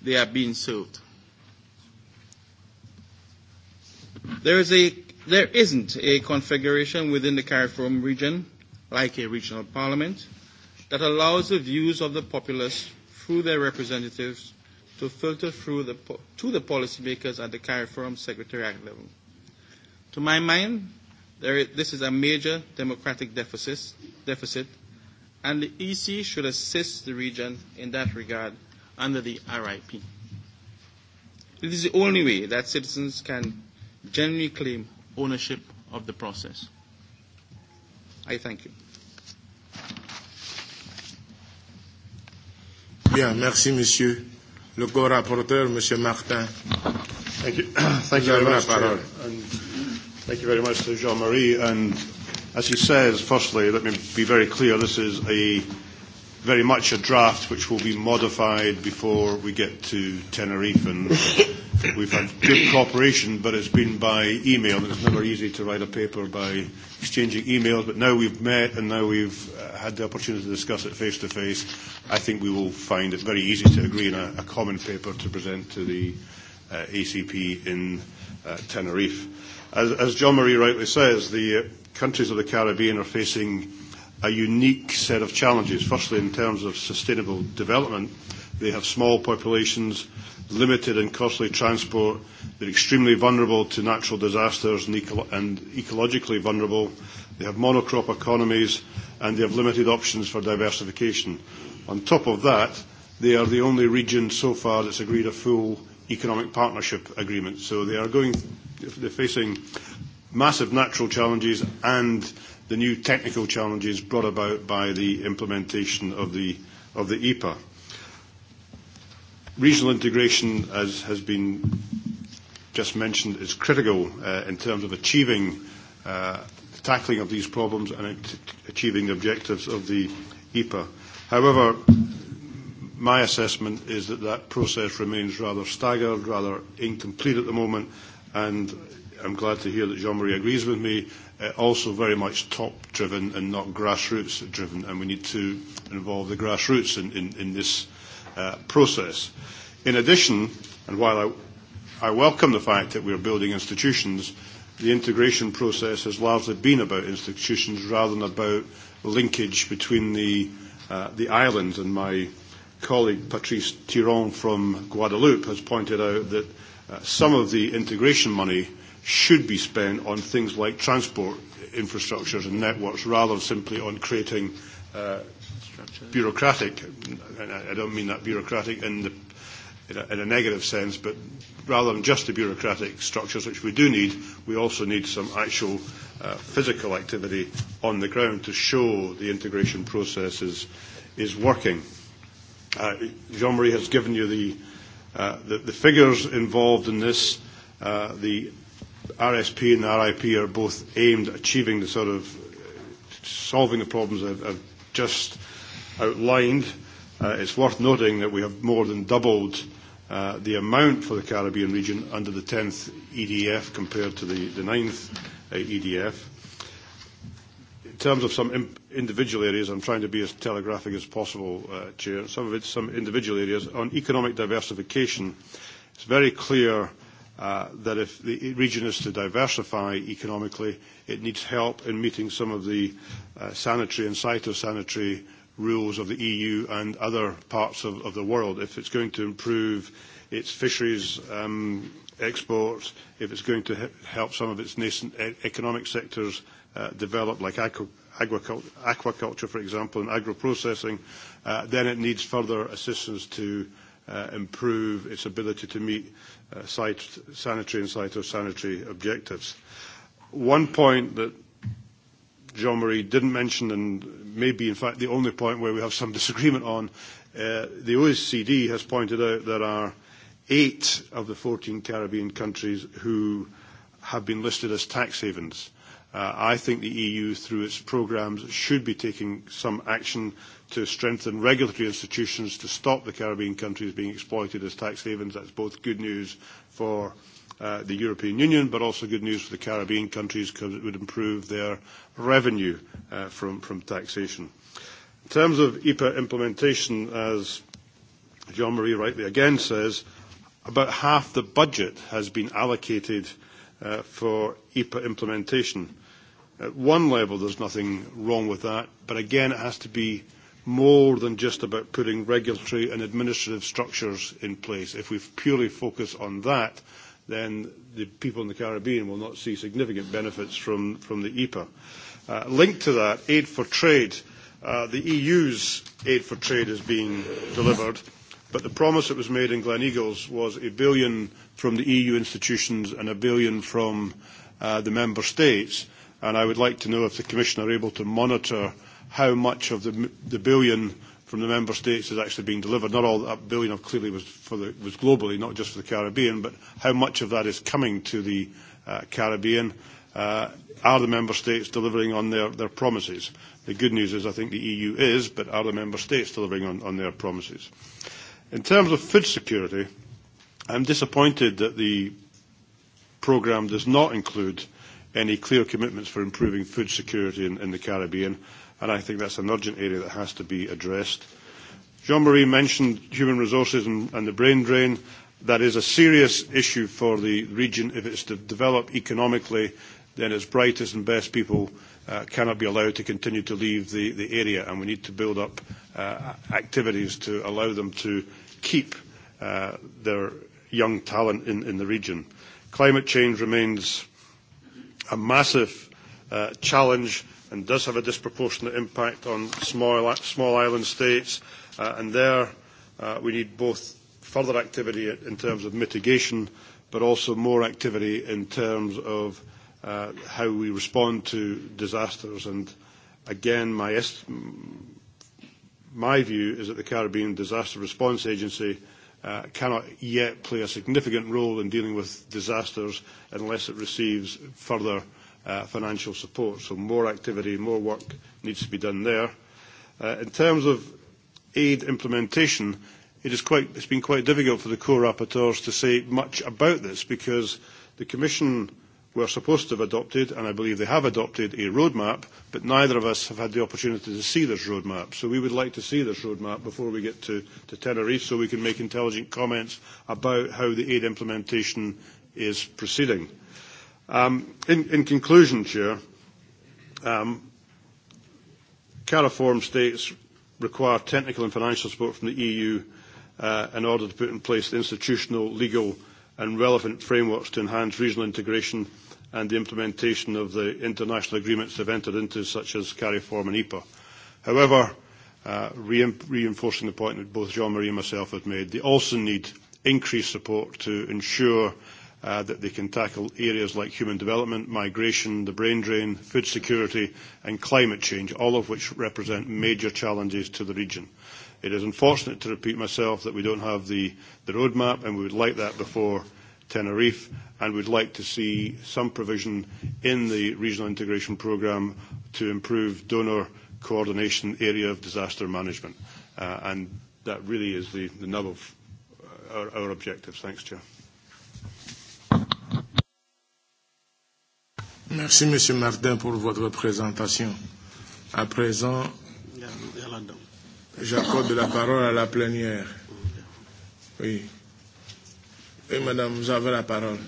Speaker 13: they are being served. There is a there isn't a configuration within the Cariform region, like a regional parliament, that allows the views of the populace through their representatives to filter through the, to the policymakers at the CARIFORUM secretariat level. To my mind, there is, this is a major democratic deficit, deficit, and the EC should assist the region in that regard under the RIP. It is the only way that citizens can genuinely claim ownership of the process. I thank you.
Speaker 1: merci, monsieur le co-rapporteur, Monsieur Martin. Thank you. Thank you very much.
Speaker 14: Thank you very much to Jean-Marie. And as he says, firstly, let me be very clear, this is a very much a draft which will be modified before we get to Tenerife. And we've had good cooperation, but it's been by email. And it's never easy to write a paper by exchanging emails. But now we've met and now we've had the opportunity to discuss it face to face. I think we will find it very easy to agree on a, a common paper to present to the ACP in Tenerife. As, as John Marie rightly says, the countries of the Caribbean are facing a unique set of challenges. Firstly, in terms of sustainable development, they have small populations, limited and costly transport, they're extremely vulnerable to natural disasters and ecologically vulnerable, they have monocrop economies, and they have limited options for diversification. On top of that, they are the only region so far that's agreed a full economic partnership agreement. So they are going, they're facing massive natural challenges and the new technical challenges brought about by the implementation of the EPA. Regional integration, as has been just mentioned, is critical in terms of achieving tackling of these problems and achieving the objectives of the EPA. However, my assessment is that that process remains rather staggered, rather incomplete at the moment, and I'm glad to hear that Jean-Marie agrees with me also very much top-driven and not grassroots-driven, and we need to involve the grassroots in this process. In addition, and while I welcome the fact that we are building institutions, the integration process has largely been about institutions rather than about linkage between the islands. And my colleague Patrice Tiron from Guadeloupe has pointed out that some of the integration money should be spent on things like transport infrastructures and networks rather than simply on creating bureaucratic, and I don't mean that bureaucratic in the in a negative sense, but rather than just the bureaucratic structures which we do need, we also need some actual physical activity on the ground to show the integration process is working. Jean-Marie has given you the figures involved in this. The RSP and RIP are both aimed at achieving the sort of solving the problems I've just outlined. It's worth noting that we have more than doubled the amount for the Caribbean region under the 10th EDF compared to the 9th EDF. In terms of some individual areas, I'm trying to be as telegraphic as possible, Chair. Some of it's some individual areas. On economic diversification, it's very clear that if the region is to diversify economically, it needs help in meeting some of the sanitary and cytosanitary rules of the EU and other parts of the world. If it's going to improve its fisheries exports, if it's going to help some of its nascent economic sectors develop, like aquaculture, for example, and agro-processing, then it needs further assistance to improve its ability to meet sanitary and cytosanitary objectives. One point that Jean-Marie didn't mention, and maybe in fact the only point where we have some disagreement on, the OECD has pointed out there are eight of the 14 Caribbean countries who have been listed as tax havens. I think the EU, through its programs, should be taking some action to strengthen regulatory institutions to stop the Caribbean countries being exploited as tax havens. That's both good news for the European Union, but also good news for the Caribbean countries because it would improve their revenue from taxation. In terms of EPA implementation, as Jean-Marie rightly again says, about half the budget has been allocated for EPA implementation. At one level, there's nothing wrong with that, but again, it has to be more than just about putting regulatory and administrative structures in place. If we purely focus on that, then the people in the Caribbean will not see significant benefits from the EPA. Linked to that, aid for trade. The EU's aid for trade is being delivered, but the promise that was made in Glen was a billion from the EU institutions and a billion from the member states. And I would like to know if the Commission are able to monitor how much of the, the billion from the member states is actually being delivered. Not all that billion clearly was, for was globally, not just for the Caribbean, but how much of that is coming to the Caribbean. are the member states delivering on their, their promises? The good news is I think the EU is, but are the member states delivering on, on their promises? In terms of food security, I'm disappointed that the programme does not include any clear commitments for improving food security in, in the Caribbean and I think that's an urgent area that has to be addressed. Jean-Marie mentioned human resources and the brain drain. That is a serious issue for the region. If it's to develop economically, then its brightest and best people cannot be allowed to continue to leave the area, and we need to build up activities to allow them to keep their young talent in the region. Climate change remains a massive challenge and does have a disproportionate impact on small island states, and there we need both further activity in terms of mitigation, but also more activity in terms of how we respond to disasters. And again, my view is that the Caribbean Disaster Response Agency cannot yet play a significant role in dealing with disasters unless it receives further financial support. So more activity, more work needs to be done there. In terms of aid implementation, it has been quite difficult for the co-rapporteurs to say much about this because the Commission were supposed to have adopted, and I believe they have adopted, a roadmap, but neither of us have had the opportunity to see this roadmap. So we would like to see this roadmap before we get to Tenerife so we can make intelligent comments about how the aid implementation is proceeding. In conclusion, Chair, CARIFORM states require technical and financial support from the EU in order to put in place institutional, legal and relevant frameworks to enhance regional integration and the implementation of the international agreements they've entered into, such as CARIFORM and EPA. However, reinforcing the point that both Jean-Marie and myself have made, they also need increased support to ensure that they can tackle areas like human development, migration, the brain drain, food security and climate change, all of which represent major challenges to the region. It is unfortunate to repeat myself that we don't have the roadmap and we would like that before Tenerife and would like to see some provision in the regional integration programme to improve donor coordination area of disaster management. And that really is the nub of our objectives. Thanks, Chair.
Speaker 1: Merci, Monsieur Martin, pour votre présentation. À présent, j'accorde la parole à la plénière. Oui. Oui, Madame, vous avez la parole.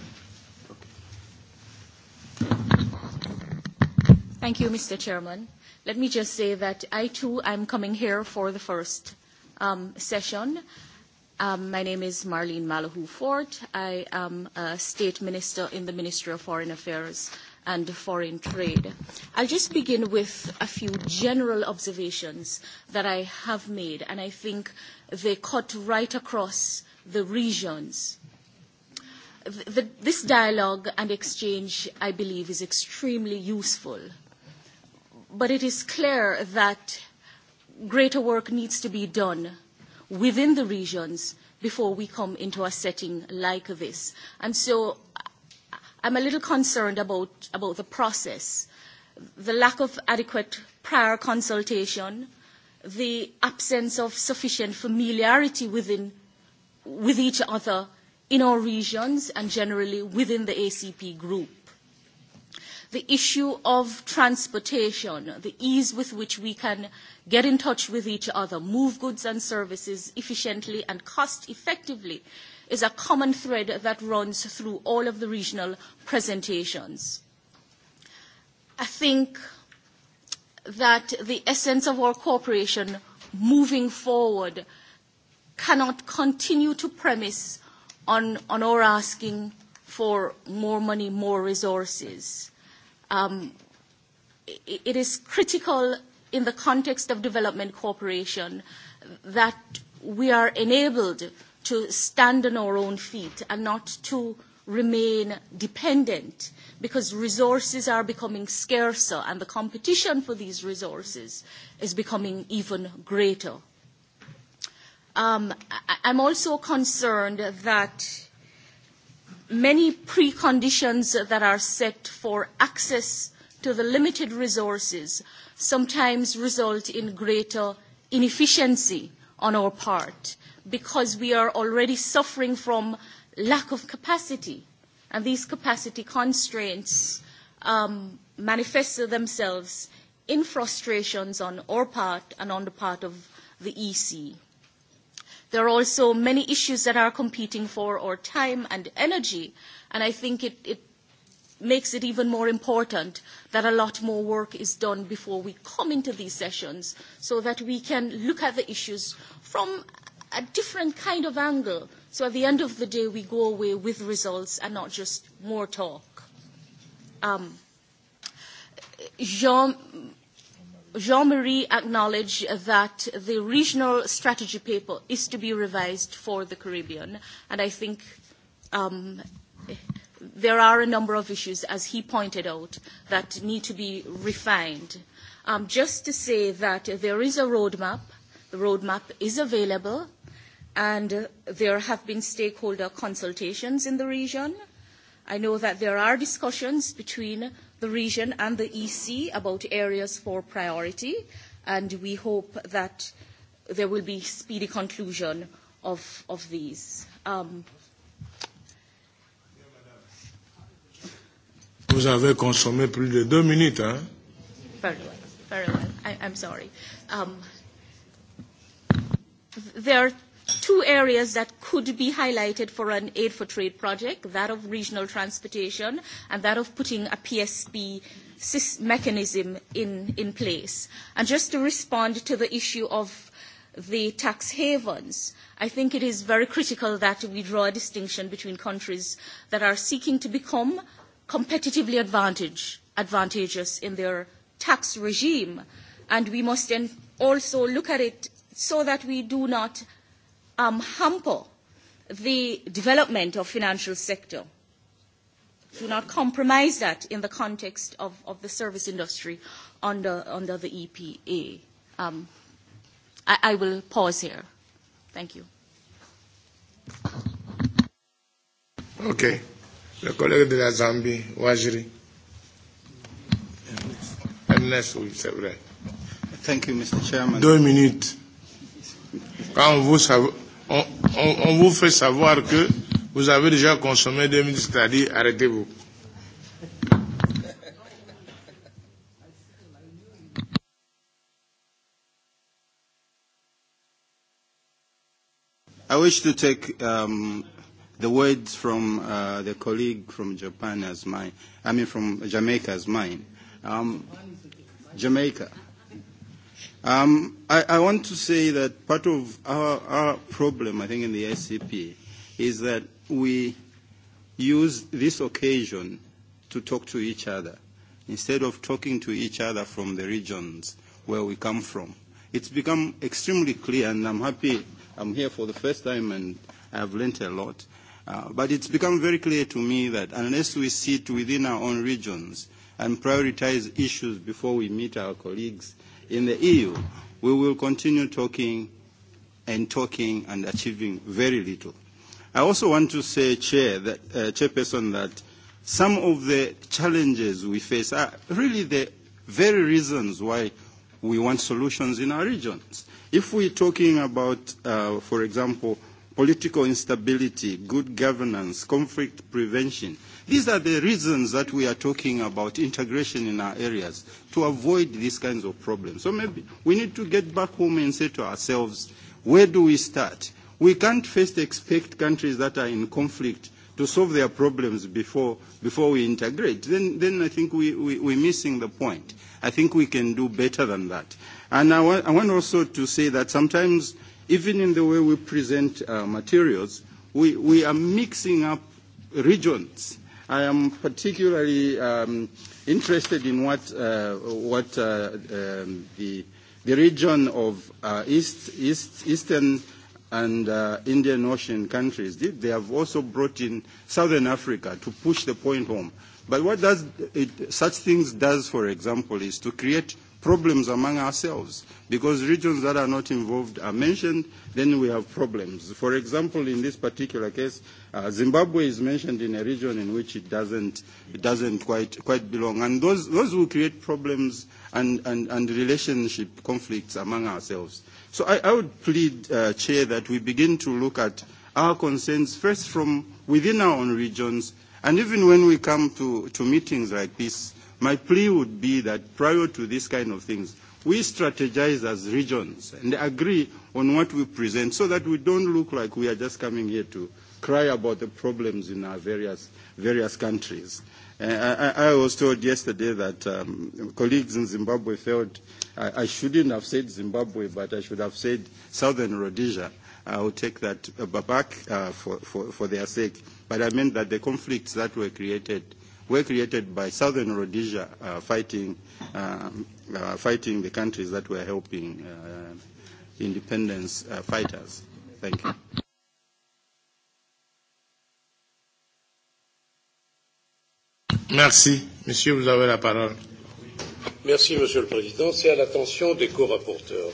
Speaker 15: Thank you, Mr. Chairman. Let me just say that I, too, am coming here for the first um, session. Um, My name is Marlene malahu fort I am a State Minister in the Ministry of Foreign Affairs and foreign trade. I'll just begin with a few general observations that I have made, and I think they cut right across the regions. This dialogue and exchange, I believe, is extremely useful, but it is clear that greater work needs to be done within the regions before we come into a setting like this. And so I'm a little concerned about the process, the lack of adequate prior consultation, the absence of sufficient familiarity within with each other in our regions and generally within the ACP group. The issue of transportation, the ease with which we can get in touch with each other, move goods and services efficiently and cost effectively is a common thread that runs through all of the regional presentations. I think that the essence of our cooperation moving forward cannot continue to premise on our asking for more money, more resources. It is critical in the context of development cooperation that we are enabled to stand on our own feet and not to remain dependent because resources are becoming scarcer and the competition for these resources is becoming even greater. I'm also concerned that many preconditions that are set for access to the limited resources sometimes result in greater inefficiency on our part because we are already suffering from lack of capacity. And these capacity constraints manifest themselves in frustrations on our part and on the part of the EC. There are also many issues that are competing for our time and energy, and I think it makes it even more important that a lot more work is done before we come into these sessions so that we can look at the issues from a different kind of angle so at the end of the day we go away with results and not just more talk. Jean-Marie acknowledged that the regional strategy paper is to be revised for the Caribbean and I think there are a number of issues, as he pointed out, that need to be refined. Just to say that there is a roadmap. The roadmap is available and there have been stakeholder consultations in the region. I know that there are discussions between the region and the EC about areas for priority, and we hope that there will be speedy conclusion of these.
Speaker 1: Vous avez consommé plus de deux minutes, hein?
Speaker 15: very well. I'm sorry. There are two areas that could be highlighted for an aid for trade project, that of regional transportation and that of putting a PSP mechanism in place. And just to respond to the issue of the tax havens, I think it is very critical that we draw a distinction between countries that are seeking to become competitively advantageous in their tax regime, and we must also look at it so that we do not hamper the development of financial sector. Do not compromise that in the context of the service industry under the EPA. I will pause here. Thank you.
Speaker 1: Okay. The colleague de la Zambie, Wajiri. Ernest,
Speaker 16: Thank you, Mr. Chairman. Two
Speaker 1: minutes. Quand vous savez on, on, vous fait savoir que vous avez déjà consommé 2000 c'est-à-dire arrêtez-vous.
Speaker 16: I wish to take um, the words from uh, the colleague from Japan as mine, I mean from Jamaica as mine. Um, Jamaica. Um, I, I want to say that part of our, our problem, I think, in the SCP is that we use this occasion to talk to each other instead of talking to each other from the regions where we come from. It's become extremely clear, and I'm happy I'm here for the first time and I've learnt a lot. But it's become very clear to me that unless we sit within our own regions and prioritize issues before we meet our colleagues in the EU, we will continue talking and talking and achieving very little. I also want to say, Chair, that, Chairperson, that some of the challenges we face are really the very reasons why we want solutions in our regions. If we're talking about, for example, political instability, good governance, conflict prevention. These are the reasons that we are talking about integration in our areas to avoid these kinds of problems. So maybe we need to get back home and say to ourselves, where do we start? We can't first expect countries that are in conflict to solve their problems before before we integrate. Then then I think we we're missing the point. I think we can do better than that. And I want also to say that sometimes even in the way we present materials, we, we are mixing up regions. I am particularly interested in what, what the, the region of uh, East, East, Eastern and Indian Ocean countries did. They have also brought in Southern Africa to push the point home. But what does such things does, for example, is to create problems among ourselves because regions that are not involved are mentioned, then we have problems. For example, in this particular case, Zimbabwe is mentioned in a region in which it doesn't, it doesn't quite, quite belong. And those, those will create problems and, and, and relationship conflicts among ourselves. So I, I would plead, Chair, that we begin to look at our concerns first from within our own regions, and even when we come to, to meetings like this, My plea would be that prior to these kind of things, we strategize as regions and agree on what we present so that we don't look like we are just coming here to cry about the problems in our various various countries. I was told yesterday that colleagues in Zimbabwe felt I shouldn't have said Zimbabwe, but I should have said Southern Rhodesia. I will take that back for their sake. But I meant that the conflicts that were created were created by southern Rhodesia fighting fighting the countries that were helping independence fighters. Thank you. Merci. Monsieur,
Speaker 1: vous avez la parole.
Speaker 4: Merci, Monsieur le Président. C'est à l'attention des co-rapporteurs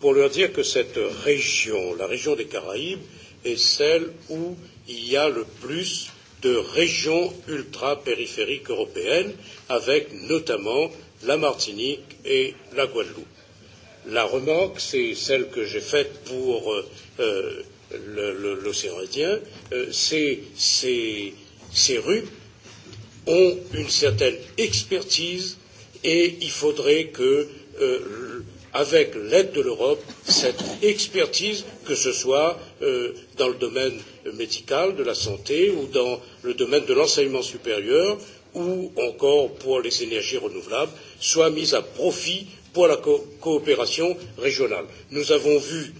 Speaker 4: pour leur dire que cette région, la région des Caraïbes, est celle où il y a le plus de régions ultra-périphériques européennes, avec notamment la Martinique et la Guadeloupe. La remarque, c'est celle que j'ai faite pour l'océan Indien, ces rues ont une certaine expertise et il faudrait que, avec l'aide de l'Europe, cette expertise, que ce soit dans le domaine médicale, de la santé ou dans le domaine de l'enseignement supérieur ou encore pour les énergies renouvelables soient mises à profit pour la coopération régionale. Nous avons vu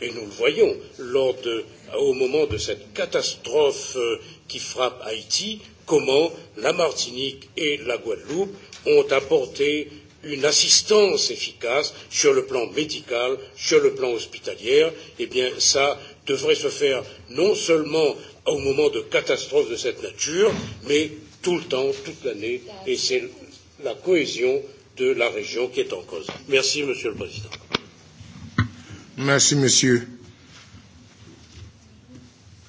Speaker 4: et nous le voyons lors au moment de cette catastrophe qui frappe Haïti comment la Martinique et la Guadeloupe ont apporté une assistance efficace sur le plan médical, sur le plan hospitalier, eh bien ça devrait se faire non seulement au moment de catastrophes de cette nature, mais tout le temps, toute l'année, et c'est la cohésion de la région qui est en cause. Merci, Monsieur le Président.
Speaker 1: Merci, Monsieur.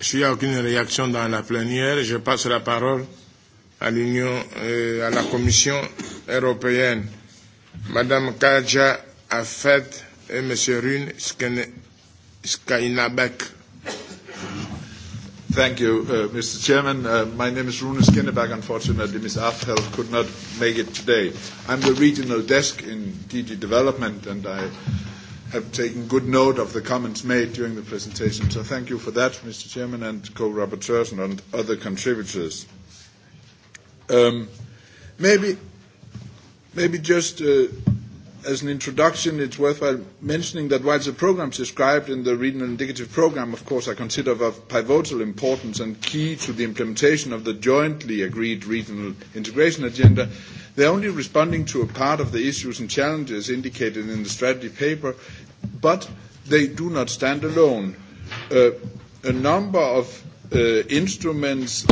Speaker 1: S'il n'y a aucune réaction dans la plénière, je passe la parole à l'Union, à la Commission européenne. Madame Kaja Afet et
Speaker 17: Monsieur Rune Skinnebeck. Thank you, Mr. Chairman. My name is Rune Skinnebeck. Unfortunately, Ms. Afet could not make it today. I'm the regional desk in DG Development, and I have taken good note of the comments made during the presentation. So thank you for that, Mr. Chairman, and co-rapporteurs and other contributors. Maybe Maybe just as an introduction, it's worthwhile mentioning that while the programs described in the Regional Indicative Program, of course, I consider of pivotal importance and key to the implementation of the jointly agreed Regional Integration Agenda, they are only responding to a part of the issues and challenges indicated in the strategy paper, but they do not stand alone. A number of instruments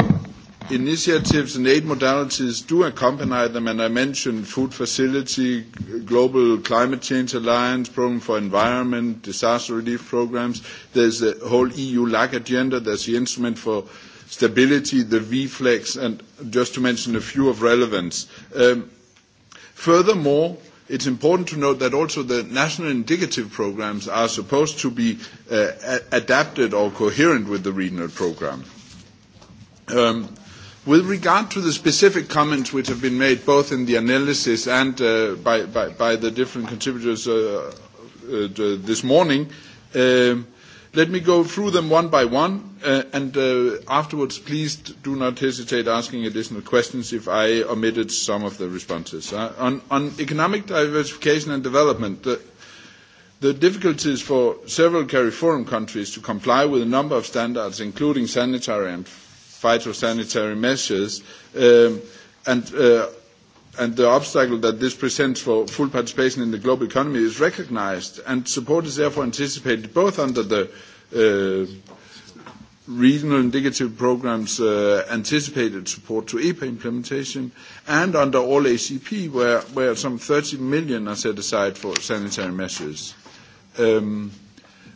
Speaker 17: initiatives and aid modalities do accompany them, and I mentioned food facility, global climate change alliance, program for environment, disaster relief programs. There's the whole EU LAC agenda. There's the instrument for stability, the VFLEX, and just to mention a few of relevance. Furthermore, it's important to note that also the national indicative programs are supposed to be adapted or coherent with the regional programme. With regard to the specific comments which have been made both in the analysis and by the different contributors this morning, let me go through them one by one, and afterwards please do not hesitate asking additional questions if I omitted some of the responses. On economic diversification and development, the difficulties for several CARIFORUM countries to comply with a number of standards, including sanitary and phytosanitary measures. And the obstacle that this presents for full participation in the global economy is recognised, and support is therefore anticipated both under the regional indicative programmes anticipated support to EPA implementation and under all ACP where some 30 million are set aside for sanitary measures. Um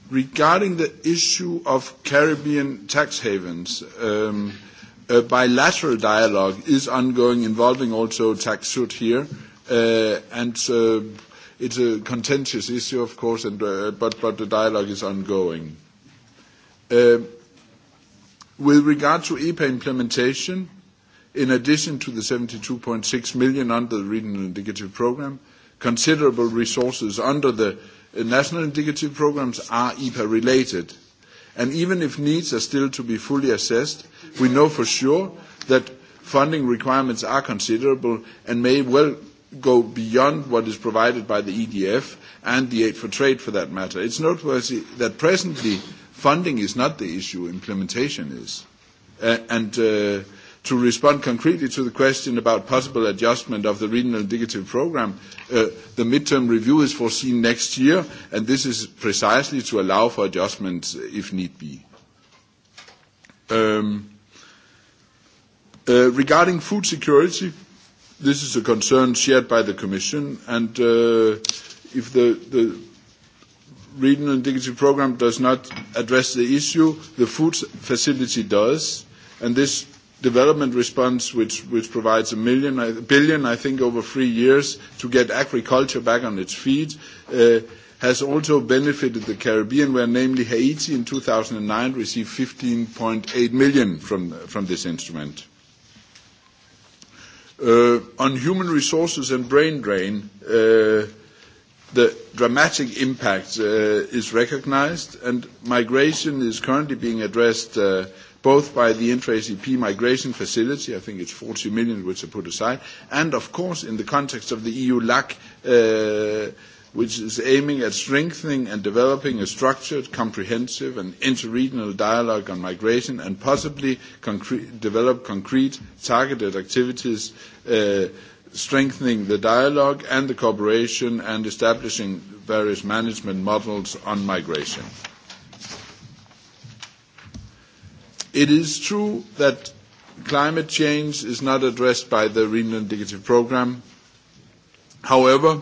Speaker 17: Regarding the issue of Caribbean tax havens, a bilateral dialogue is ongoing involving also tax suit here, and it's a contentious issue, of course, but the dialogue is ongoing. With regard to EPA implementation, in addition to the 72.6 million under the Regional Indicative Programme, considerable resources under the national indicative programs are EPA related. And even if needs are still to be fully assessed, we know for sure that funding requirements are considerable and may well go beyond what is provided by the EDF and the Aid for Trade for that matter. It's noteworthy that presently funding is not the issue, implementation is. And to respond concretely to the question about possible adjustment of the Regional Indicative Programme, the midterm review is foreseen next year, and this is precisely to allow for adjustments if need be. Regarding food security, this is a concern shared by the Commission, and if the Regional Indicative Programme does not address the issue, the food facility does, and this development response, which provides a billion, I think, over three years to get agriculture back on its feet, has also benefited the Caribbean, where namely Haiti in 2009 received 15.8 million from this instrument. On human resources and brain drain, the dramatic impact is recognized, and migration is currently being addressed both by the intra-ACP migration facility, I think it's 40 million which are put aside, and of course in the context of the EU LAC, which is aiming at strengthening and developing a structured, comprehensive and interregional dialogue on migration and possibly develop concrete targeted activities strengthening the dialogue and the cooperation and establishing various management models on migration. It is true that climate change is not addressed by the Renal Indicative Programme. However,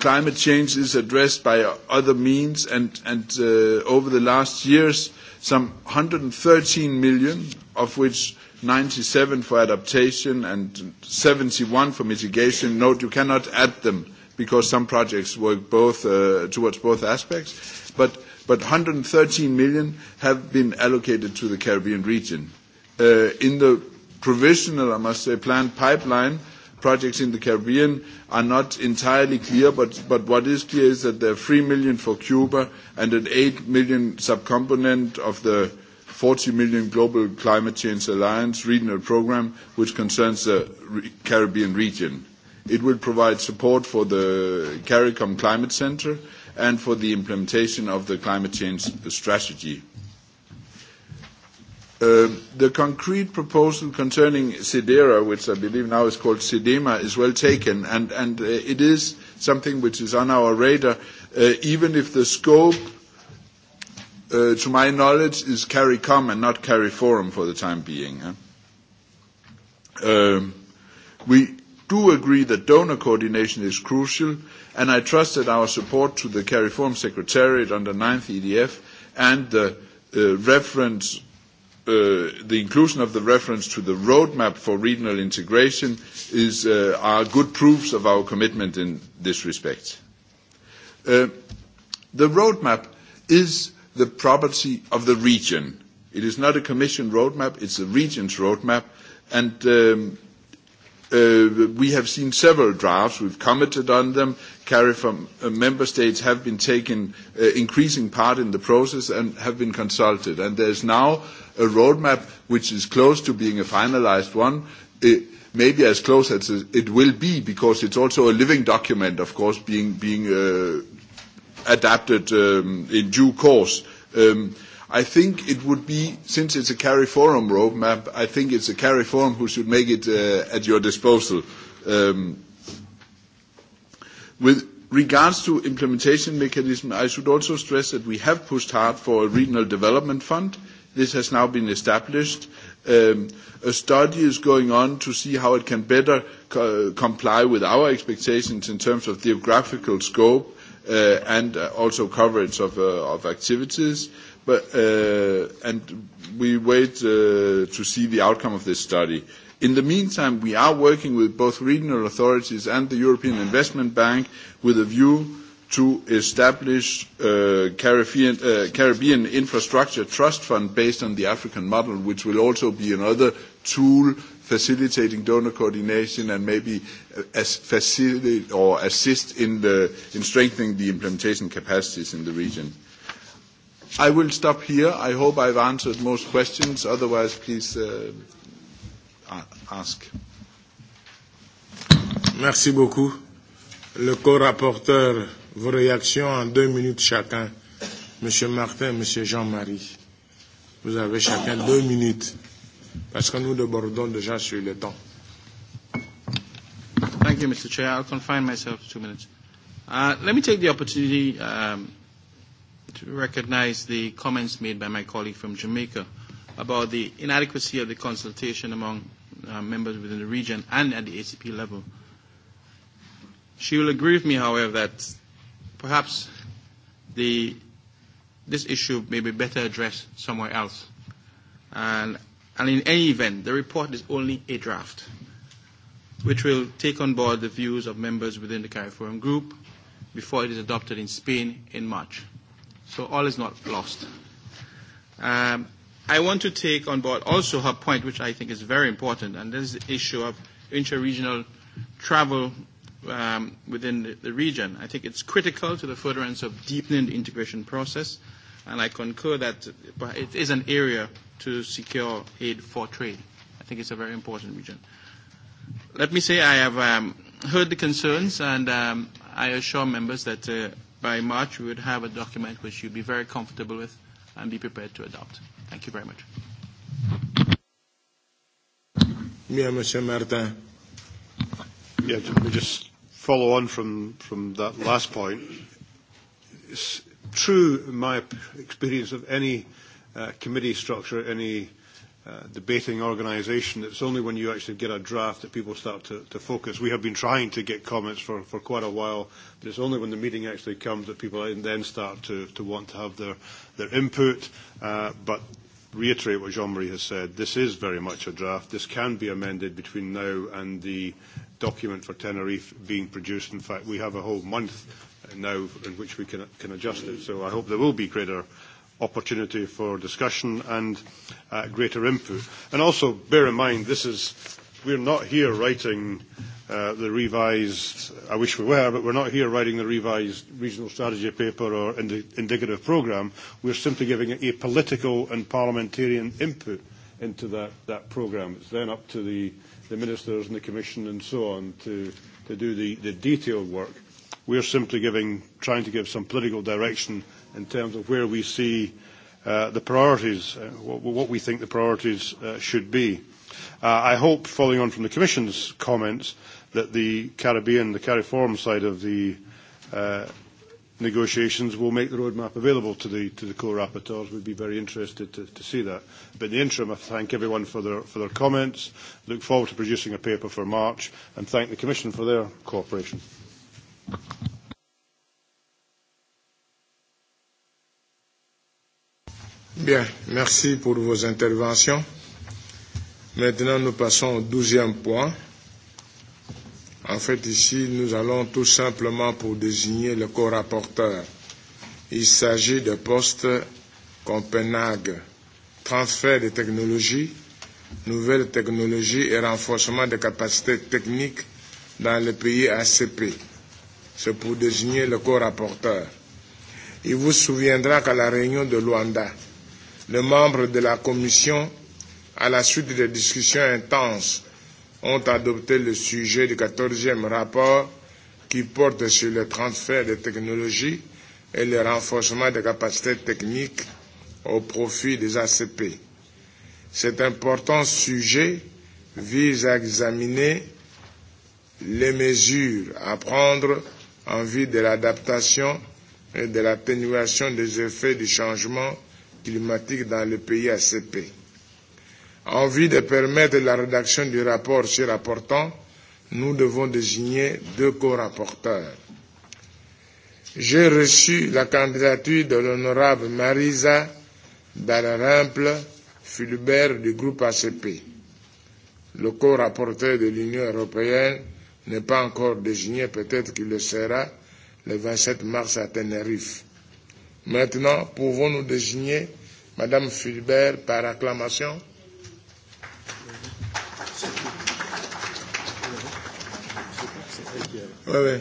Speaker 17: climate change is addressed by other means, and over the last years, some 113 million, of which 97 for adaptation and 71 for mitigation. Note, you cannot add them because some projects work both towards both aspects, but but 113 million have been allocated to the Caribbean region. In the provisional, I must say, planned pipeline, projects in the Caribbean are not entirely clear, but what is clear is that there are 3 million for Cuba and an 8 million subcomponent of the 40 million Global Climate Change Alliance regional Programme, which concerns the Caribbean region. It will provide support for the CARICOM Climate Centre and for the implementation of the climate change strategy. The concrete proposal concerning Sidera, which I believe now is called Sidema, is well taken, and it is something which is on our radar, even if the scope, to my knowledge, is CARICOM and not CARIFORUM for the time being. We do agree that donor coordination is crucial, and I trust that our support to the CARIFORM Secretariat under 9th EDF and the inclusion of the reference to the roadmap for regional integration is, are good proofs of our commitment in this respect. The roadmap is the property of the region. It is not a Commission roadmap, it's a region's roadmap, and We have seen several drafts. We've commented on them. Carry from member states have been taking increasing part in the process and have been consulted. And there is now a roadmap which is close to being a finalized one, maybe as close as it will be, because it's also a living document, of course, being being adapted in due course. I think it would be, since it's a carry forum roadmap, I think it's a carry forum who should make it at your disposal. With regards to implementation mechanism, I should also stress that we have pushed hard for a regional development fund. This has now been established. A study is going on to see how it can better comply with our expectations in terms of geographical scope and also coverage of activities. And we wait to see the outcome of this study. In the meantime, we are working with both regional authorities and the European Investment Bank with a view to establish a Caribbean Infrastructure Trust Fund based on the African model, which will also be another tool facilitating donor coordination and maybe assist in strengthening the implementation capacities in the region. I will stop here. I hope I've answered most questions. Otherwise, please ask. Merci beaucoup. Le
Speaker 1: co-rapporteur, vos réactions en deux minutes chacun. Monsieur Martin, Monsieur Jean-Marie, vous avez chacun deux minutes parce que nous débordons déjà sur
Speaker 13: le temps. Thank you, Mr. Chair. I'll confine myself to two minutes. Uh, let me take the opportunity um, recognize the comments made by my colleague from Jamaica about the inadequacy of the consultation among members within the region and at the ACP level. She will agree with me, however, that perhaps this issue may be better addressed somewhere else. And in any event, the report is only a draft, which will take on board the views of members within the CARIFORUM group before it is adopted in Spain in March. So all is not lost. I want to take on board also her point, which I think is very important, and this is the issue of intra-regional travel within the region. I think it's critical to the furtherance of deepening the integration process, and I concur that it is an area to secure aid for trade. I think it's a very important region. Let me say I have heard the concerns, and I assure members that by March, we would have a document which you'd be very comfortable with and be prepared to adopt. Thank you very much.
Speaker 1: Yeah,
Speaker 14: Mr. Martin. Yeah, let me just follow on from, from that last point. It's true, in my experience of any committee structure, any debating organisation. It's only when you actually get a draft that people start to focus. We have been trying to get comments for quite a while, but it's only when the meeting actually comes that people then start to want to have their input. But reiterate what Jean-Marie has said, this is very much a draft. This can be amended between now and the document for Tenerife being produced. In fact, we have a whole month now in which we can adjust it. So I hope there will be greater opportunity for discussion and greater input. And also bear in mind, this is, we're not here writing the revised, I wish we were, but we're not here writing the revised regional strategy paper or indicative programme. We're simply giving a political and parliamentarian input into that, that programme. It's then up to the, the ministers and the commission and so on to, to do the, the detailed work. We're simply giving, trying to give some political direction in terms of where we see the priorities, what we think the priorities should be. I hope, following on from the Commission's comments, that the Caribbean, the CARIFORM side of the negotiations will make the roadmap available to the co-rapporteurs. We'd be very interested to, see that. But in the interim, I thank everyone for their, for their comments, look forward to producing a paper for March, and thank the Commission for their cooperation.
Speaker 1: Bien, merci pour vos interventions. Maintenant, nous passons au douzième point. En fait, ici, nous allons tout simplement pour désigner le co-rapporteur. Il s'agit de postes Copenhague, transfert de technologies, nouvelles technologies et renforcement des capacités techniques dans les pays ACP. C'est pour désigner le co-rapporteur. Il vous souviendra qu'à la réunion de Luanda, les membres de la Commission, à la suite des discussions intenses, ont adopté le sujet du 14e rapport qui porte sur le transfert des technologies et le renforcement des capacités techniques au profit des ACP. Cet important sujet vise à examiner les mesures à prendre en vue de l'adaptation et de l'atténuation des effets du changement climatique dans le pays ACP. En vue de permettre la rédaction du rapport sur rapportant, nous devons désigner deux co-rapporteurs. J'ai reçu la candidature de l'honorable Marisa Dalarimple Fulbert du groupe ACP. Le co-rapporteur de l'Union européenne n'est pas encore désigné, peut-être qu'il le sera le 27 mars à Tenerife. Maintenant, pouvons-nous désigner Madame Fulbert par acclamation Oui, oui.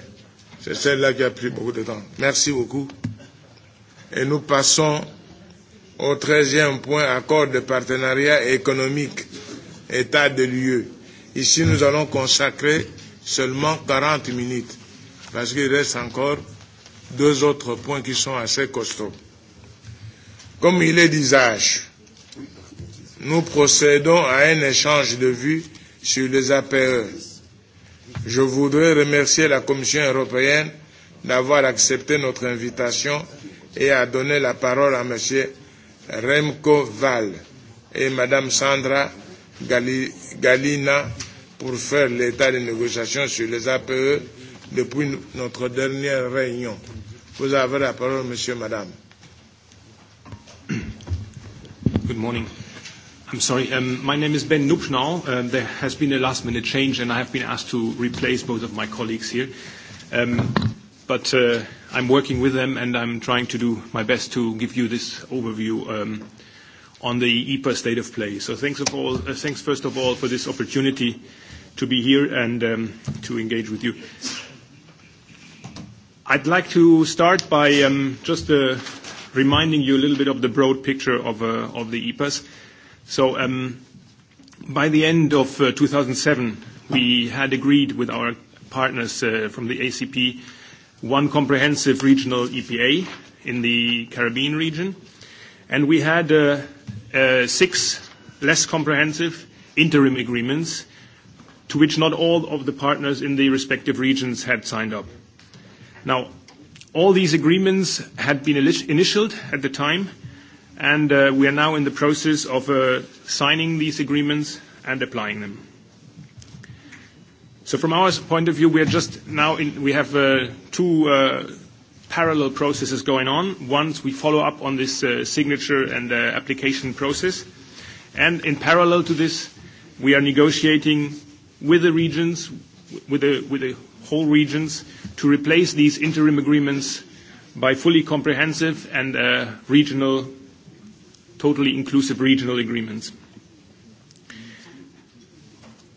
Speaker 1: C'est celle-là qui a pris beaucoup de temps. Merci beaucoup. Et nous passons au treizième point, accord de partenariat économique, état de lieu. Ici, nous allons consacrer seulement 40 minutes, parce qu'il reste encore deux autres points qui sont assez costauds. Comme il est d'usage, nous procédons à un échange de vues sur les APE. Je voudrais remercier la Commission européenne d'avoir accepté notre invitation et à donner la parole à M. Remco Val et Mme Sandra Galina pour faire l'état des négociations sur les APE depuis notre dernière réunion. Vous avez la parole, monsieur, madame.
Speaker 18: Good morning. I'm sorry. My name is Ben Nupnau. There has been a last-minute change, and I have been asked to replace both of my colleagues here. But I'm working with them, and I'm trying to do my best to give you this overview on the EPA state of play. So thanks first of all for this opportunity to be here and to engage with you. I'd like to start by just reminding you a little bit of the broad picture of the EPAs. So by the end of 2007, we had agreed with our partners from the ACP one comprehensive regional EPA in the Caribbean region, and we had six less comprehensive interim agreements to which not all of the partners in the respective regions had signed up. Now, all these agreements had been initialed at the time, and we are now in the process of signing these agreements and applying them. So from our point of view, we are just now in, we have two parallel processes going on. Once we follow up on this signature and application process, and in parallel to this, we are negotiating with the regions, with the whole regions to replace these interim agreements by fully comprehensive and regional, totally inclusive regional agreements.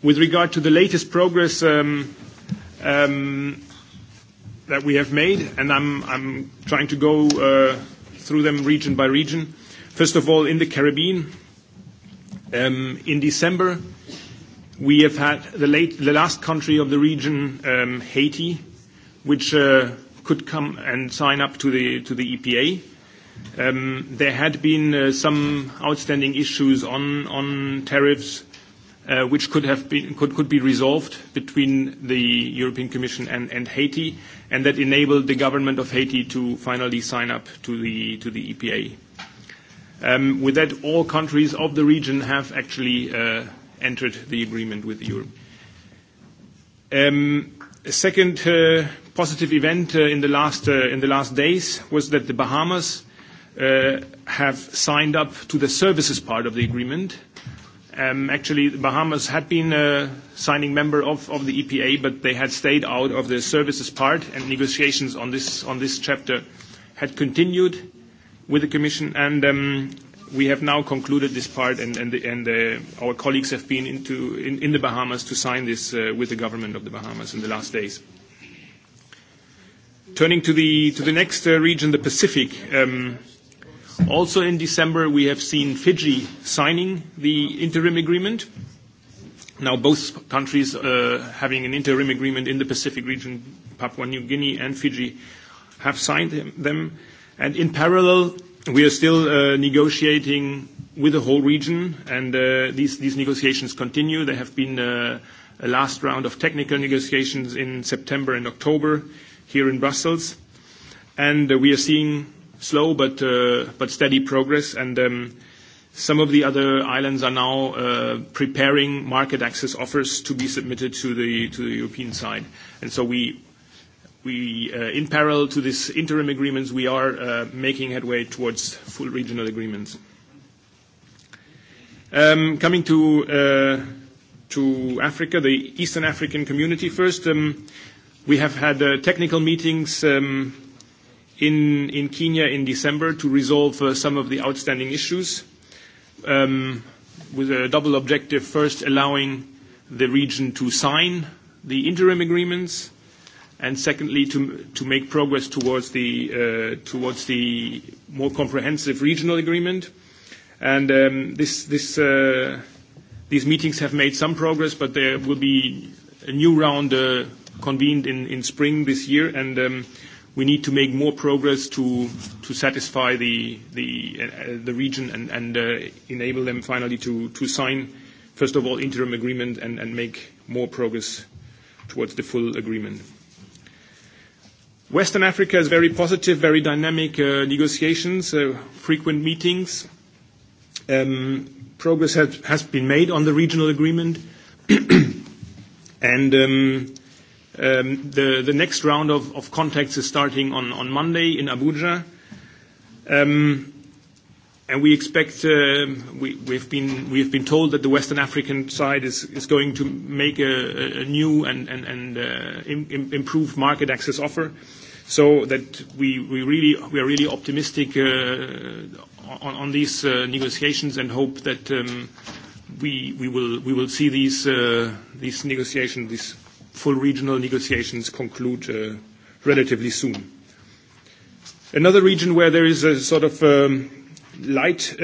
Speaker 18: With regard to the latest progress that we have made, and I'm trying to go through them region by region. First of all, in the Caribbean, in December, We have had the last country of the region, Haiti, which could come and sign up to the EPA. There had been some outstanding issues on tariffs, which could be resolved between the European Commission and Haiti, and that enabled the government of Haiti to finally sign up to the EPA. With that, all countries of the region have actually entered the agreement with Europe. A second positive event in the last in the last days was that the Bahamas have signed up to the services part of the agreement. Actually, the Bahamas had been a signing member of the EPA, but they had stayed out of the services part, and negotiations on this chapter had continued with the Commission, and We have now concluded this part, and our colleagues have been in the Bahamas to sign this with the government of the Bahamas in the last days. Turning to the next region, the Pacific. Also in December, we have seen Fiji signing the interim agreement. Now, both countries having an interim agreement in the Pacific region, Papua New Guinea and Fiji, have signed them. And in parallel, We are still negotiating with the whole region, and these negotiations continue. There have been a last round of technical negotiations in September and October here in Brussels, and we are seeing slow but steady progress, and some of the other islands are now preparing market access offers to be submitted to the European side. And so we we in parallel to these interim agreements, we are making headway towards full regional agreements. Coming to Africa, the Eastern African Community first, we have had technical meetings in Kenya in December to resolve some of the outstanding issues, with a double objective: first, allowing the region to sign the interim agreements and secondly to make progress towards the more comprehensive regional agreement. And these meetings have made some progress, but there will be a new round convened in spring this year, and we need to make more progress to satisfy the region and enable them finally to sign, first of all, interim agreement and make more progress towards the full agreement. Western Africa is very positive, very dynamic negotiations, frequent meetings. Progress has been made on the regional agreement. And the next round of contacts is starting on Monday in Abuja. And we expect, we we've been been told that the Western African side is is going to make a new and and improved market access offer. So that we really we are really optimistic on these negotiations and hope that we will see these these negotiations, these full regional negotiations conclude relatively soon. Another region where there is a sort of light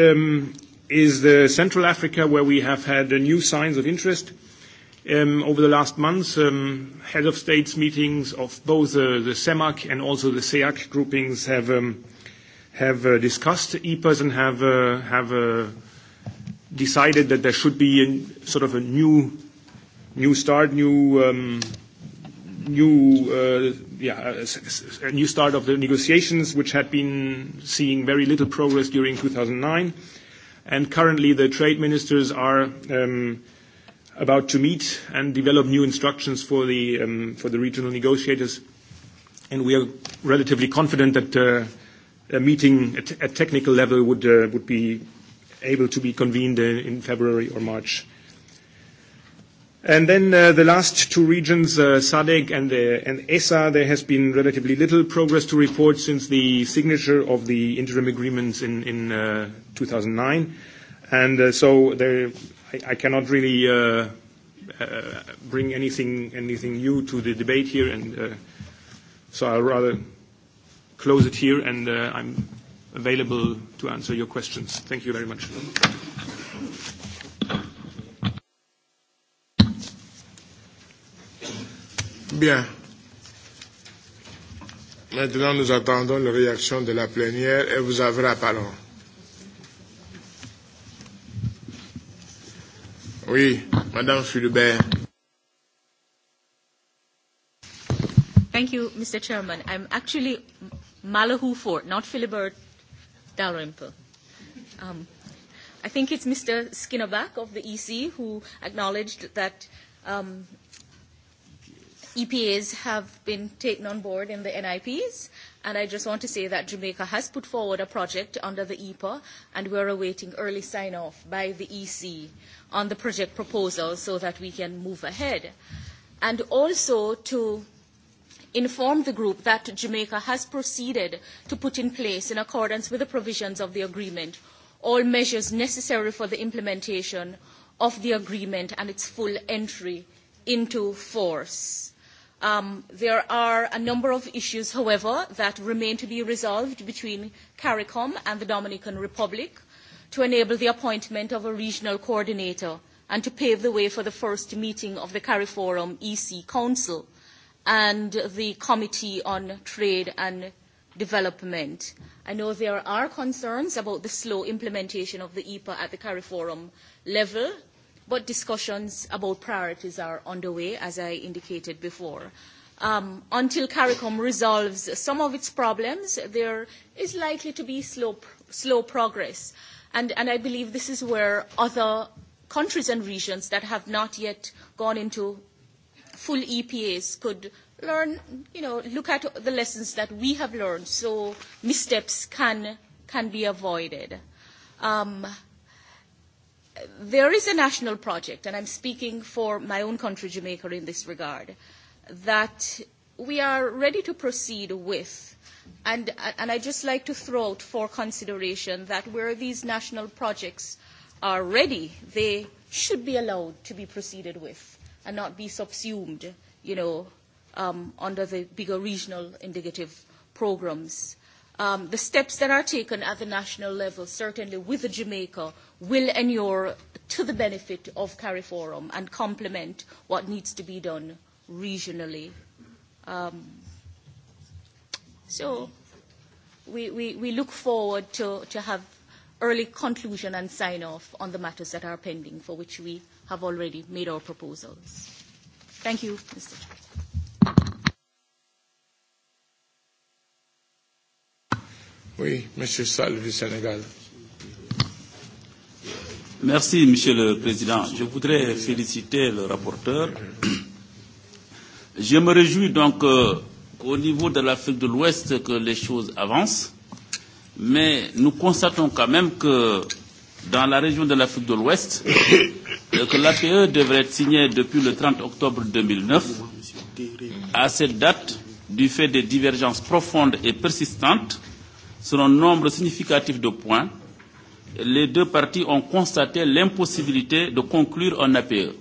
Speaker 18: is Central Africa, where we have had new signs of interest over the last months, head of states meetings of both the CEMAC and also the SEAC groupings have discussed EPAs and have decided that there should be sort of a new start, new a new start of the negotiations, which had been seeing very little progress during 2009, and currently the trade ministers are about to meet and develop new instructions for the for the regional negotiators. And we are relatively confident that a meeting at technical level would would be able to be convened in February or March. And then the last two regions, SADC and and ESA, there has been relatively little progress to report since the signature of the interim agreements in in 2009. And so there I cannot really bring anything anything new to the debate here, and so I'll rather close it here, and I'm available to answer your questions. Thank you very much.
Speaker 1: Bien. Maintenant, nous attendons la réaction de la plénière et vous avez la parole. Oui, Madame Fulbert.
Speaker 15: Thank you, Mr. Chairman. I'm actually Malahu Fort, not Philibert Dalrymple. Um, I think it's Mr. Skinnerback of the EC who acknowledged that um, EPAs have been taken on board in the NIPs, and I just want to say that Jamaica has put forward a project under the EPA, and we are awaiting early sign-off by the EC on the project proposal so that we can move ahead. And also to inform the group that Jamaica has proceeded to put in place, in accordance with the provisions of the agreement, all measures necessary for the implementation of the agreement and its full entry into force. There are a number of issues, however, that remain to be resolved between CARICOM and the Dominican Republic to enable the appointment of a regional coordinator and to pave the way for the first meeting of the CARIFORUM EC Council and the Committee on Trade and Development. I know there are concerns about the slow implementation of the EPA at the CARIFORUM level, but discussions about priorities are underway, as I indicated before. Until CARICOM resolves some of its problems, there is likely to be slow progress and I believe this is where other countries and regions that have not yet gone into full EPAs could learn, you know, look at the lessons that we have learned so missteps can can be avoided. There is a national project, and I'm speaking for my own country, Jamaica, in this regard, that we are ready to proceed with And I'd just like to throw out for consideration that where these national projects are ready, they should be allowed to be proceeded with and not be subsumed, you know, under the bigger regional indicative programs. The steps that are taken at the national level, certainly with Jamaica, will inure to the benefit of CARIFORUM and complement what needs to be done regionally. So we we we look forward to to have early conclusion and sign off on the matters that are pending for which we have already made our proposals. Thank you, Mr.
Speaker 1: Oui, Monsieur Sall du Sénégal.
Speaker 11: Merci, Monsieur le Président. Je voudrais féliciter le rapporteur. Je me réjouis donc Au niveau de l'Afrique de l'Ouest que les choses avancent, mais nous constatons quand même que dans la région de l'Afrique de l'Ouest, que l'APE devrait être signée depuis le 30 octobre 2009. À cette date, du fait des divergences profondes et persistantes sur un nombre significatif de points, les deux parties ont constaté l'impossibilité de conclure un APE.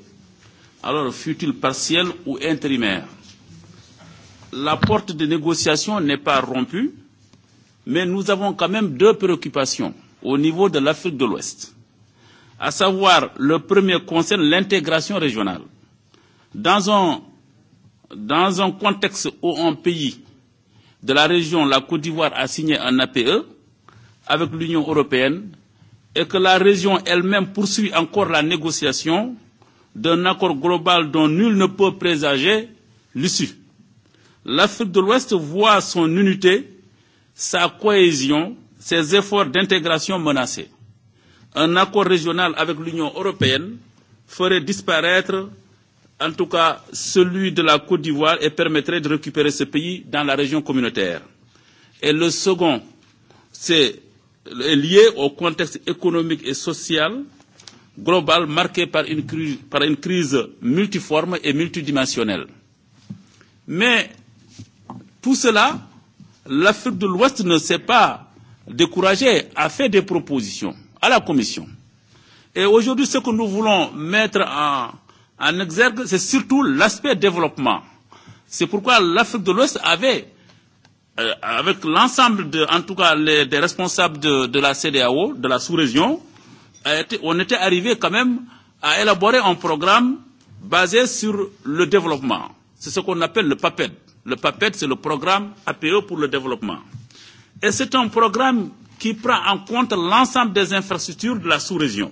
Speaker 11: Alors, fut-il partiel ou intérimaire la porte de négociation n'est pas rompue, mais nous avons quand même deux préoccupations au niveau de l'Afrique de l'Ouest. À savoir, le premier concerne l'intégration régionale. Dans un, dans un contexte où un pays de la région, la Côte d'Ivoire, a signé un APE avec l'Union européenne et que la région elle-même poursuit encore la négociation d'un accord global dont nul ne peut présager l'issue l'Afrique de l'Ouest voit son unité, sa cohésion, ses efforts d'intégration menacés. Un accord régional avec l'Union européenne ferait disparaître, en tout cas, celui de la Côte d'Ivoire et permettrait de récupérer ce pays dans la région communautaire. Et le second, c'est lié au contexte économique et social global marqué par une crise multiforme et multidimensionnelle. Mais Tout cela, l'Afrique de l'Ouest ne s'est pas découragée à faire des propositions à la Commission. Et aujourd'hui, ce que nous voulons mettre en, en exergue, c'est surtout l'aspect développement. C'est pourquoi l'Afrique de l'Ouest avait, avec l'ensemble, de, en tout cas les, des responsables de, de la CDAO, de la sous-région, on était arrivé quand même à élaborer un programme basé sur le développement. C'est ce qu'on appelle le PAPED. Le PAPET, c'est le programme APE pour le développement. Et c'est un programme qui prend en compte l'ensemble des infrastructures de la sous-région.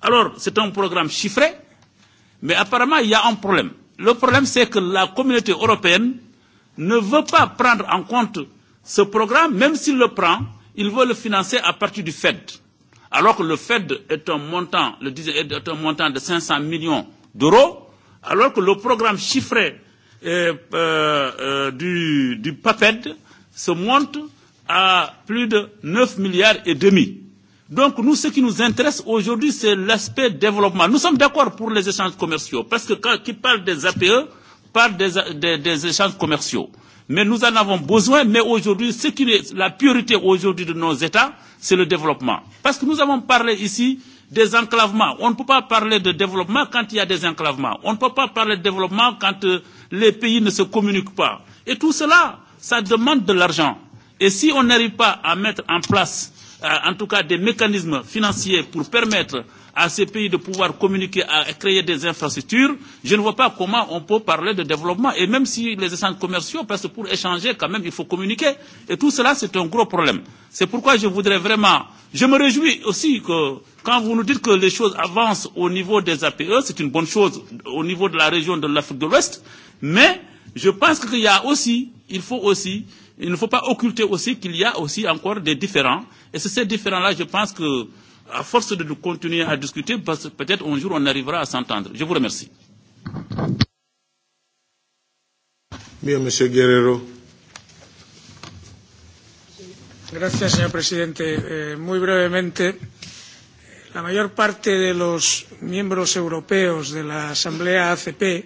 Speaker 11: Alors, c'est un programme chiffré, mais apparemment, il y a un problème. Le problème, c'est que la communauté européenne ne veut pas prendre en compte ce programme, même s'il le prend, il veut le financer à partir du FED. Alors que le FED est un montant, le, est un montant de 500 millions d'euros, alors que le programme chiffré du, du PAPED se monte à plus de 9 milliards et demi. Donc nous, ce qui nous intéresse aujourd'hui, c'est l'aspect développement. Nous sommes d'accord pour les échanges commerciaux, parce que quand qui parle des APE parle des, des, des échanges commerciaux. Mais nous en avons besoin, mais aujourd'hui, ce qui est la priorité aujourd'hui de nos États, c'est le développement. Parce que nous avons parlé ici des enclavements. On ne peut pas parler de développement quand il y a des enclavements. On ne peut pas parler de développement quand les pays ne se communiquent pas. Et tout cela, ça demande de l'argent. Et si on n'arrive pas à mettre en place, en tout cas, des mécanismes financiers pour permettre à ces pays de pouvoir communiquer, à créer des infrastructures, je ne vois pas comment on peut parler de développement. Et même si les échanges commerciaux, parce que pour échanger, quand même, il faut communiquer. Et tout cela, c'est un gros problème. C'est pourquoi je voudrais vraiment... Je me réjouis aussi que quand vous nous dites que les choses avancent au niveau des APE, c'est une bonne chose au niveau de la région de l'Afrique de l'Ouest, mais je pense qu'il y a aussi, il faut aussi il ne faut pas occulter aussi qu'il y a aussi encore des différents. Et c'est ces différents-là, je pense que à force de nous continuer à discuter, peut-être un jour on arrivera à s'entendre. Je vous remercie.
Speaker 1: Bien, Monsieur Guerrero.
Speaker 19: Gracias, señor presidente. Muy brevemente, la mayor parte de los miembros europeos de la Asamblea ACP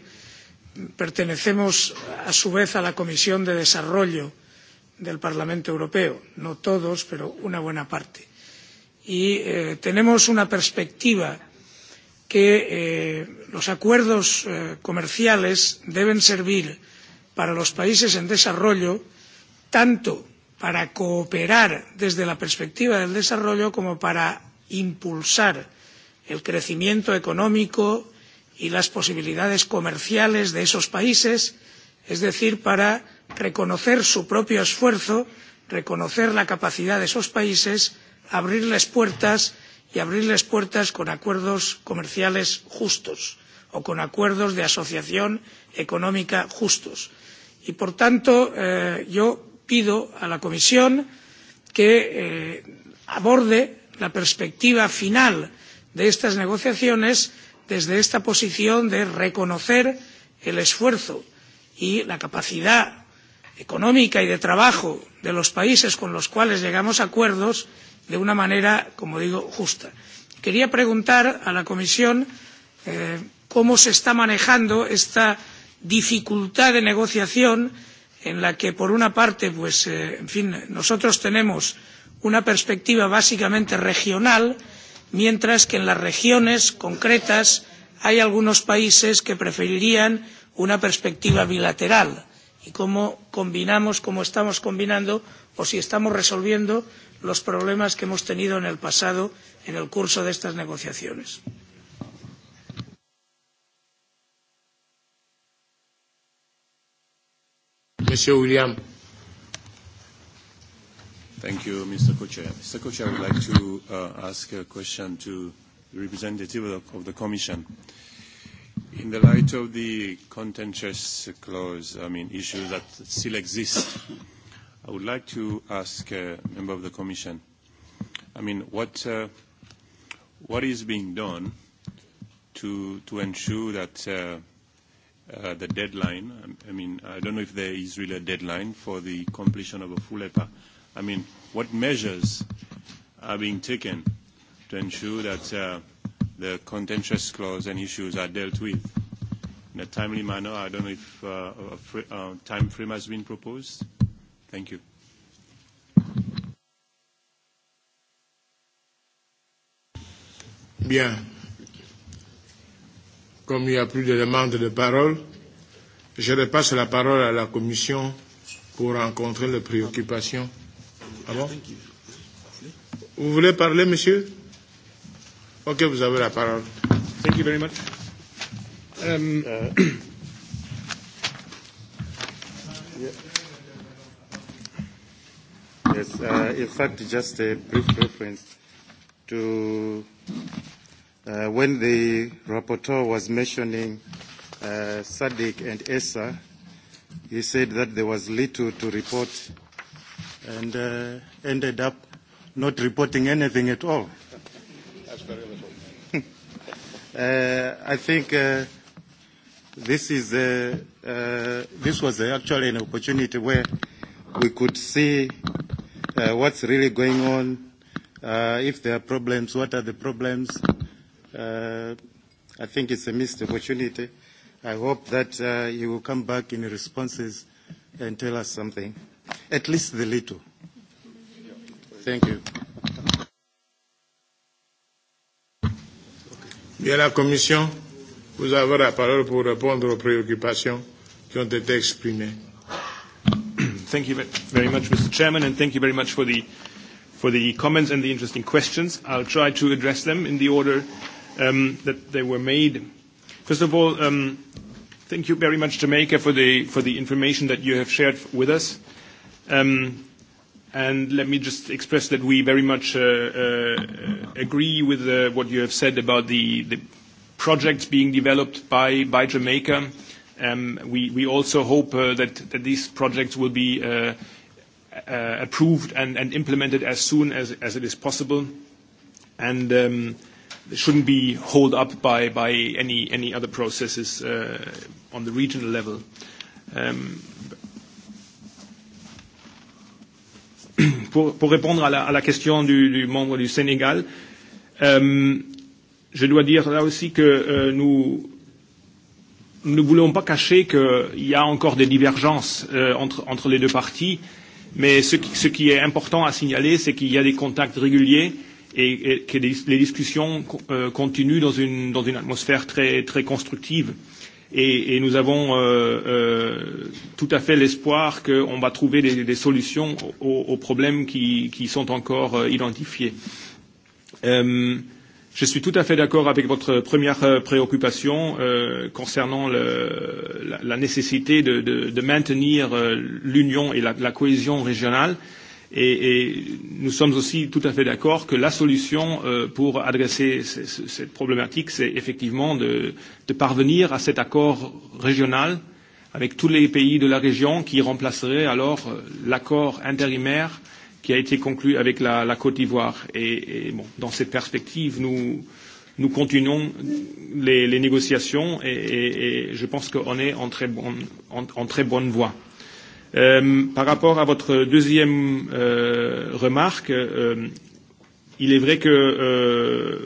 Speaker 19: pertenecemos, a su vez, a la Comisión de Desarrollo del Parlamento Europeo. No todos, pero una buena parte y tenemos una perspectiva que los acuerdos comerciales deben servir para los países en desarrollo tanto para cooperar desde la perspectiva del desarrollo como para impulsar el crecimiento económico y las posibilidades comerciales de esos países es decir para reconocer su propio esfuerzo reconocer la capacidad de esos países abrirles puertas y abrirles puertas con acuerdos comerciales justos o con acuerdos de asociación económica justos. y por tanto yo pido a la comisión que aborde la perspectiva final de estas negociaciones desde esta posición de reconocer el esfuerzo y la capacidad económica y de trabajo de los países con los cuales llegamos a acuerdos de una manera como digo justa. quería preguntar a la comisión cómo se está manejando esta dificultad de negociación en la que por una parte en fin nosotros tenemos una perspectiva básicamente regional mientras que en las regiones concretas hay algunos países que preferirían una perspectiva bilateral y cómo combinamos cómo estamos combinando o si estamos resolviendo los problemas que hemos tenido en el pasado en el curso de estas negociaciones.
Speaker 1: Mr. William.
Speaker 8: Thank you, Mr. Mr. would like to ask a question to the representative of the Commission. In the light of the contentious clause, I mean, issues that still exist I would like to ask a member of the Commission, I mean, what what is being done to to ensure that the deadline, I mean, I don't know if there is really a deadline for the completion of a full EPA. I mean, what measures are being taken to ensure that the contentious clause and issues are dealt with in a timely manner? I don't know if a time frame has been proposed Thank you.
Speaker 1: Bien. Comme il n'y a plus de demande de parole, je repasse la parole à la Commission pour rencontrer les préoccupations. Ah bon Vous voulez parler, monsieur Ok, vous avez la parole. Thank you very much.
Speaker 14: Um,
Speaker 16: Yes, in fact, just a brief reference to when the rapporteur was mentioning Sadiq and ESA, he said that there was little to report and ended up not reporting anything at all.
Speaker 14: That's very little.
Speaker 16: I think this is this was actually an opportunity where we could see what's really going on, Uh if there are problems, what are the problems. I think it's a missed opportunity. I hope that uh you will come back in responses and tell us something, at least the little. Thank you.
Speaker 1: Bien, la Commission, vous avez la parole pour répondre aux
Speaker 18: préoccupations qui ont été exprimées. Thank you very much, Mr. Chairman, and thank you very much for the for the comments and the interesting questions. I'll try to address them in the order that they were made. First of all, thank you very much, Jamaica, for the for the information that you have shared with us. And let me just express that we very much agree with what you have said about the the projects being developed by Jamaica We also hope that these projects will be approved and implemented as soon as it is possible and shouldn't be held up by any other processes on the regional level. Pour répondre à la question du membre du Sénégal, je dois dire là aussi que nous nous ne voulons pas cacher qu'il y a encore des divergences entre les deux parties, mais ce qui est important à signaler, c'est qu'il y a des contacts réguliers et que les discussions continuent dans une atmosphère très constructive. Et nous avons tout à fait l'espoir qu'on va trouver des solutions aux problèmes qui sont encore identifiés. Je suis tout à fait d'accord avec votre première préoccupation concernant le, la nécessité de de, de maintenir l'union et la cohésion régionale. Et nous sommes aussi tout à fait d'accord que la solution pour adresser cette problématique, c'est effectivement de parvenir à cet accord régional avec tous les pays de la région qui remplacerait alors l'accord intérimaire qui a été conclu avec la, la Côte d'Ivoire. Et, bon, dans cette perspective, nous, nous continuons les, les négociations et, et, je pense qu'on est en très, bon, en, très bonne voie. par rapport à votre deuxième remarque, il est vrai que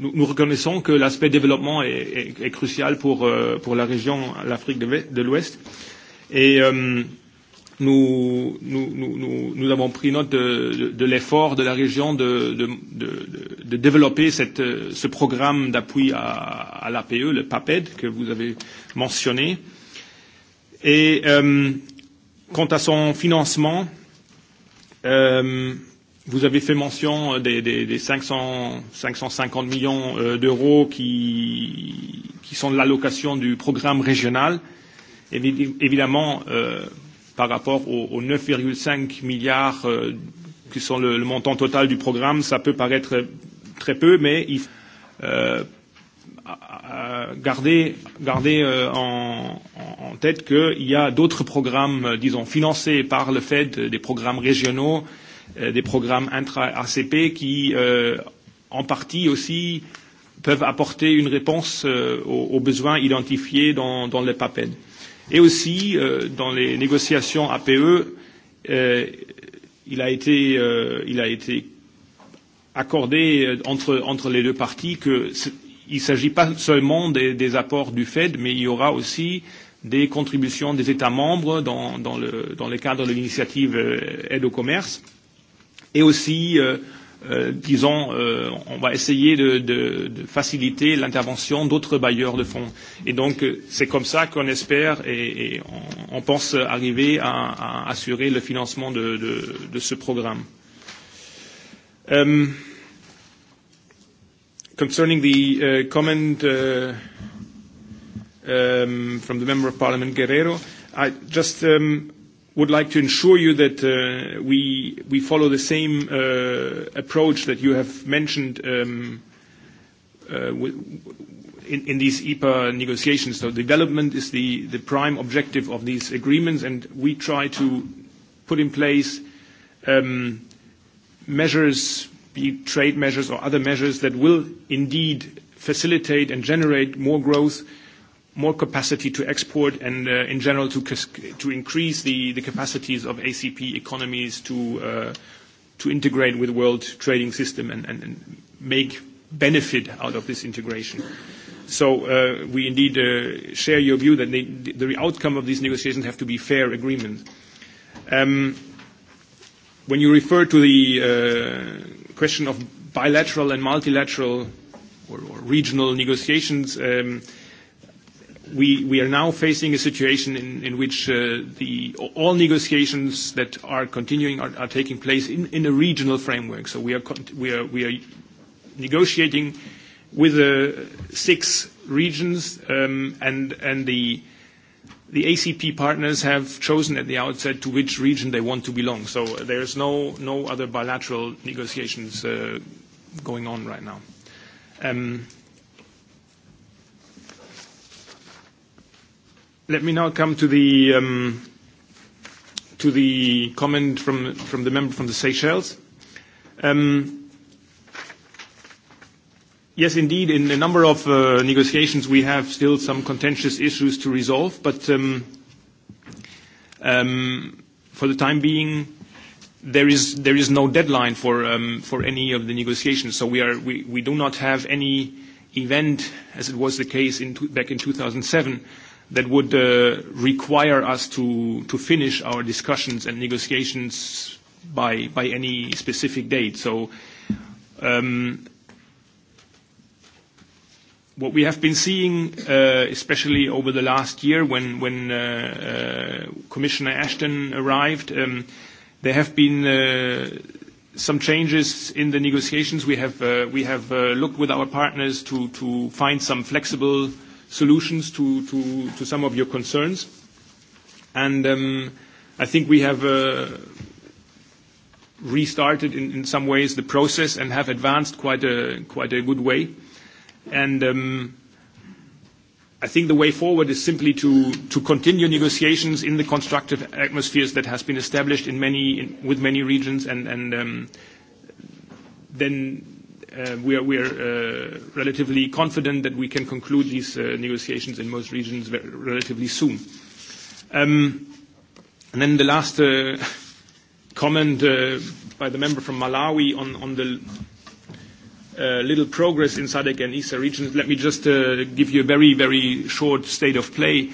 Speaker 18: nous, reconnaissons que l'aspect développement est, est, crucial pour, pour la région, l'Afrique de l'Ouest. Et euh, nous, nous, nous, nous avons pris note de, l'effort de la région de, de, de, de développer cette, ce programme d'appui à, à l'APE, le PAPED, que vous avez mentionné. Et euh, quant à son financement, euh, vous avez fait mention des, des, des 500, 550 millions d'euros qui, qui sont l'allocation du programme régional. Évidemment, euh, par rapport aux 9,5 milliards qui sont le montant total du programme. Ça peut paraître très peu, mais il faut garder en tête qu'il y a d'autres programmes, disons, financés par le FED, des programmes régionaux, des programmes intra-ACP qui, en partie aussi, peuvent apporter une réponse aux besoins identifiés dans le PAPED. Et aussi, dans les négociations APE, il a été accordé entre les deux parties qu'il ne s'agit pas seulement des apports du Fed, mais il y aura aussi des contributions des États membres dans le cadre de l'initiative aide au commerce, et aussi disons, on va essayer de de, de faciliter l'intervention d'autres bailleurs de fonds. Et donc, c'est comme ça qu'on espère et on pense arriver à assurer le financement de de, ce programme. Concerning the comment from the Member of Parliament Guerrero, I just would like to ensure you that we follow the same approach that you have mentioned in in these EPA negotiations. So development is the the prime objective of these agreements, and we try to put in place measures, be it trade measures or other measures, that will indeed facilitate and generate more growth more capacity to export and in general to increase the capacities of ACP economies to integrate with the world trading system and make benefit out of this integration. So we indeed share your view that the outcome of these negotiations have to be fair agreements. When you refer to the question of bilateral and multilateral or regional negotiations, we are now facing a situation in which all negotiations that are continuing are taking place in a regional framework. So we are negotiating with six regions, and the ACP partners have chosen at the outset to which region they want to belong. So there is no other bilateral negotiations going on right now. Let me now come to the to the comment from from the member from the Seychelles. Yes, indeed, in a number of negotiations we have still some contentious issues to resolve, but for the time being, there is there is no deadline for for any of the negotiations. So we are we we do not have any event as it was the case in back in 2007 that would require us to finish our discussions and negotiations by any specific date. So what we have been seeing, especially over the last year when Commissioner Ashton arrived, there have been some changes in the negotiations. We have looked with our partners to find some flexible solutions to, to, to some of your concerns. And um, I think we have restarted in, some ways the process and have advanced quite a, quite a good way. And um, I think the way forward is simply to, to continue negotiations in the constructive atmospheres that has been established in many, with many regions and, and then we are relatively confident that we can conclude these negotiations in most regions relatively soon. And then the last comment by the member from Malawi on the little progress in SADC and ISA regions. Let me just give you a very, very short state of play.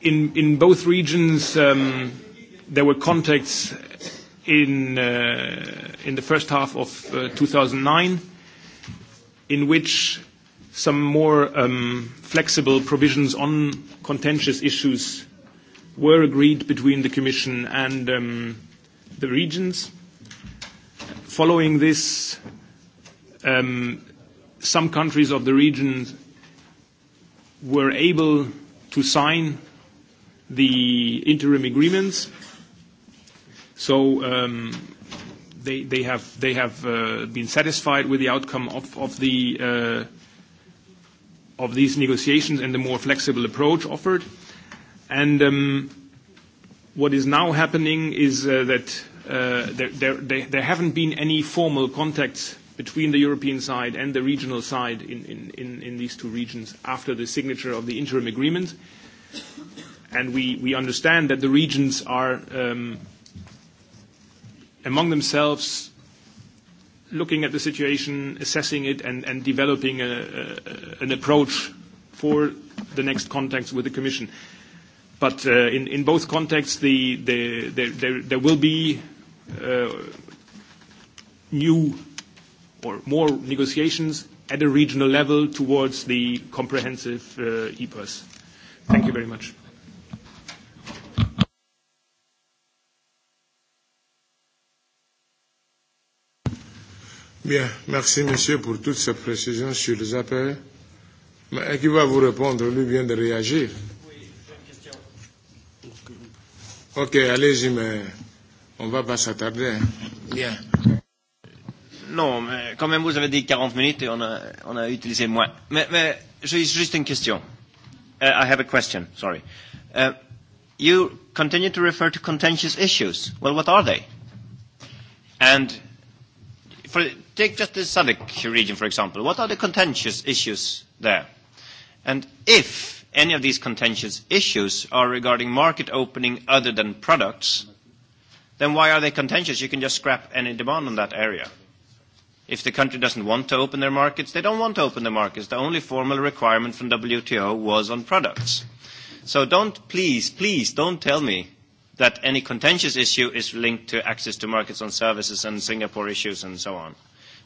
Speaker 18: In both regions, there were contacts in the first half of 2009 in which some more flexible provisions on contentious issues were agreed between the Commission and the regions. Following this, some countries of the region were able to sign the interim agreements So they have been satisfied with the outcome of of these negotiations and the more flexible approach offered. And what is now happening is that there haven't been any formal contacts between the European side and the regional side in these two regions after the signature of the interim agreement. And we understand that the regions are among themselves looking at the situation, assessing it, and developing an approach for the next contacts with the Commission. But in both contexts, there will be new or more negotiations at a regional level towards the comprehensive EPAS. Thank you very much.
Speaker 1: Bien, merci monsieur pour toutes ces précisions sur les appels. Mais qui va vous répondre Lui vient de réagir. Oui, j'ai une question. Ok, allez-y, mais on ne va pas s'attarder. Bien. Non,
Speaker 8: mais quand même, vous avez dit 40 minutes et on a, on a utilisé moins. Mais, mais j'ai juste une question. Uh, I have a question, sorry. Uh, you continue to refer to contentious issues. Well, what are they? And for Take just the Sadc region, for example. What are the contentious issues there? And if any of these contentious issues are regarding market opening other than products, then why are they contentious? You can just scrap any demand on that area. If the country doesn't want to open their markets, they don't want to open their markets. The only formal requirement from WTO was on products. So don't, please, please, don't tell me that any contentious issue is linked to access to markets on services and Singapore issues and so on.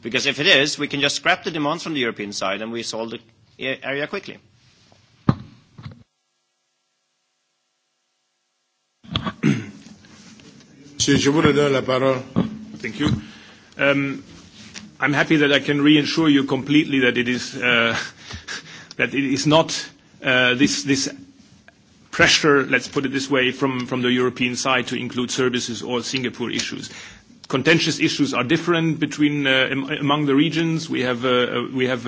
Speaker 8: Because if it is, we can just scrap the demands from the European side and we solve the
Speaker 18: area quickly. I am Thank you. Um, I'm happy that I can reassure you completely that it is uh, that it is not uh, this this pressure, let's put it this way, from from the European side to include services or Singapore issues contentious issues are different between among the regions. We have we have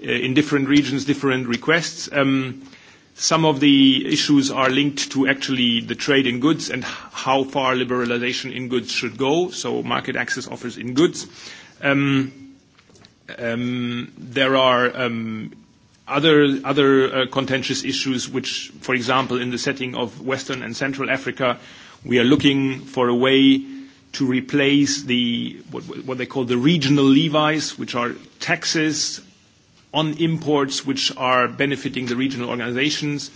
Speaker 18: in different regions different requests. Some of the issues are linked to actually the trade in goods and how far liberalisation in goods should go, so market access offers in goods. There are other other contentious issues which, for example, in the setting of Western and Central Africa, we are looking for a way to replace the what they call the regional levies, which are taxes on imports which are benefiting the regional organizations.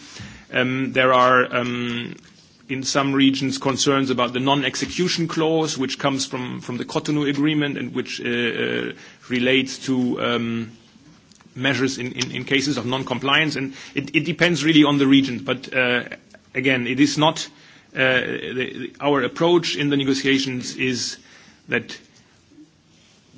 Speaker 18: There are in some regions concerns about the non-execution clause, which comes from the Cotonou Agreement and which relates to measures in cases of non-compliance. And it depends really on the region. But again, it is not our approach in the negotiations is that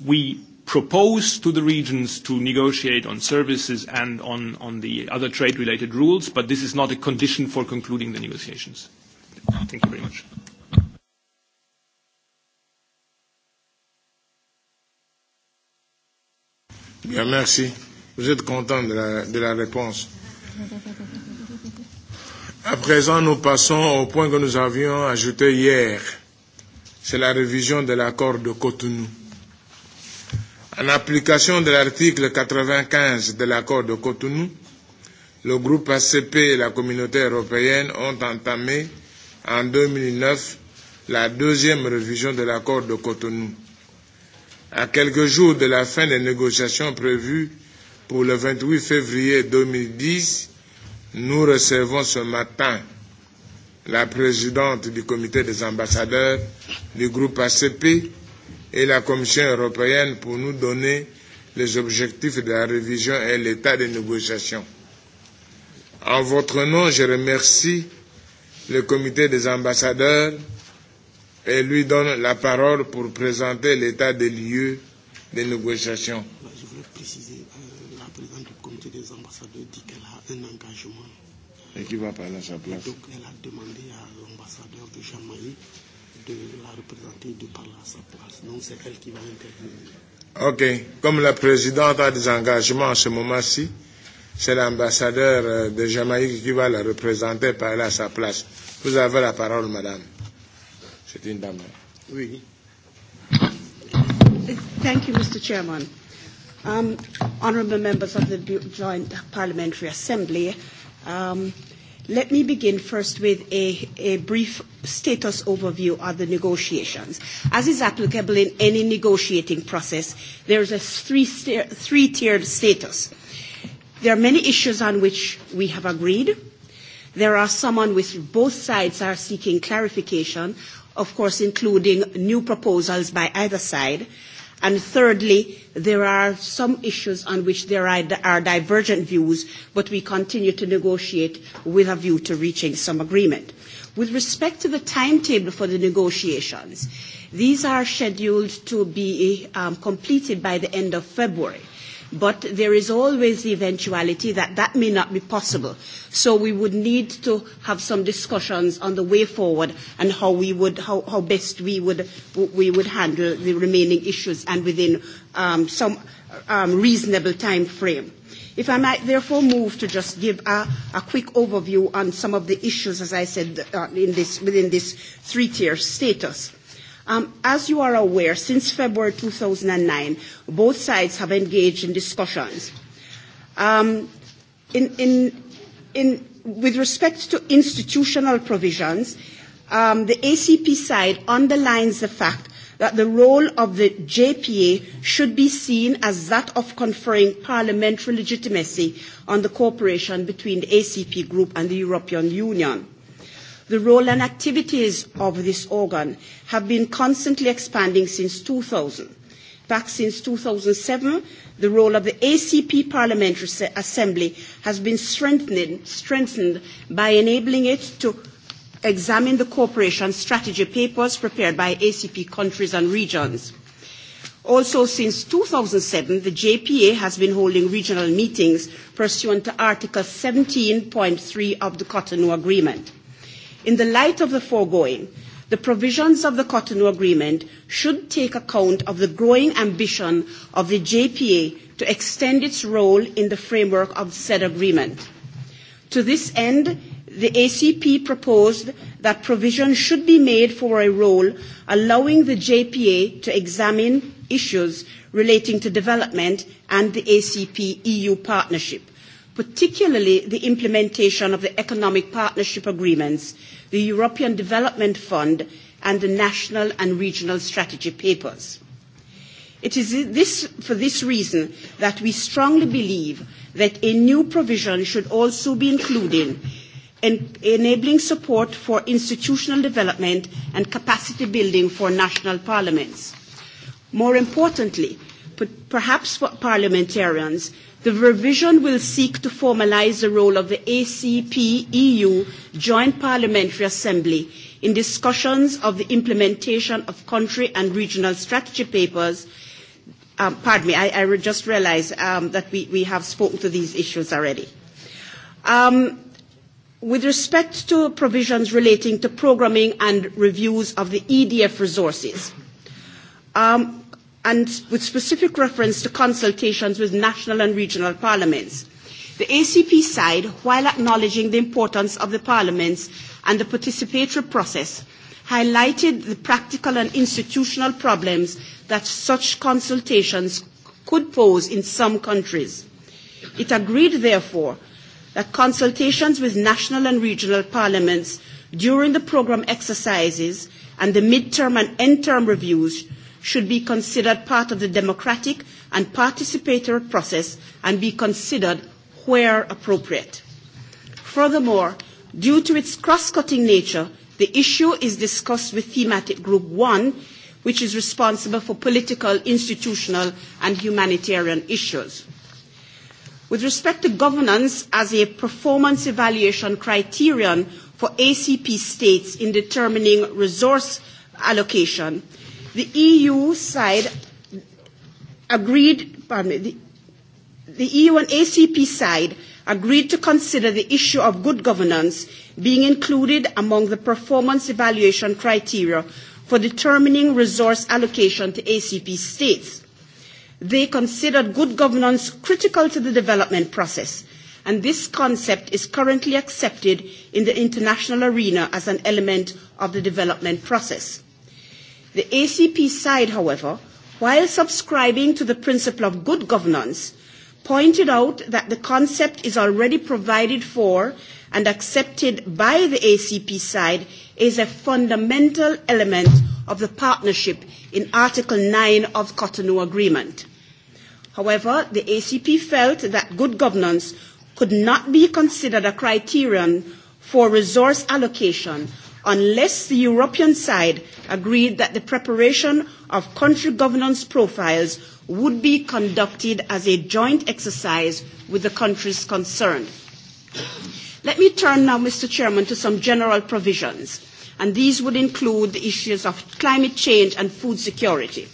Speaker 18: we propose to the regions to negotiate on services and on the other trade-related rules, but this is not a condition for concluding the negotiations. Thank you very much.
Speaker 1: merci. Vous êtes content de la réponse. À présent, nous passons au point que nous avions ajouté hier. C'est la révision de l'accord de Cotonou. En application de l'article 95 de l'accord de Cotonou, le groupe ACP et la communauté européenne ont entamé en 2009 la deuxième révision de l'accord de Cotonou. À quelques jours de la fin des négociations prévues pour le 28 février 2010, Nous recevons ce matin la présidente du comité des ambassadeurs du groupe ACP et la Commission européenne pour nous donner les objectifs de la révision et l'état des négociations. En votre nom, je remercie le comité des ambassadeurs et lui donne la parole pour présenter l'état des lieux des négociations.
Speaker 16: Je voudrais préciser, la présidente du comité des ambassadeurs dit un engagement.
Speaker 1: Et qui va parler à sa place. Donc
Speaker 16: elle a demandé à l'ambassadeur de Jamaïque de la représenter de parler à sa place. Donc c'est elle qui va intervenir.
Speaker 1: Ok. Comme la présidente a des engagements en ce moment-ci, c'est l'ambassadeur de Jamaïque qui va la représenter parler à sa place. Vous avez la parole, madame. C'est une dame.
Speaker 20: Oui. Thank you, Mr. Chairman. Honourable members of the Joint Parliamentary Assembly, let me begin first with a brief status overview of the negotiations. As is applicable in any negotiating process, there is a three-tiered status. There are many issues on which we have agreed. There are some on which both sides are seeking clarification, of course including new proposals by either side And thirdly, there are some issues on which there are divergent views, but we continue to negotiate with a view to reaching some agreement. With respect to the timetable for the negotiations, these are scheduled to be completed by the end of February but there is always the eventuality that that may not be possible. So we would need to have some discussions on the way forward and how best we would handle the remaining issues and within some reasonable time frame. If I might therefore move to just give a quick overview on some of the issues, as I said, within this three-tier status. As you are aware, since February 2009, both sides have engaged in discussions. With respect to institutional provisions, the ACP side underlines the fact that the role of the JPA should be seen as that of conferring parliamentary legitimacy on the cooperation between the ACP group and the European Union. The role and activities of this organ have been constantly expanding since 2000. Back since 2007, the role of the ACP Parliamentary Assembly has been strengthened by enabling it to examine the cooperation strategy papers prepared by ACP countries and regions. Also, since 2007, the JPA has been holding regional meetings pursuant to Article 17.3 of the Cotonou Agreement. In the light of the foregoing, the provisions of the Cotonou Agreement should take account of the growing ambition of the JPA to extend its role in the framework of said agreement. To this end, the ACP proposed that provision should be made for a role allowing the JPA to examine issues relating to development and the ACP EU partnership particularly the implementation of the economic partnership agreements, the European Development Fund and the national and regional strategy papers. It is for this reason that we strongly believe that a new provision should also be included enabling support for institutional development and capacity building for national parliaments. More importantly, perhaps for parliamentarians, The revision will seek to formalise the role of the ACP-EU Joint Parliamentary Assembly in discussions of the implementation of country and regional strategy papers. Pardon me, I just realised that we have spoken to these issues already. With respect to provisions relating to programming and reviews of the EDF resources, and with specific reference to consultations with national and regional parliaments. The ACP side, while acknowledging the importance of the parliaments and the participatory process, highlighted the practical and institutional problems that such consultations could pose in some countries. It agreed, therefore, that consultations with national and regional parliaments during the programme exercises and the mid-term and end-term reviews should be considered part of the democratic and participatory process and be considered where appropriate. Furthermore, due to its cross-cutting nature, the issue is discussed with thematic group one, which is responsible for political, institutional and humanitarian issues. With respect to governance as a performance evaluation criterion for ACP states in determining resource allocation, the EU side agreed, the EU and ACP side agreed to consider the issue of good governance being included among the performance evaluation criteria for determining resource allocation to ACP states. They considered good governance critical to the development process, and this concept is currently accepted in the international arena as an element of the development process. The ACP side, however, while subscribing to the principle of good governance, pointed out that the concept is already provided for and accepted by the ACP side is a fundamental element of the partnership in Article 9 of the Cotonou Agreement. However, the ACP felt that good governance could not be considered a criterion for resource allocation unless the European side agreed that the preparation of country governance profiles would be conducted as a joint exercise with the countries concerned. Let me turn now, Mr. Chairman, to some general provisions, and these would include the issues of climate change and food security.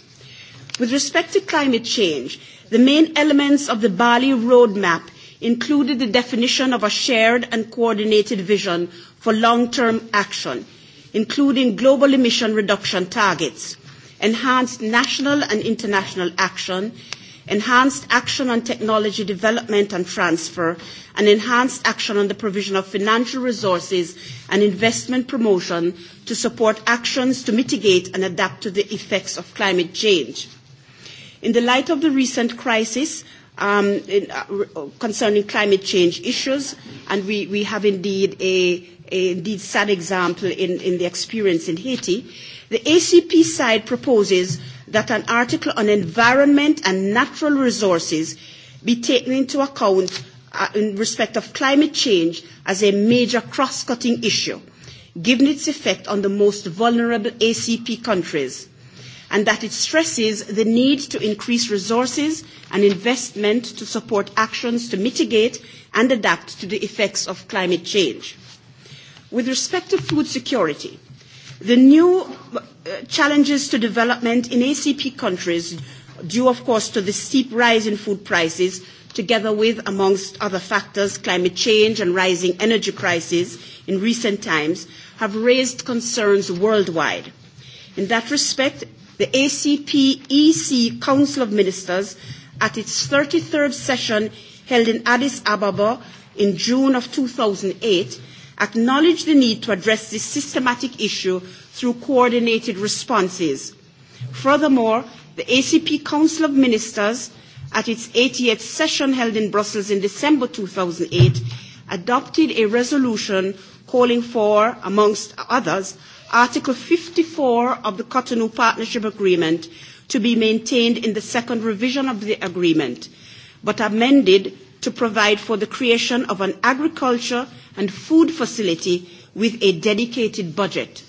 Speaker 20: With respect to climate change, the main elements of the Bali Roadmap included the definition of a shared and coordinated vision for long-term action, including global emission reduction targets, enhanced national and international action, enhanced action on technology development and transfer, and enhanced action on the provision of financial resources and investment promotion to support actions to mitigate and adapt to the effects of climate change. In the light of the recent crisis concerning climate change issues, and we have indeed a indeed sad example in the experience in Haiti. The ACP side proposes that an article on environment and natural resources be taken into account in respect of climate change as a major cross-cutting issue, given its effect on the most vulnerable ACP countries and that it stresses the need to increase resources and investment to support actions to mitigate and adapt to the effects of climate change. With respect to food security, the new challenges to development in ACP countries due, of course, to the steep rise in food prices, together with, amongst other factors, climate change and rising energy prices in recent times, have raised concerns worldwide. In that respect, the ACP EC Council of Ministers at its 33rd session held in Addis Ababa in June of 2008 acknowledged the need to address this systematic issue through coordinated responses. Furthermore, the ACP Council of Ministers at its 88th session held in Brussels in December 2008 adopted a resolution calling for, amongst others, Article 54 of the Cotonou Partnership Agreement to be maintained in the second revision of the agreement, but amended to provide for the creation of an agriculture and food facility with a dedicated budget.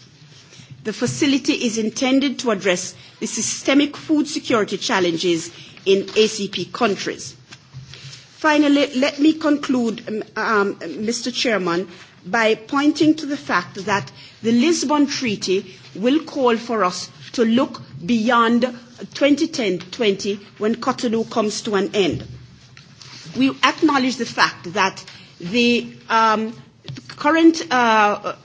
Speaker 20: The facility is intended to address the systemic food security challenges in ACP countries. Finally, let me conclude, Mr. Chairman, by pointing to the fact that the Lisbon Treaty will call for us to look beyond 2010-20 when Cotonou comes to an end. We acknowledge the fact that the current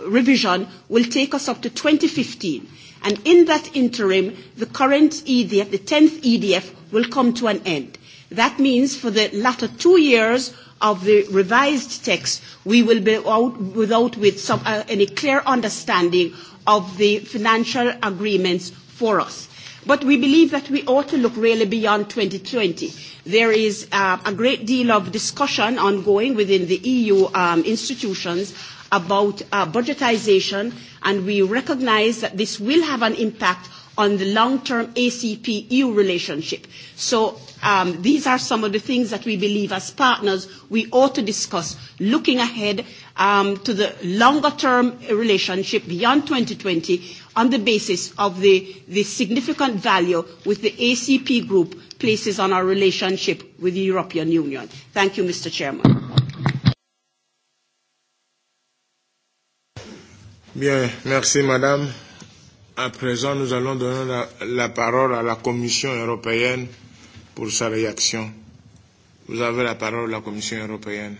Speaker 20: revision will take us up to 2015, and in that interim, the current EDF, the 10th EDF, will come to an end. That means for the latter two years of the revised text, we will be out with any clear understanding of the financial agreements for us. But we believe that we ought to look really beyond 2020. There is a great deal of discussion ongoing within the EU institutions about budgetization and we recognize that this will have an impact on the long-term ACP-EU relationship. So these are some of the things that we believe as partners we ought to discuss looking ahead to the longer term relationship beyond 2020 on the basis of the significant value which the ACP group places on our relationship with the European Union. Thank you, Mr. Chairman.
Speaker 1: Bien, merci Madame. À présent, nous allons donner la parole à la Commission européenne pour sa réaction. Vous avez la parole, la Commission européenne.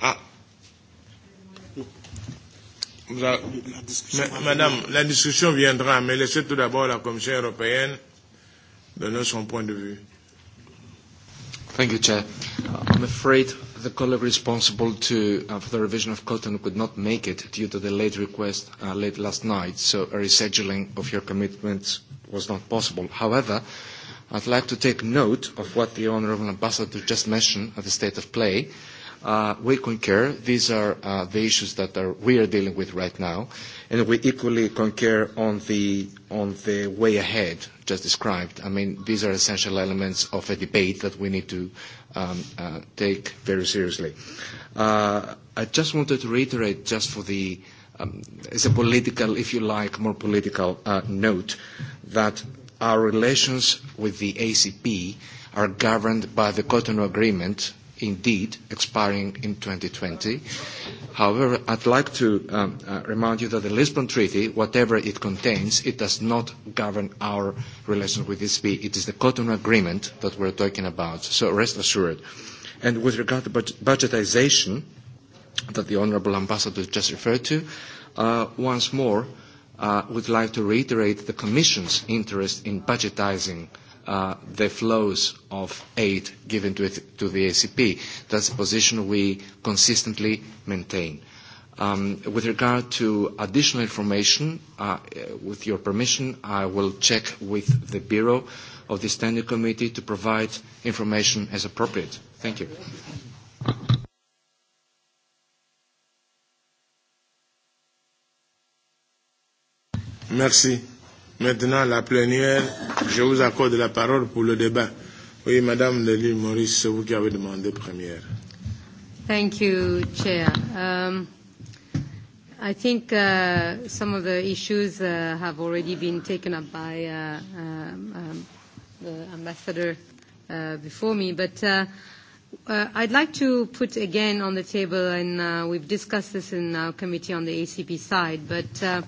Speaker 1: Ah. Vous avez... la Madame, la discussion viendra, mais laissez tout d'abord la Commission européenne donner
Speaker 21: son point de vue. Thank you, Chair. I'm afraid the colleague responsible to, for the revision of Cotton could not make it due to the late request late last night, so a rescheduling of your commitments was not possible. However, I'd like to take note of what the Honourable Ambassador just mentioned at the state of play. We concur. These are the issues that we are dealing with right now, and we equally concur on the way ahead just described. I mean, these are essential elements of a debate that we need to take very seriously. I just wanted to reiterate, just for the, as a political, if you like, more political note, that our relations with the ACP are governed by the Cotonou Agreement, indeed expiring in 2020. However, I'd like to remind you that the Lisbon Treaty, whatever it contains, it does not govern our relations with the ACP. It is the Cotonou Agreement that we're talking about, so rest assured. And with regard to budgetization that the Honourable Ambassador just referred to, once more, would like to reiterate the Commission's interest in budgetising the flows of aid given to the ACP. That's a position we consistently maintain. With regard to additional information, with your permission, I will check with the Bureau of the Standing Committee to provide information as appropriate. Thank you.
Speaker 1: Merci. Maintenant, la plénière, je vous accorde la parole pour le débat. Oui, Madame Nelly Maurice, c'est vous qui avez demandé première.
Speaker 9: Thank you, Chair. Um, I think uh, some of the issues uh, have already been taken up by uh, um, the ambassador uh, before me, but uh, uh, I'd like to put again on the table, and uh, we've discussed this in our committee on the ACP side, but uh,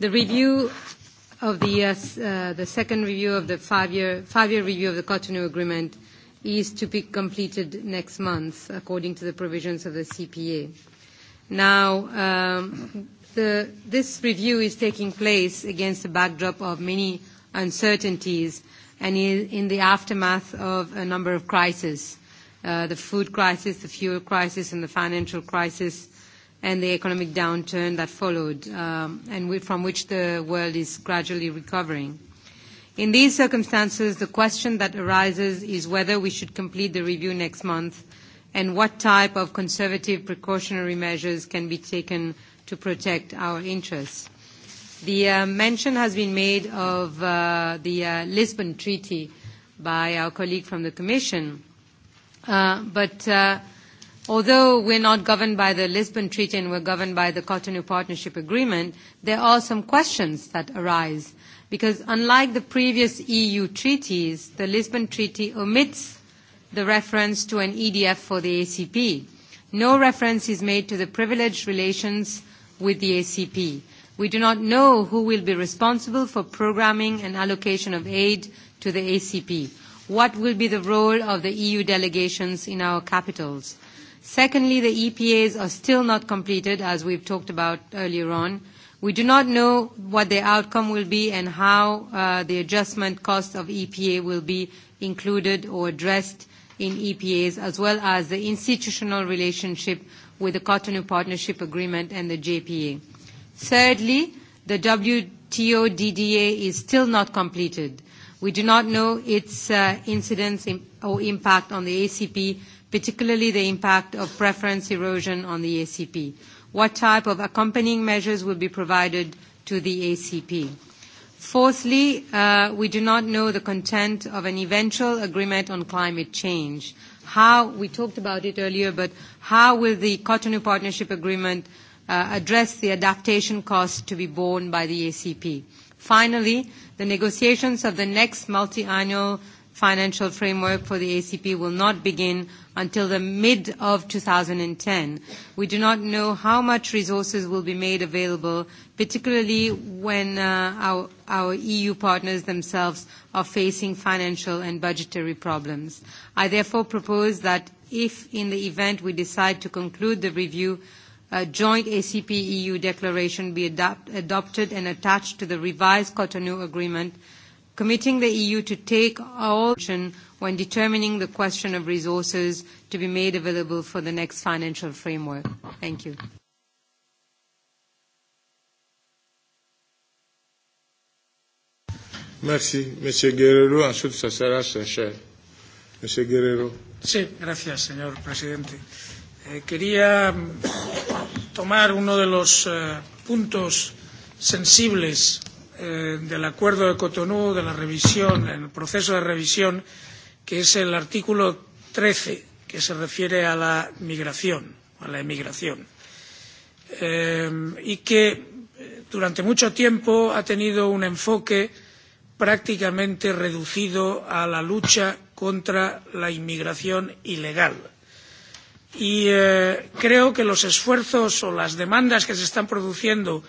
Speaker 9: The review of the, the second review of the five-year, five-year review of the Cotonou Agreement is to be completed next month, according to the provisions of the CPA. Now, the, this review is taking place against the backdrop of many uncertainties and in the aftermath of a number of crises, the food crisis, the fuel crisis, and the financial crisis and the economic downturn that followed, and from which the world is gradually recovering. In these circumstances, the question that arises is whether we should complete the review next month and what type of conservative precautionary measures can be taken to protect our interests. The mention has been made of the Lisbon Treaty by our colleague from the Commission, but Although we are not governed by the Lisbon Treaty and we are governed by the Cotonou Partnership Agreement, there are some questions that arise because unlike the previous EU treaties, the Lisbon Treaty omits the reference to an EDF for the ACP. No reference is made to the privileged relations with the ACP. We do not know who will be responsible for programming and allocation of aid to the ACP. What will be the role of the EU delegations in our capitals? Secondly, the EPAs are still not completed, as we've talked about earlier on. We do not know what the outcome will be and how the adjustment cost of EPA will be included or addressed in EPAs, as well as the institutional relationship with the Cotonou Partnership Agreement and the JPA. Thirdly, the WTO DDA is still not completed. We do not know its incidence or impact on the ACP particularly the impact of preference erosion on the ACP. What type of accompanying measures will be provided to the ACP? Fourthly, we do not know the content of an eventual agreement on climate change. How, we talked about it earlier, but how will the Cotonou Partnership Agreement address the adaptation costs to be borne by the ACP? Finally, the negotiations of the next multi-annual financial framework for the ACP will not begin until the mid of 2010. We do not know how much resources will be made available, particularly when our EU partners themselves are facing financial and budgetary problems. I therefore propose that if in the event we decide to conclude the review, a joint ACP-EU declaration be adopted and attached to the revised Cotonou Agreement, committing the EU to take all action when determining the question of resources to be made available for the next financial framework. Thank you.
Speaker 1: Merci, Monsieur Guerrero. Ensuite, ça sera Seychelles. Monsieur Guerrero.
Speaker 19: Sí, gracias, señor presidente. Eh, Quería tomar uno de los puntos sensibles eh, del Acuerdo de Cotonou, de la revisión, el proceso de revisión que es el artículo 13, que se refiere a la migración, a la emigración, y que durante mucho tiempo ha tenido un enfoque prácticamente reducido a la lucha contra la inmigración ilegal. Y creo que los esfuerzos o las demandas que se están produciendo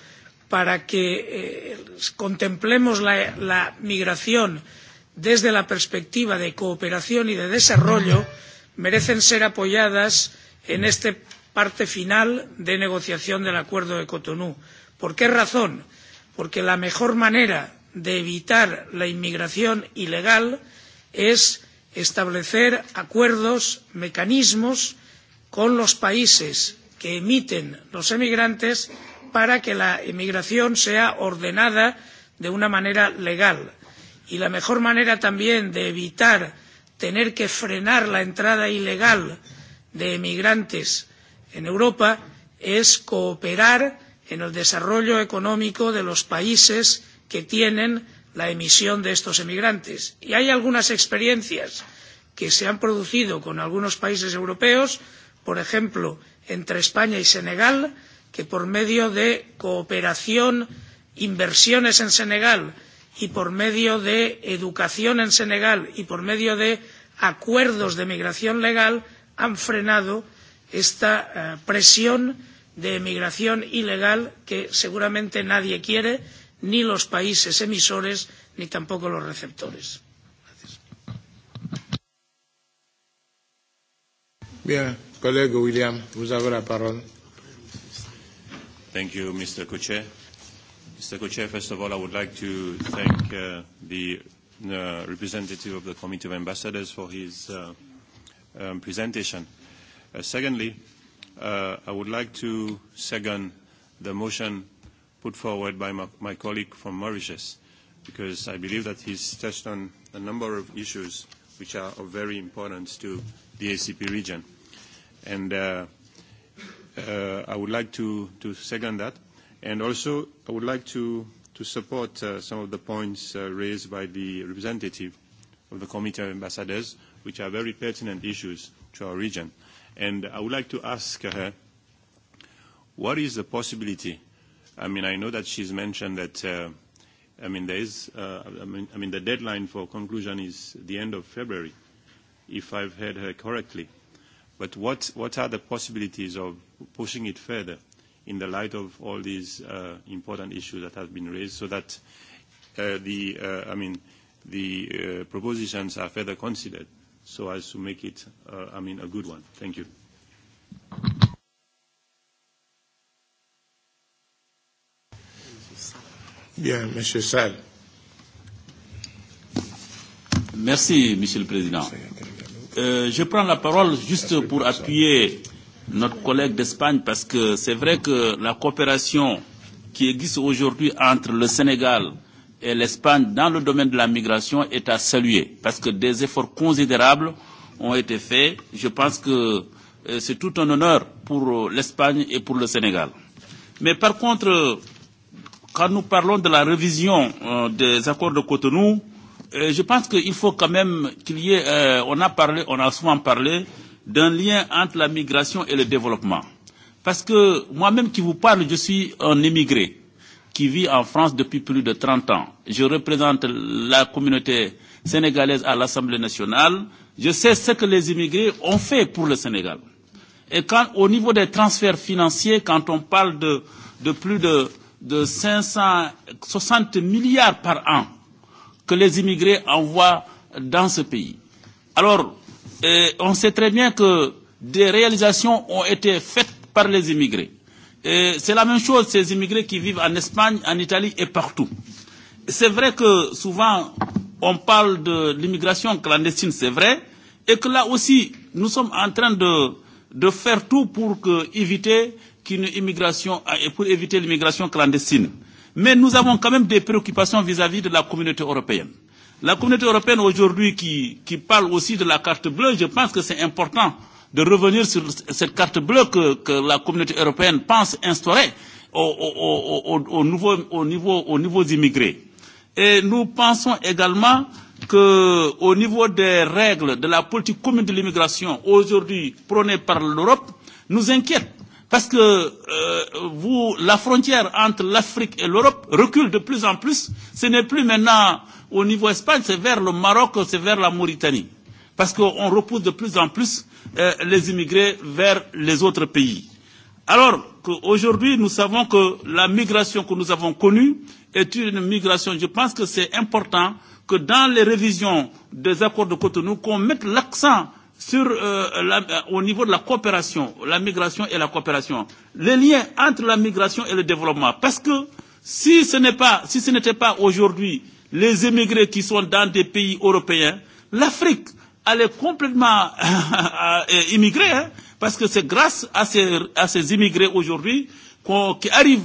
Speaker 19: para que contemplemos la migración desde la perspectiva de cooperación y de desarrollo merecen ser apoyadas en esta parte final de negociación del acuerdo de cotonú. por qué razón? porque la mejor manera de evitar la inmigración ilegal es establecer acuerdos mecanismos con los países que emiten los emigrantes para que la emigración sea ordenada de una manera legal y la mejor manera también de evitar tener que frenar la entrada ilegal de emigrantes en Europa es cooperar en el desarrollo económico de los países que tienen la emisión de estos emigrantes. Y hay algunas experiencias que se han producido con algunos países europeos, por ejemplo, entre España y Senegal, que por medio de cooperación, inversiones en Senegal y por medio de educación en Senegal y por medio de acuerdos de migración legal han frenado esta presión de migración ilegal que seguramente nadie quiere ni los países emisores ni tampoco los receptores.
Speaker 8: Mr. Co-Chair, first of all, I would like to thank the representative of the Committee of Ambassadors for his presentation. Secondly, I would like to second the motion put forward by my colleague from Mauritius, because I believe that he's touched on a number of issues which are of very importance to the ACP region. And I would like to second that. And also, I would like to support some of the points raised by the representative of the Committee of Ambassadors, which are very pertinent issues to our region. And I would like to ask her, what is the possibility? I mean, I know that she's mentioned that, I mean, there is, I mean, the deadline for conclusion is the end of February, if I've heard her correctly. But what what are the possibilities of pushing it further? in the light of all these important issues that have been raised, so that the, I mean, the propositions are further considered, so as to make it, I mean, a good one. Thank you.
Speaker 1: Bien, Monsieur Sal.
Speaker 11: Merci, Monsieur le Président. Je prends la parole juste pour appuyer notre collègue d'Espagne parce que c'est vrai que la coopération qui existe aujourd'hui entre le Sénégal et l'Espagne dans le domaine de la migration est à saluer parce que des efforts considérables ont été faits. Je pense que c'est tout un honneur pour l'Espagne et pour le Sénégal. Mais par contre, quand nous parlons de la révision des accords de Cotonou, je pense qu'il faut quand même qu'il y ait, on a parlé, on a souvent parlé d'un lien entre la migration et le développement. Parce que moi-même qui vous parle, je suis un émigré qui vit en France depuis plus de 30 ans. Je représente la communauté sénégalaise à l'Assemblée nationale. Je sais ce que les immigrés ont fait pour le Sénégal. Et quand, au niveau des transferts financiers, quand on parle de, de plus de, de 560 milliards par an que les immigrés envoient dans ce pays. Alors, Et on sait très bien que des réalisations ont été faites par les immigrés. C'est la même chose, ces immigrés qui vivent en Espagne, en Italie et partout. C'est vrai que souvent, on parle de l'immigration clandestine, c'est vrai, et que là aussi, nous sommes en train de, de faire tout pour que, éviter qu'une immigration, pour éviter l'immigration clandestine. Mais nous avons quand même des préoccupations vis-à-vis de la communauté européenne. La communauté européenne aujourd'hui qui, qui parle aussi de la carte bleue, je pense que c'est important de revenir sur cette carte bleue que, que la communauté européenne pense instaurer aux, au, au, nouveau, au, niveau, au niveau des immigrés. Et nous pensons également qu'au niveau des règles de la politique commune de l'immigration aujourd'hui prônée par l'Europe nous inquiète parce que vous, la frontière entre l'Afrique et l'Europe recule de plus en plus. Ce n'est plus maintenant au niveau Espagne, c'est vers le Maroc, c'est vers la Mauritanie. Parce qu'on repousse de plus en plus les immigrés vers les autres pays. Alors qu'aujourd'hui, nous savons que la migration que nous avons connue est une migration. Je pense que c'est important que dans les révisions des accords de Cotonou, qu'on mette l'accent sur au niveau de la coopération, la migration et la coopération. Les liens entre la migration et le développement. Parce que si ce pas si ce n'était pas aujourd'hui les émigrés qui sont dans des pays européens, l'Afrique, elle est complètement immigrée, hein, parce que c'est grâce à ces, à ces immigrés aujourd'hui qui arrivent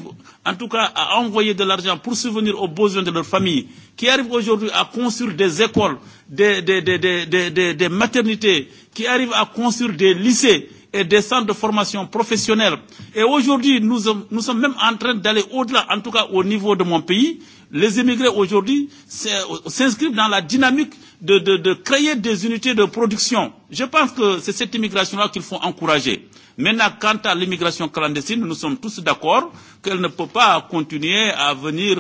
Speaker 11: en tout cas à envoyer de l'argent pour subvenir aux besoins de leur famille, qui arrivent aujourd'hui à construire des écoles, des, des, des, des, des maternités, qui arrivent à construire des lycées, et des centres de formation professionnelle. Et aujourd'hui, nous, nous sommes même en train d'aller au-delà, en tout cas au niveau de mon pays. Les immigrés aujourd'hui s'inscrivent dans la dynamique de, de, de créer des unités de production. Je pense que c'est cette immigration-là qu'il faut encourager. Maintenant, quant à l'immigration clandestine, nous sommes tous d'accord qu'elle ne peut pas continuer à venir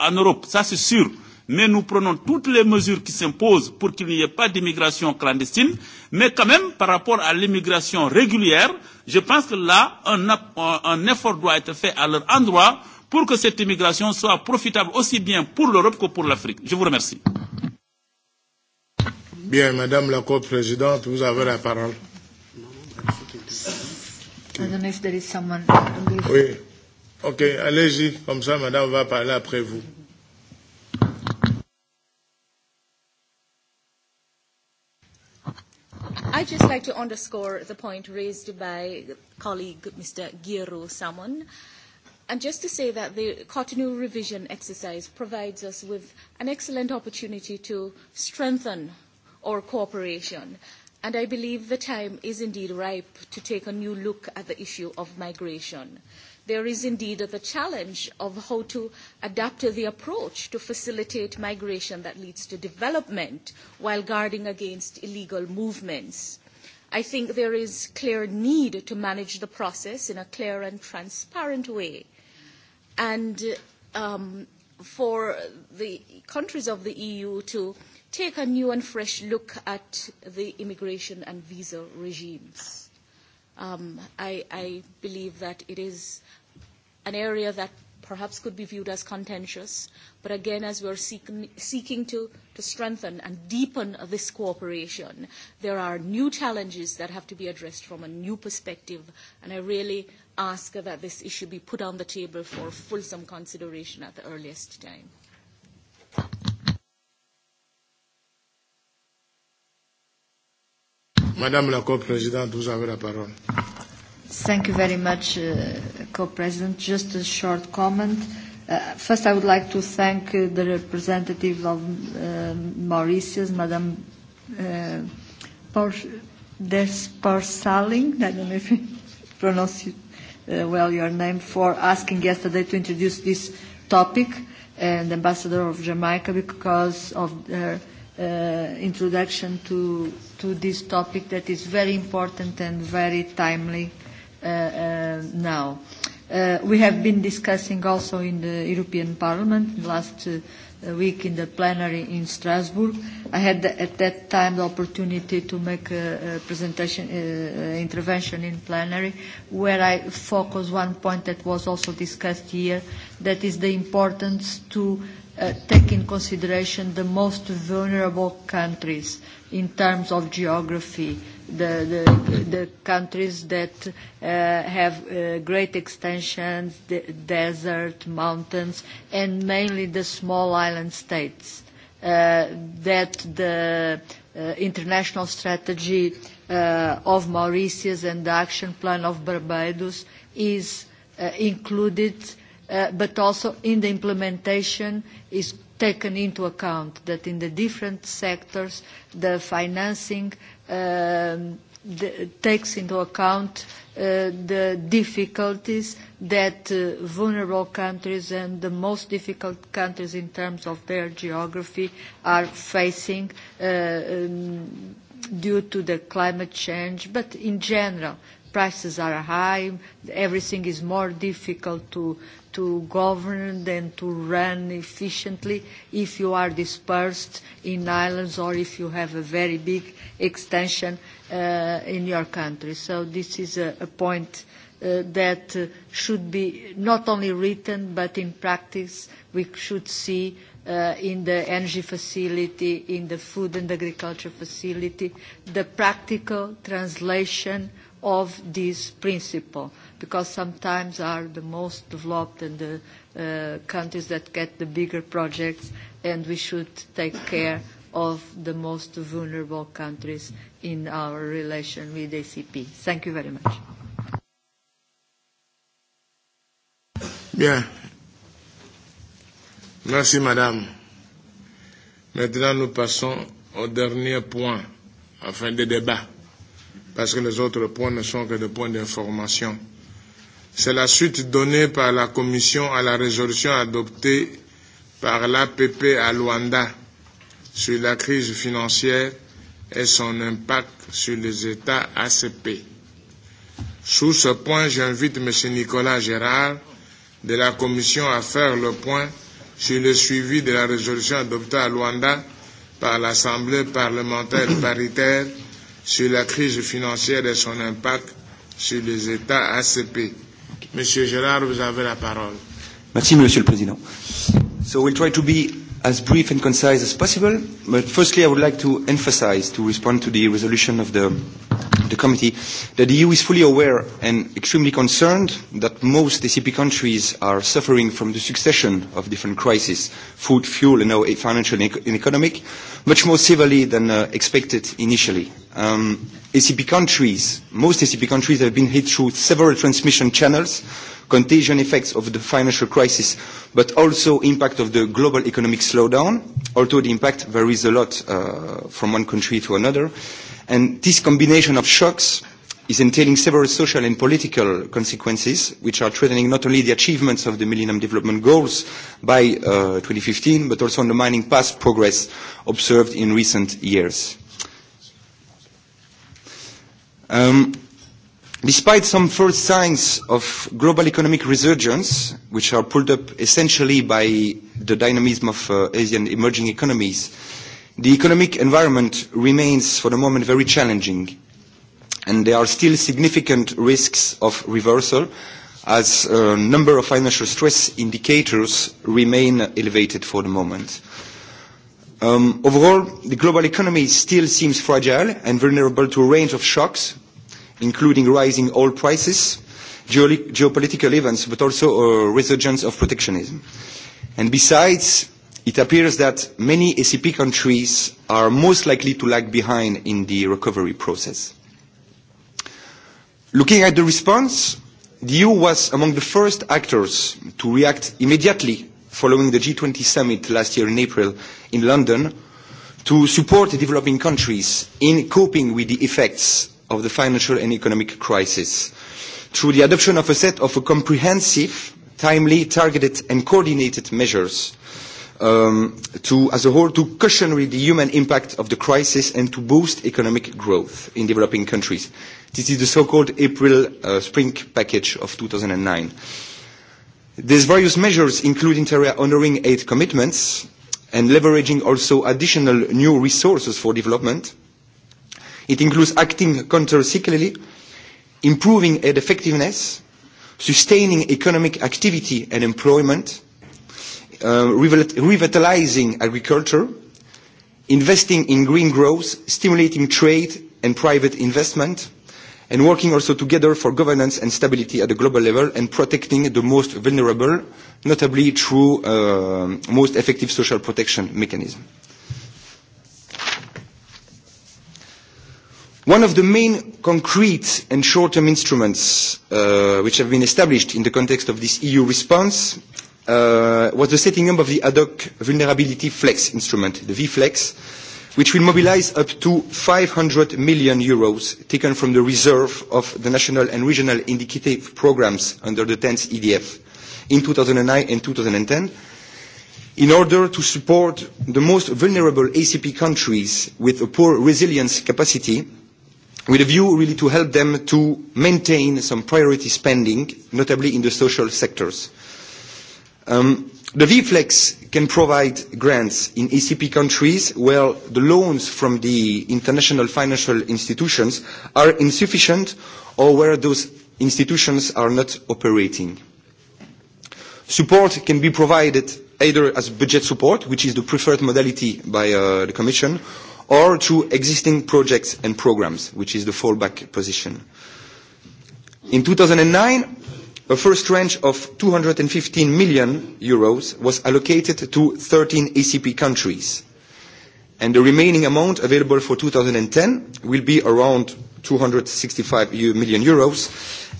Speaker 11: en Europe. Ça, c'est sûr mais nous prenons toutes les mesures qui s'imposent pour qu'il n'y ait pas d'immigration clandestine, mais quand même, par rapport à l'immigration régulière, je pense que là, un effort doit être fait à leur endroit pour que cette immigration soit profitable aussi bien pour l'Europe que pour l'Afrique. Je vous remercie.
Speaker 1: Bien, Madame la Co-Présidente, vous avez la parole. Oui, ok, allez-y, comme ça, Madame va parler après vous.
Speaker 15: I'd just like to underscore the point raised by colleague Mr. Giro Salmon, and just to say that the Cotonou revision exercise provides us with an excellent opportunity to strengthen our cooperation, and I believe the time is indeed ripe to take a new look at the issue of migration there is indeed the challenge of how to adapt the approach to facilitate migration that leads to development while guarding against illegal movements. I think there is clear need to manage the process in a clear and transparent way. And for the countries of the EU to take a new and fresh look at the immigration and visa regimes. I believe that it is an area that perhaps could be viewed as contentious, but again, as we are seeking to strengthen and deepen this cooperation, there are new challenges that have to be addressed from a new perspective, and I really ask that this issue be put on the table for fulsome consideration at the earliest time.
Speaker 1: Madame la co coprésidente, vous avez la parole.
Speaker 22: Thank you very much, co-president. Just a short comment. First, I would like to thank the representative of Mauritius, Madame Saling, I don't know if I pronounce well your name, for asking yesterday to introduce this topic and Ambassador of Jamaica because of their introduction to to this topic that is very important and very timely now. We have been discussing also in the European Parliament last week in the plenary in Strasbourg. I had at that time the opportunity to make a presentation, intervention in plenary, where I focus one point that was also discussed here, that is the importance to take in consideration the most vulnerable countries in terms of geography, the countries that have great extensions, desert, mountains, and mainly the small island states that the international strategy of Mauritius and the action plan of Barbados is included but also in the implementation is taken into account that in the different sectors the financing takes into account the difficulties that vulnerable countries and the most difficult countries in terms of their geography are facing due to the climate change, but in general prices are high, everything is more difficult to to govern and to run efficiently if you are dispersed in islands or if you have a very big extension in your country. So this is a point that should be not only written but in practice we should see in the energy facility, in the food and agriculture facility, the practical translation of this principle because sometimes are the most developed and the countries that get the bigger projects, and we should take care of the most vulnerable countries in our relation with ACP. Thank you very much.
Speaker 1: Bien. Merci, madame. Maintenant, nous passons au dernier point, afin de débat, parce que les autres points ne sont que des points d'information. C'est la suite donnée par la Commission à la résolution adoptée par l'APP à Luanda sur la crise financière et son impact sur les États ACP. Sous ce point, j'invite M. Nicolas Gérard de la Commission à faire le point sur le suivi de la résolution adoptée à Luanda par l'Assemblée parlementaire paritaire sur la crise financière et son impact sur les États ACP. Monsieur Gérard, vous avez la parole.
Speaker 23: Merci, Monsieur le Président. So we'll try to be as brief and concise as possible, but firstly I would like to emphasize, to respond to the resolution of the committee, that the EU is fully aware and extremely concerned that most ACP countries are suffering from the succession of different crises, food, fuel, and now financial and economic, much more severely than expected initially. ACP countries, most ACP countries have been hit through several transmission channels, contagion effects of the financial crisis, but also impact of the global economic slowdown, although the impact varies a lot from one country to another. And this combination of shocks is entailing several social and political consequences, which are threatening not only the achievements of the Millennium Development Goals by 2015, but also undermining past progress observed in recent years. Despite some first signs of global economic resurgence, which are pulled up essentially by the dynamism of Asian emerging economies, the economic environment remains for the moment very challenging, and there are still significant risks of reversal, as a number of financial stress indicators remain elevated for the moment. Overall, the global economy still seems fragile and vulnerable to a range of shocks including rising oil prices, geopolitical events, but also a resurgence of protectionism. And besides, it appears that many ACP countries are most likely to lag behind in the recovery process. Looking at the response, the EU was among the first actors to react immediately following the G20 summit last year in April in London to support developing countries in coping with the effects of the financial and economic crisis through the adoption of a set of comprehensive, timely, targeted and coordinated measures to, as a whole, to cushion the human impact of the crisis and to boost economic growth in developing countries. This is the so-called April Spring Package of 2009. These various measures include inter honouring aid commitments and leveraging also additional new resources for development It includes acting countercyclically, improving aid effectiveness, sustaining economic activity and employment, revitalising agriculture, investing in green growth, stimulating trade and private investment, and working also together for governance and stability at the global level and protecting the most vulnerable, notably through most effective social protection mechanism. One of the main concrete and short-term instruments which have been established in the context of this EU response was the setting up of the ad hoc vulnerability flex instrument, the VFlex, which will mobilise up to 500 million euros taken from the reserve of the national and regional indicative programmes under the 10th EDF in 2009 and 2010 in order to support the most vulnerable ACP countries with a poor resilience capacity with a view really to help them to maintain some priority spending, notably in the social sectors. The VFLEX can provide grants in ECP countries where the loans from the international financial institutions are insufficient or where those institutions are not operating. Support can be provided either as budget support, which is the preferred modality by the Commission, or to existing projects and programs, which is the fallback position. In 2009, a first tranche of 215 million euros was allocated to 13 ACP countries, and the remaining amount available for 2010 will be around 265 million euros,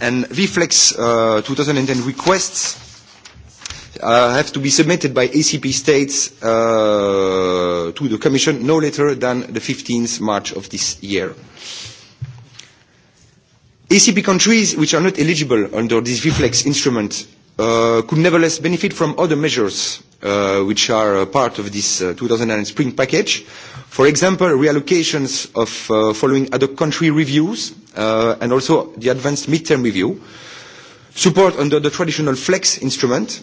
Speaker 23: and VFLEX 2010 requests have to be submitted by ACP states to the Commission no later than the 15th March of this year. ACP countries which are not eligible under this reflex instrument could nevertheless benefit from other measures which are part of this 2009 spring package. For example, reallocations of following other country reviews and also the advanced mid-term review, support under the traditional flex instrument,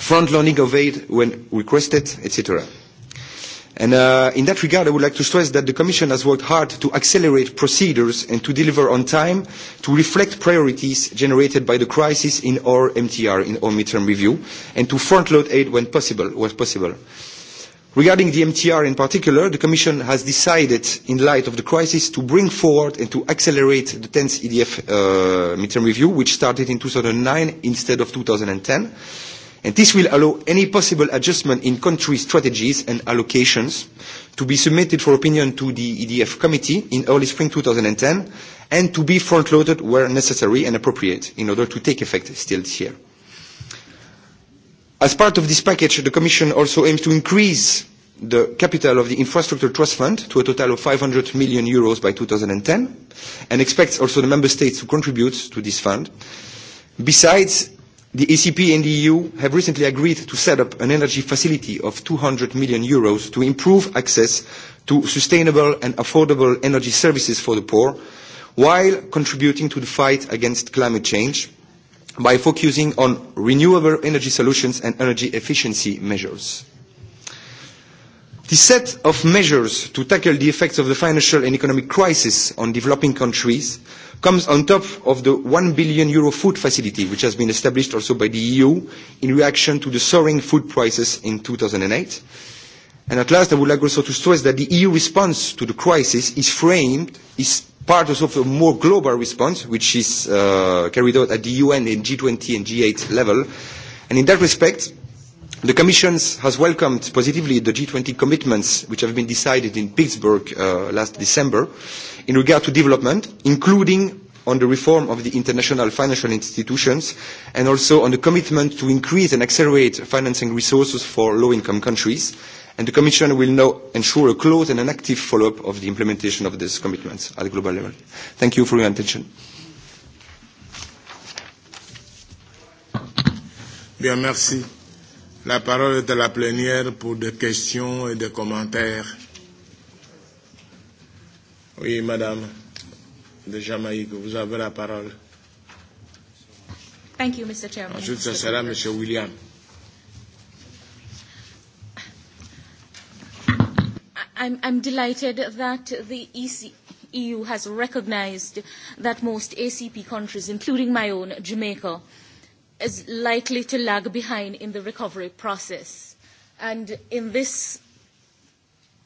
Speaker 23: front loading of aid when requested, etc. And in that regard, I would like to stress that the Commission has worked hard to accelerate procedures and to deliver on time to reflect priorities generated by the crisis in our MTR, in our midterm review, and to front-load aid when possible. possible. Regarding the MTR in particular, the Commission has decided, in light of the crisis, to bring forward and to accelerate the 10th EDF midterm review, which started in 2009 instead of 2010 and this will allow any possible adjustment in country strategies and allocations to be submitted for opinion to the EDF committee in early spring 2010 and to be front-loaded where necessary and appropriate in order to take effect still this year. As part of this package, the Commission also aims to increase the capital of the Infrastructure Trust Fund to a total of 500 million euros by 2010 and expects also the Member States to contribute to this fund. Besides, The ECP and the EU have recently agreed to set up an energy facility of 200 million euros to improve access to sustainable and affordable energy services for the poor, while contributing to the fight against climate change by focusing on renewable energy solutions and energy efficiency measures. The set of measures to tackle the effects of the financial and economic crisis on developing countries comes on top of the 1 billion euro food facility, which has been established also by the EU in reaction to the soaring food prices in 2008. And at last, I would like also to stress that the EU response to the crisis is framed, is part of a more global response, which is carried out at the UN and G20 and G8 level. And in that respect, The Commission has welcomed positively the G20 commitments which have been decided in Pittsburgh last December in regard to development, including on the reform of the international financial institutions and also on the commitment to increase and accelerate financing resources for low-income countries. And the Commission will now ensure a close and an active follow-up of the implementation of these commitments at global level. Thank you for your attention.
Speaker 1: La parole est à la plénière pour des questions et des commentaires. Oui, madame de Jamaïque, vous avez la parole.
Speaker 15: Thank you, Mr. Chairman. Ensuite,
Speaker 1: ce sera M. William.
Speaker 15: I'm, I'm delighted that the EC, EU has recognized that most ACP countries, including my own, Jamaica, is likely to lag behind in the recovery process. And in this,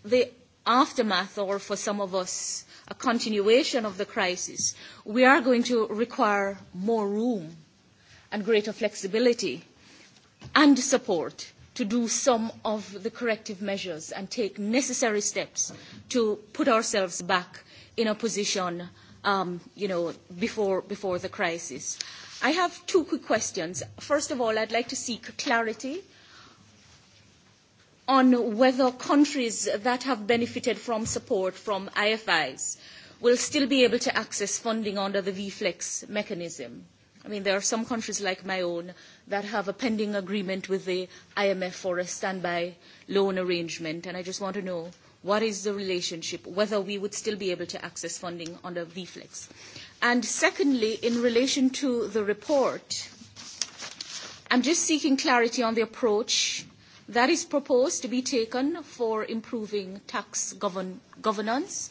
Speaker 15: the aftermath, or for some of us, a continuation of the crisis, we are going to require more room and greater flexibility and support to do some of the corrective measures and take necessary steps to put ourselves back in a position before the crisis. I have two quick questions. First of all, I'd like to seek clarity on whether countries that have benefited from support from IFIs will still be able to access funding under the VFLEX mechanism. I mean, there are some countries like my own that have a pending agreement with the IMF for a standby loan arrangement, and I just want to know what is the relationship, whether we would still be able to access funding under VFLEX. And secondly, in relation to the report, I'm just seeking clarity on the approach that is proposed to be taken for improving tax governance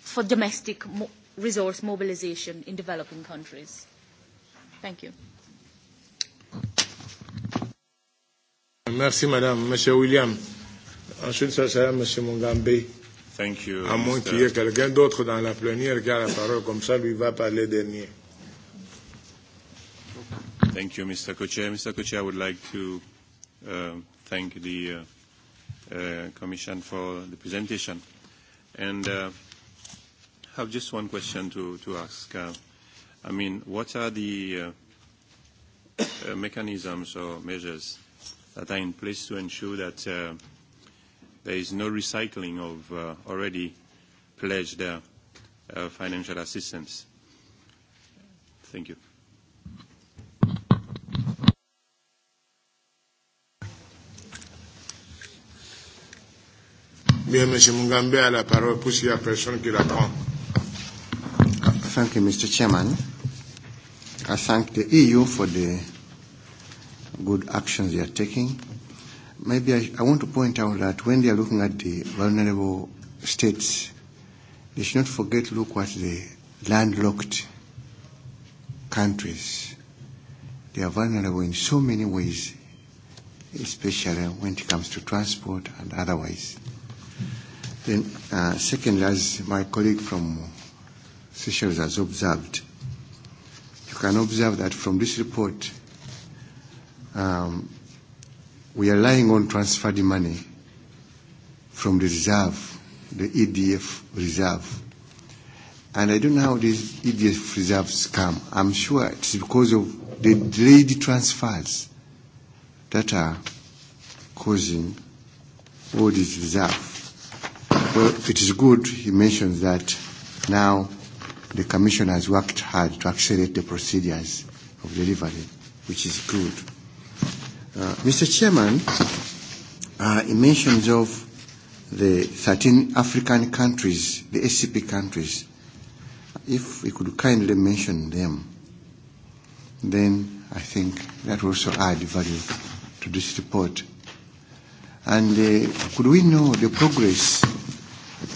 Speaker 15: for domestic resource mobilisation in developing countries. Thank you.
Speaker 1: Thank you, à moins qu'il y ait quelqu'un d'autre dans la plénière qui a la parole, comme ça lui va parler dernier.
Speaker 8: Thank you, Mr. Kocher. Mr. Kocher, I would like to uh, thank the uh, uh, Commission for the presentation. And uh, have just one question to, to ask. Uh, I mean, what are the uh, uh, mechanisms or measures that are in place to ensure that uh, there is no recycling of already pledged financial assistance. Thank you.
Speaker 1: Monsieur a la parole pour qui
Speaker 5: Thank you, Mr. Chairman. I thank the EU for the good actions they are taking maybe I, I want to point out that when they are looking at the vulnerable states, they should not forget to look at the landlocked countries. They are vulnerable in so many ways, especially when it comes to transport and otherwise. Then, uh, second, as my colleague from Seychelles has observed, you can observe that from this report, um, we are relying on transferred money from the reserve, the EDF reserve. And I don't know how these EDF reserves come. I'm sure it's because of the delayed transfers that are causing all this reserve. Well, it is good he mentions that now the Commission has worked hard to accelerate the procedures of delivery, which is good. Mr. Chairman, in mentions of the 13 African countries, the SCP countries, if we could kindly mention them, then I think that will also add value to this report. And could we know the progress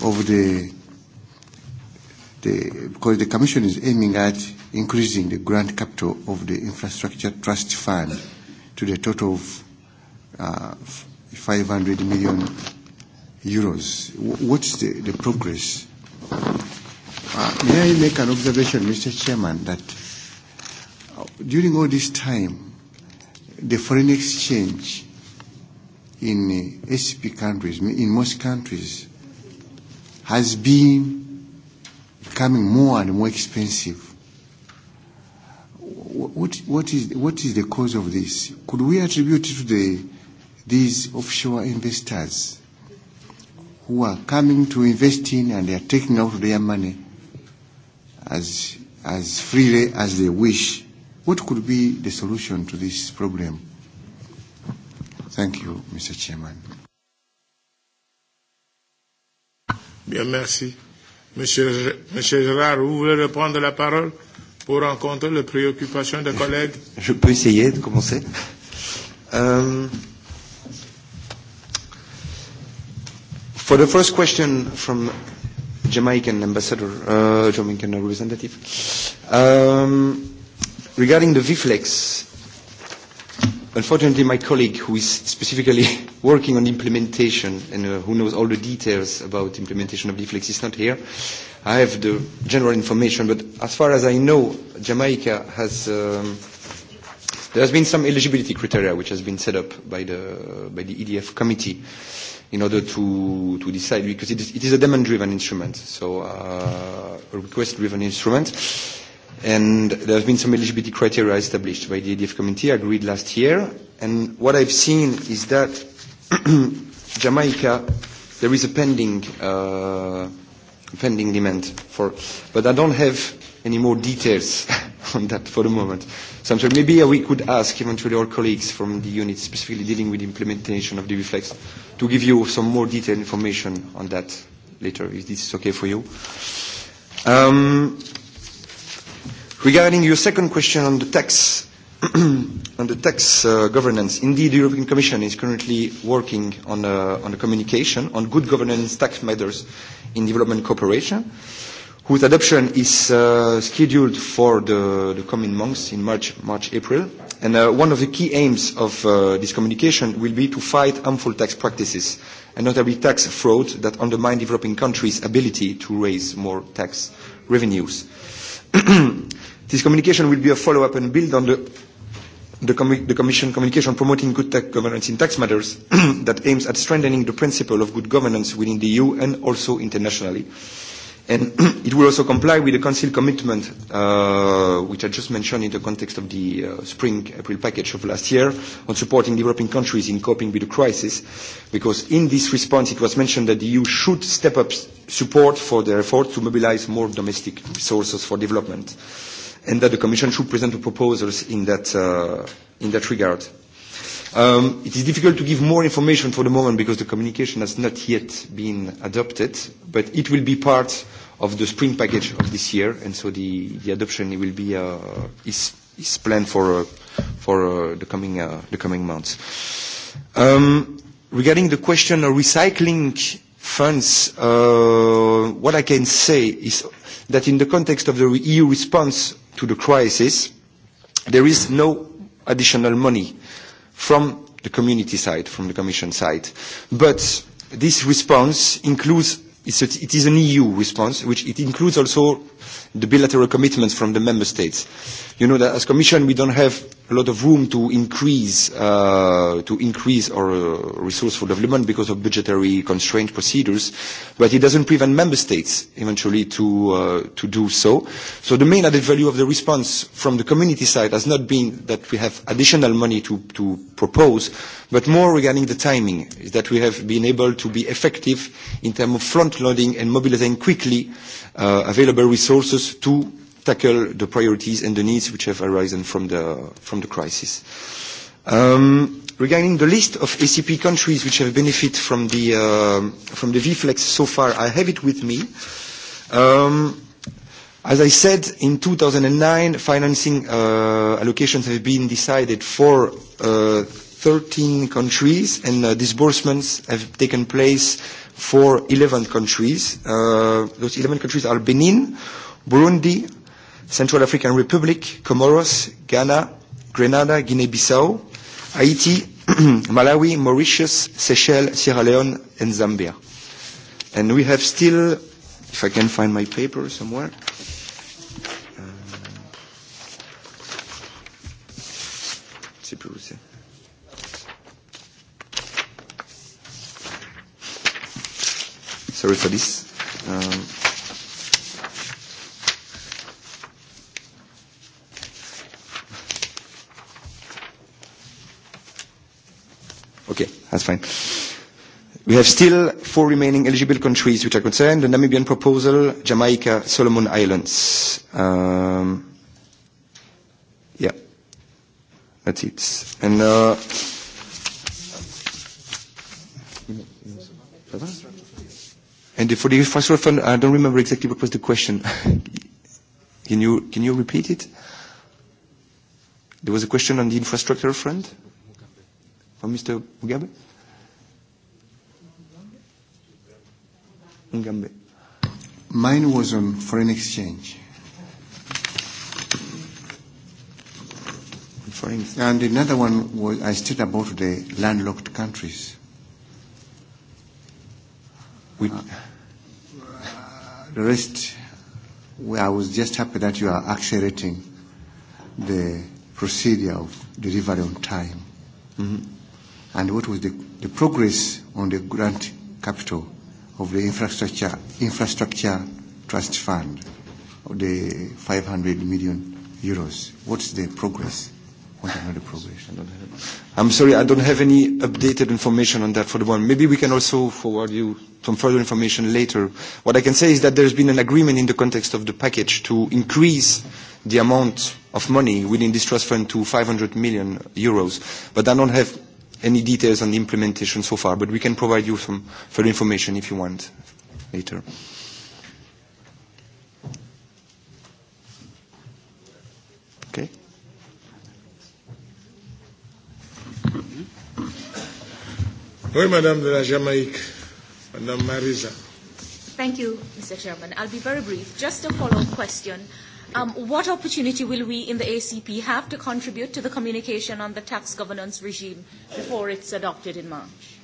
Speaker 5: of the, the, because the Commission is aiming at increasing the grant capital of the Infrastructure Trust Fund to the total of 500 million euros. What's the, the progress? may I make an observation, Mr. Chairman, that during all this time, the foreign exchange in SCP countries, in most countries, has been becoming more and more expensive what, what, is, what is the cause of this? Could we attribute to the, these offshore investors who are coming to invest in and they are taking out their money as, as freely as they wish? What could be the solution to this problem? Thank you, Mr. Chairman.
Speaker 1: Bien, merci. Monsieur, Monsieur Gérard, vous voulez reprendre la parole pour rencontrer les préoccupations des collègues
Speaker 23: Je peux essayer de commencer. For the first question from Jamaican ambassador, Jamaican representative, regarding the VFLEX, Unfortunately, my colleague, who is specifically working on implementation and who knows all the details about implementation of DFLEX, is not here. I have the general information, but as far as I know, Jamaica has. There has been some eligibility criteria which has been set up by the by the EDF committee in order to to decide because it is a demand-driven instrument, so a request-driven instrument And there have been some eligibility criteria established by the ADF committee, agreed last year. And what I've seen is that Jamaica, there is a pending pending demand for, but I don't have any more details on that for the moment. So I'm sorry, maybe we could ask eventually our colleagues from the unit specifically dealing with implementation of the reflex to give you some more detailed information on that later, if this is okay for you. Um, Regarding your second question on the tax on tax governance, indeed, the European Commission is currently working on a communication on good governance tax matters in development cooperation, whose adoption is scheduled for the coming months in March, March, April. And one of the key aims of this communication will be to fight harmful tax practices, and notably tax fraud that undermine developing countries' ability to raise more tax revenues. This communication will be a follow-up and build on the Commission communication promoting good tech governance in tax matters that aims at strengthening the principle of good governance within the EU and also internationally. And it will also comply with the Council commitment, which I just mentioned in the context of the Spring-April package of last year, on supporting developing countries in coping with the crisis, because in this response it was mentioned that the EU should step up support for their effort to mobilise more domestic resources for development, and that the Commission should present proposals in that regard. It is difficult to give more information for the moment because the communication has not yet been adopted, but it will be part of the spring package of this year, and so the adoption will be is planned for for the coming the coming months. Regarding the question of recycling funds, what I can say is that in the context of the EU response to the crisis, there is no additional money from the community side, from the Commission side. But this response includes, it is an EU response, which it includes also the bilateral commitments from the Member States. You know that as Commission we don't have a lot of room to increase to increase our resource for development because of budgetary constraint procedures, but it doesn't prevent member states eventually to to do so. So the main added value of the response from the community side has not been that we have additional money to to propose, but more regarding the timing, is that we have been able to be effective in terms of front loading and mobilising quickly available resources to tackle the priorities and the needs which have arisen from the crisis. Regarding the list of ACP countries which have benefited from the VFLEX so far, I have it with me. As I said, in 2009, financing allocations have been decided for 13 countries, and disbursements have taken place for 11 countries. Those 11 countries are Benin, Burundi, Central African Republic, Comoros, Ghana, Grenada, Guinea-Bissau, Haiti, Malawi, Mauritius, Seychelles, Sierra Leone, and Zambia. And we have still, if I can find my paper somewhere, sorry for this. Okay, that's fine. We have still four remaining eligible countries which are concerned, the Namibian proposal, Jamaica, Solomon Islands. Um, yeah, that's it. And uh, and for the infrastructure fund, I don't remember exactly what was the question. can you can you repeat it? There was a question on the infrastructure fund from Mr. Mugabe?
Speaker 5: Mugabe. Mine was on foreign exchange. And another one was I said about the landlocked countries. With the rest, I was just happy that you are accelerating the procedure of delivery on time. Mm-hmm and what was the, the progress on the grant capital of the infrastructure, infrastructure trust fund of the 500 million
Speaker 23: euros. What's the progress? What are the progress? I'm sorry, I don't have any updated information on that for the one. Maybe we can also forward you some further information later. What I can say is that there's been an agreement in the context of the package to increase the amount of money within this trust fund to 500 million euros. But I don't have any details on the implementation so far, but we can provide you some further information if you want
Speaker 21: later. Okay.
Speaker 1: Oui, Madame de la Jamaïque, Madame Marisa.
Speaker 15: Thank you, Mr. Chairman. I'll be very brief. Just a follow-up question Um What opportunity will we in the ACP have to contribute to the communication on the tax governance regime before it's adopted in March?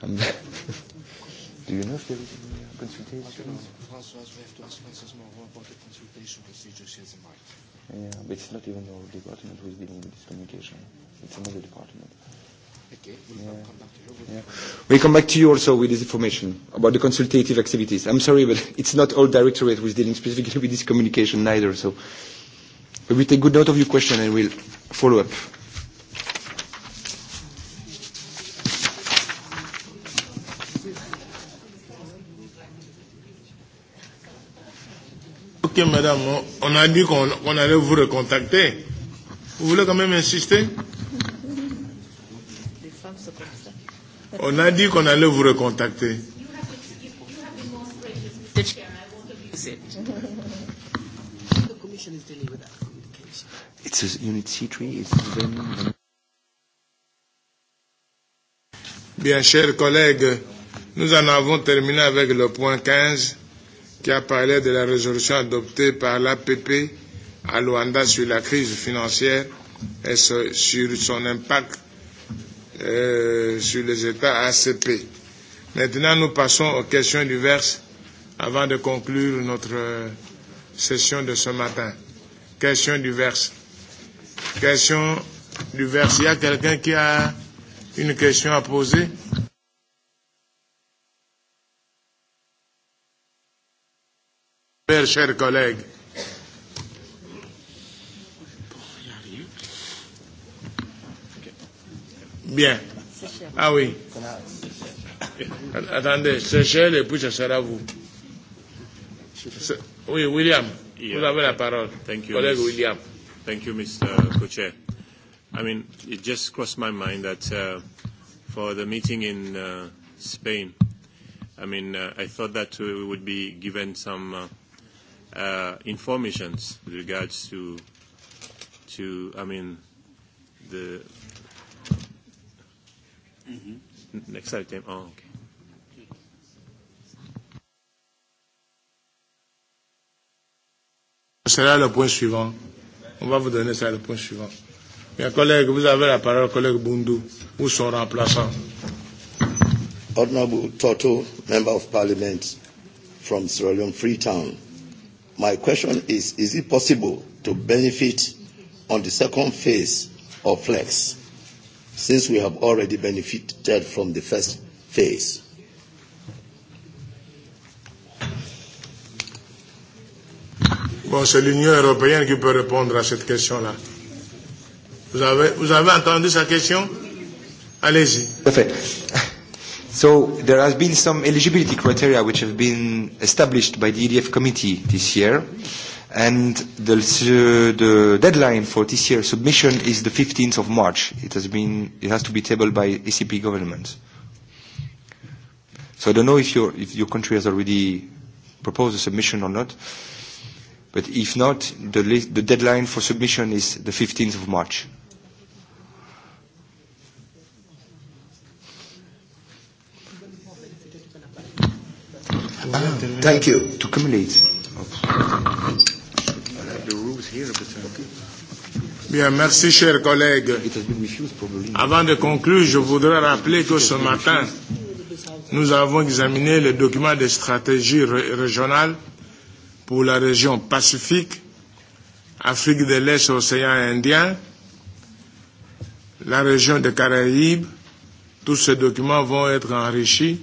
Speaker 23: Do you know if there is
Speaker 21: any consultation? François, we have to ask Francis more about the consultation procedure she in
Speaker 23: Yeah, but it's not even our department who is dealing with this communication. It's another department. We come back to you also with this information about the consultative activities. I'm sorry, but it's not all directorate who is dealing specifically with this communication neither. So we take good note of your question and we'll follow up.
Speaker 1: Ok, madame, on a dit qu'on allait vous recontacter. Vous voulez quand même insister On a dit qu'on allait vous recontacter. Bien, chers collègues, nous en avons terminé avec le point 15 qui a parlé de la résolution adoptée par l'APP à Luanda sur la crise financière et sur son impact sur les États ACP. Maintenant, nous passons aux questions diverses avant de conclure notre session de ce matin. Questions diverses. Questions diverses. Il y a quelqu'un qui a une question à poser Chers collègues, Bien. Ah oui. Attendez, Seychelles et puis ce sera vous. Oui, William, vous avez la parole. Thank you. Collègue William.
Speaker 8: Thank you, Mr. Co-Chair. I mean, it just crossed my mind that for the meeting in Spain, I mean, I thought that we would be given some informations with regards to, to I mean, the Next item. Oh, okay.
Speaker 1: C'est là le point suivant. On va vous donner ça le point suivant. Mes collègues, vous avez la parole, collègue Bundu, ou son remplaçant.
Speaker 16: Honorable Toto, Member of Parliament from Sierra Leone Freetown. My question is, is it possible to benefit on the second phase of FLEX? since we have already benefited from the first phase.
Speaker 1: Bon, c'est l'Union européenne qui
Speaker 23: peut répondre à cette question-là.
Speaker 1: Vous avez, vous avez entendu sa question
Speaker 23: Allez-y. So there has been some eligibility criteria which have been established by the EDF committee this year and the deadline for this year's submission is the 15th of March. It has been, it has to be tabled by ECP governments. So I don't know if your if your country has already proposed a submission or not, but if not, the the deadline for submission is the 15th of March. Thank you. To
Speaker 1: Bien, merci, chers collègues. Avant de conclure, je voudrais rappeler que ce matin, nous avons examiné le document de stratégie régionale pour la région Pacifique, Afrique de l'Est, Océan Indien, la région des Caraïbes. Tous ces documents vont être enrichis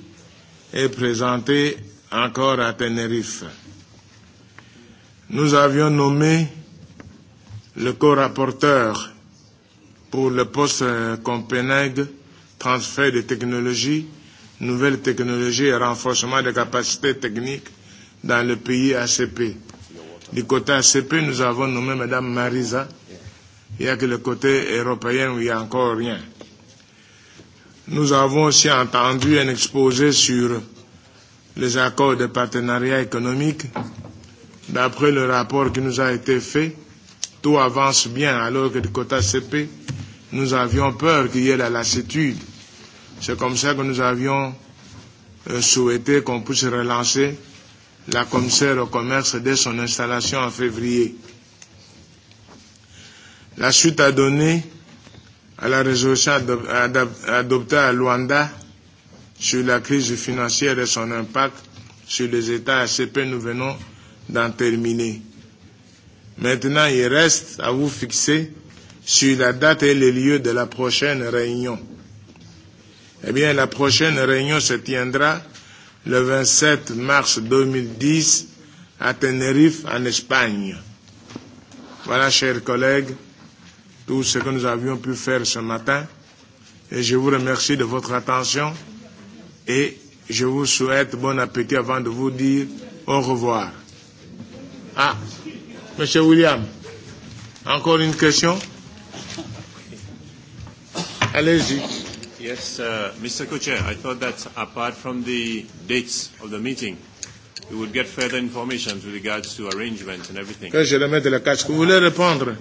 Speaker 1: et présentés encore à Tenerife. Nous avions nommé le co-rapporteur pour le poste Copenhague, transfert de technologies, nouvelles technologies et renforcement des capacités techniques dans le pays ACP. Du côté ACP, nous avons nommé Mme Marisa. Il n'y a que le côté européen où il n'y a encore rien. Nous avons aussi entendu un exposé sur les accords de partenariat économique. D'après le rapport qui nous a été fait, tout avance bien, alors que du côté CP, nous avions peur qu'il y ait la lassitude. C'est comme ça que nous avions souhaité qu'on puisse relancer la commissaire au commerce dès son installation en février. La suite a donné à la résolution adoptée à Luanda sur la crise financière et son impact sur les États ACP, nous venons d'en terminer. Maintenant, il reste à vous fixer sur la date et le lieu de la prochaine réunion. Eh bien, la prochaine réunion se tiendra le 27 mars 2010 à Tenerife, en Espagne. Voilà, chers collègues, tout ce que nous avions pu faire ce matin. Et je vous remercie de votre attention et je vous souhaite bon appétit avant de vous dire au revoir. Ah. Monsieur William, encore une question Allez-y.
Speaker 8: Yes, Mr. co I thought that apart from the dates of the meeting, we would get further information with regards to arrangements and everything. Je vais
Speaker 1: mettre la casque. Vous voulez répondre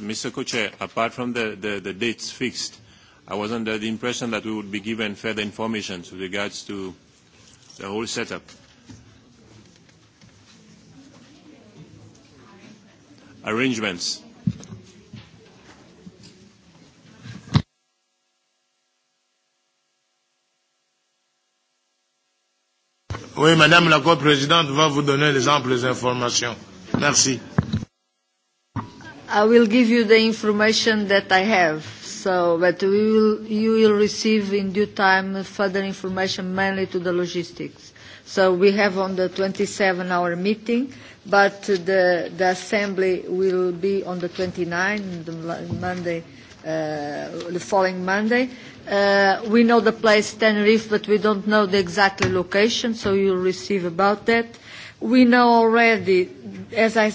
Speaker 8: Mr. co apart from the, the, the dates fixed, I was under the impression that we would be given further information with regards to the whole setup. Arrangements.
Speaker 1: Oui, Madame la Co-présidente va vous donner les amples informations. Merci.
Speaker 22: I will give you the information that I have. So, but we will, you will receive in due time further information mainly to the logistics. So we have on the 27 our meeting, but the, the assembly will be on the 29, the Monday, the following Monday. We know the place Tenerife, but we don't know the exact location, so you'll receive about that. We know already, as I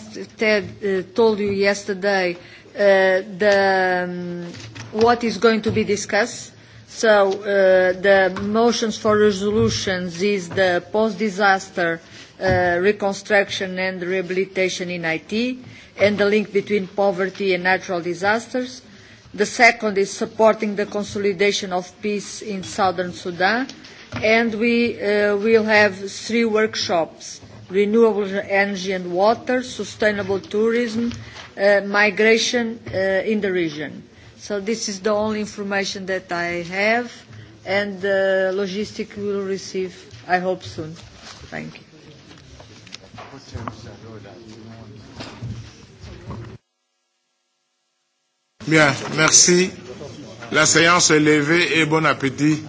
Speaker 22: told you yesterday, the what is going to be discussed. So the motions for resolutions is the post-disaster reconstruction and rehabilitation in IT and the link between poverty and natural disasters. The second is supporting the consolidation of peace in southern Sudan. And we will have three workshops, renewable energy and water, sustainable tourism, migration in the region. So this is the only information that I have, and the logistic will receive, I hope, soon. Thank you.
Speaker 12: Bien,
Speaker 1: merci. La séance est levée et bon appétit.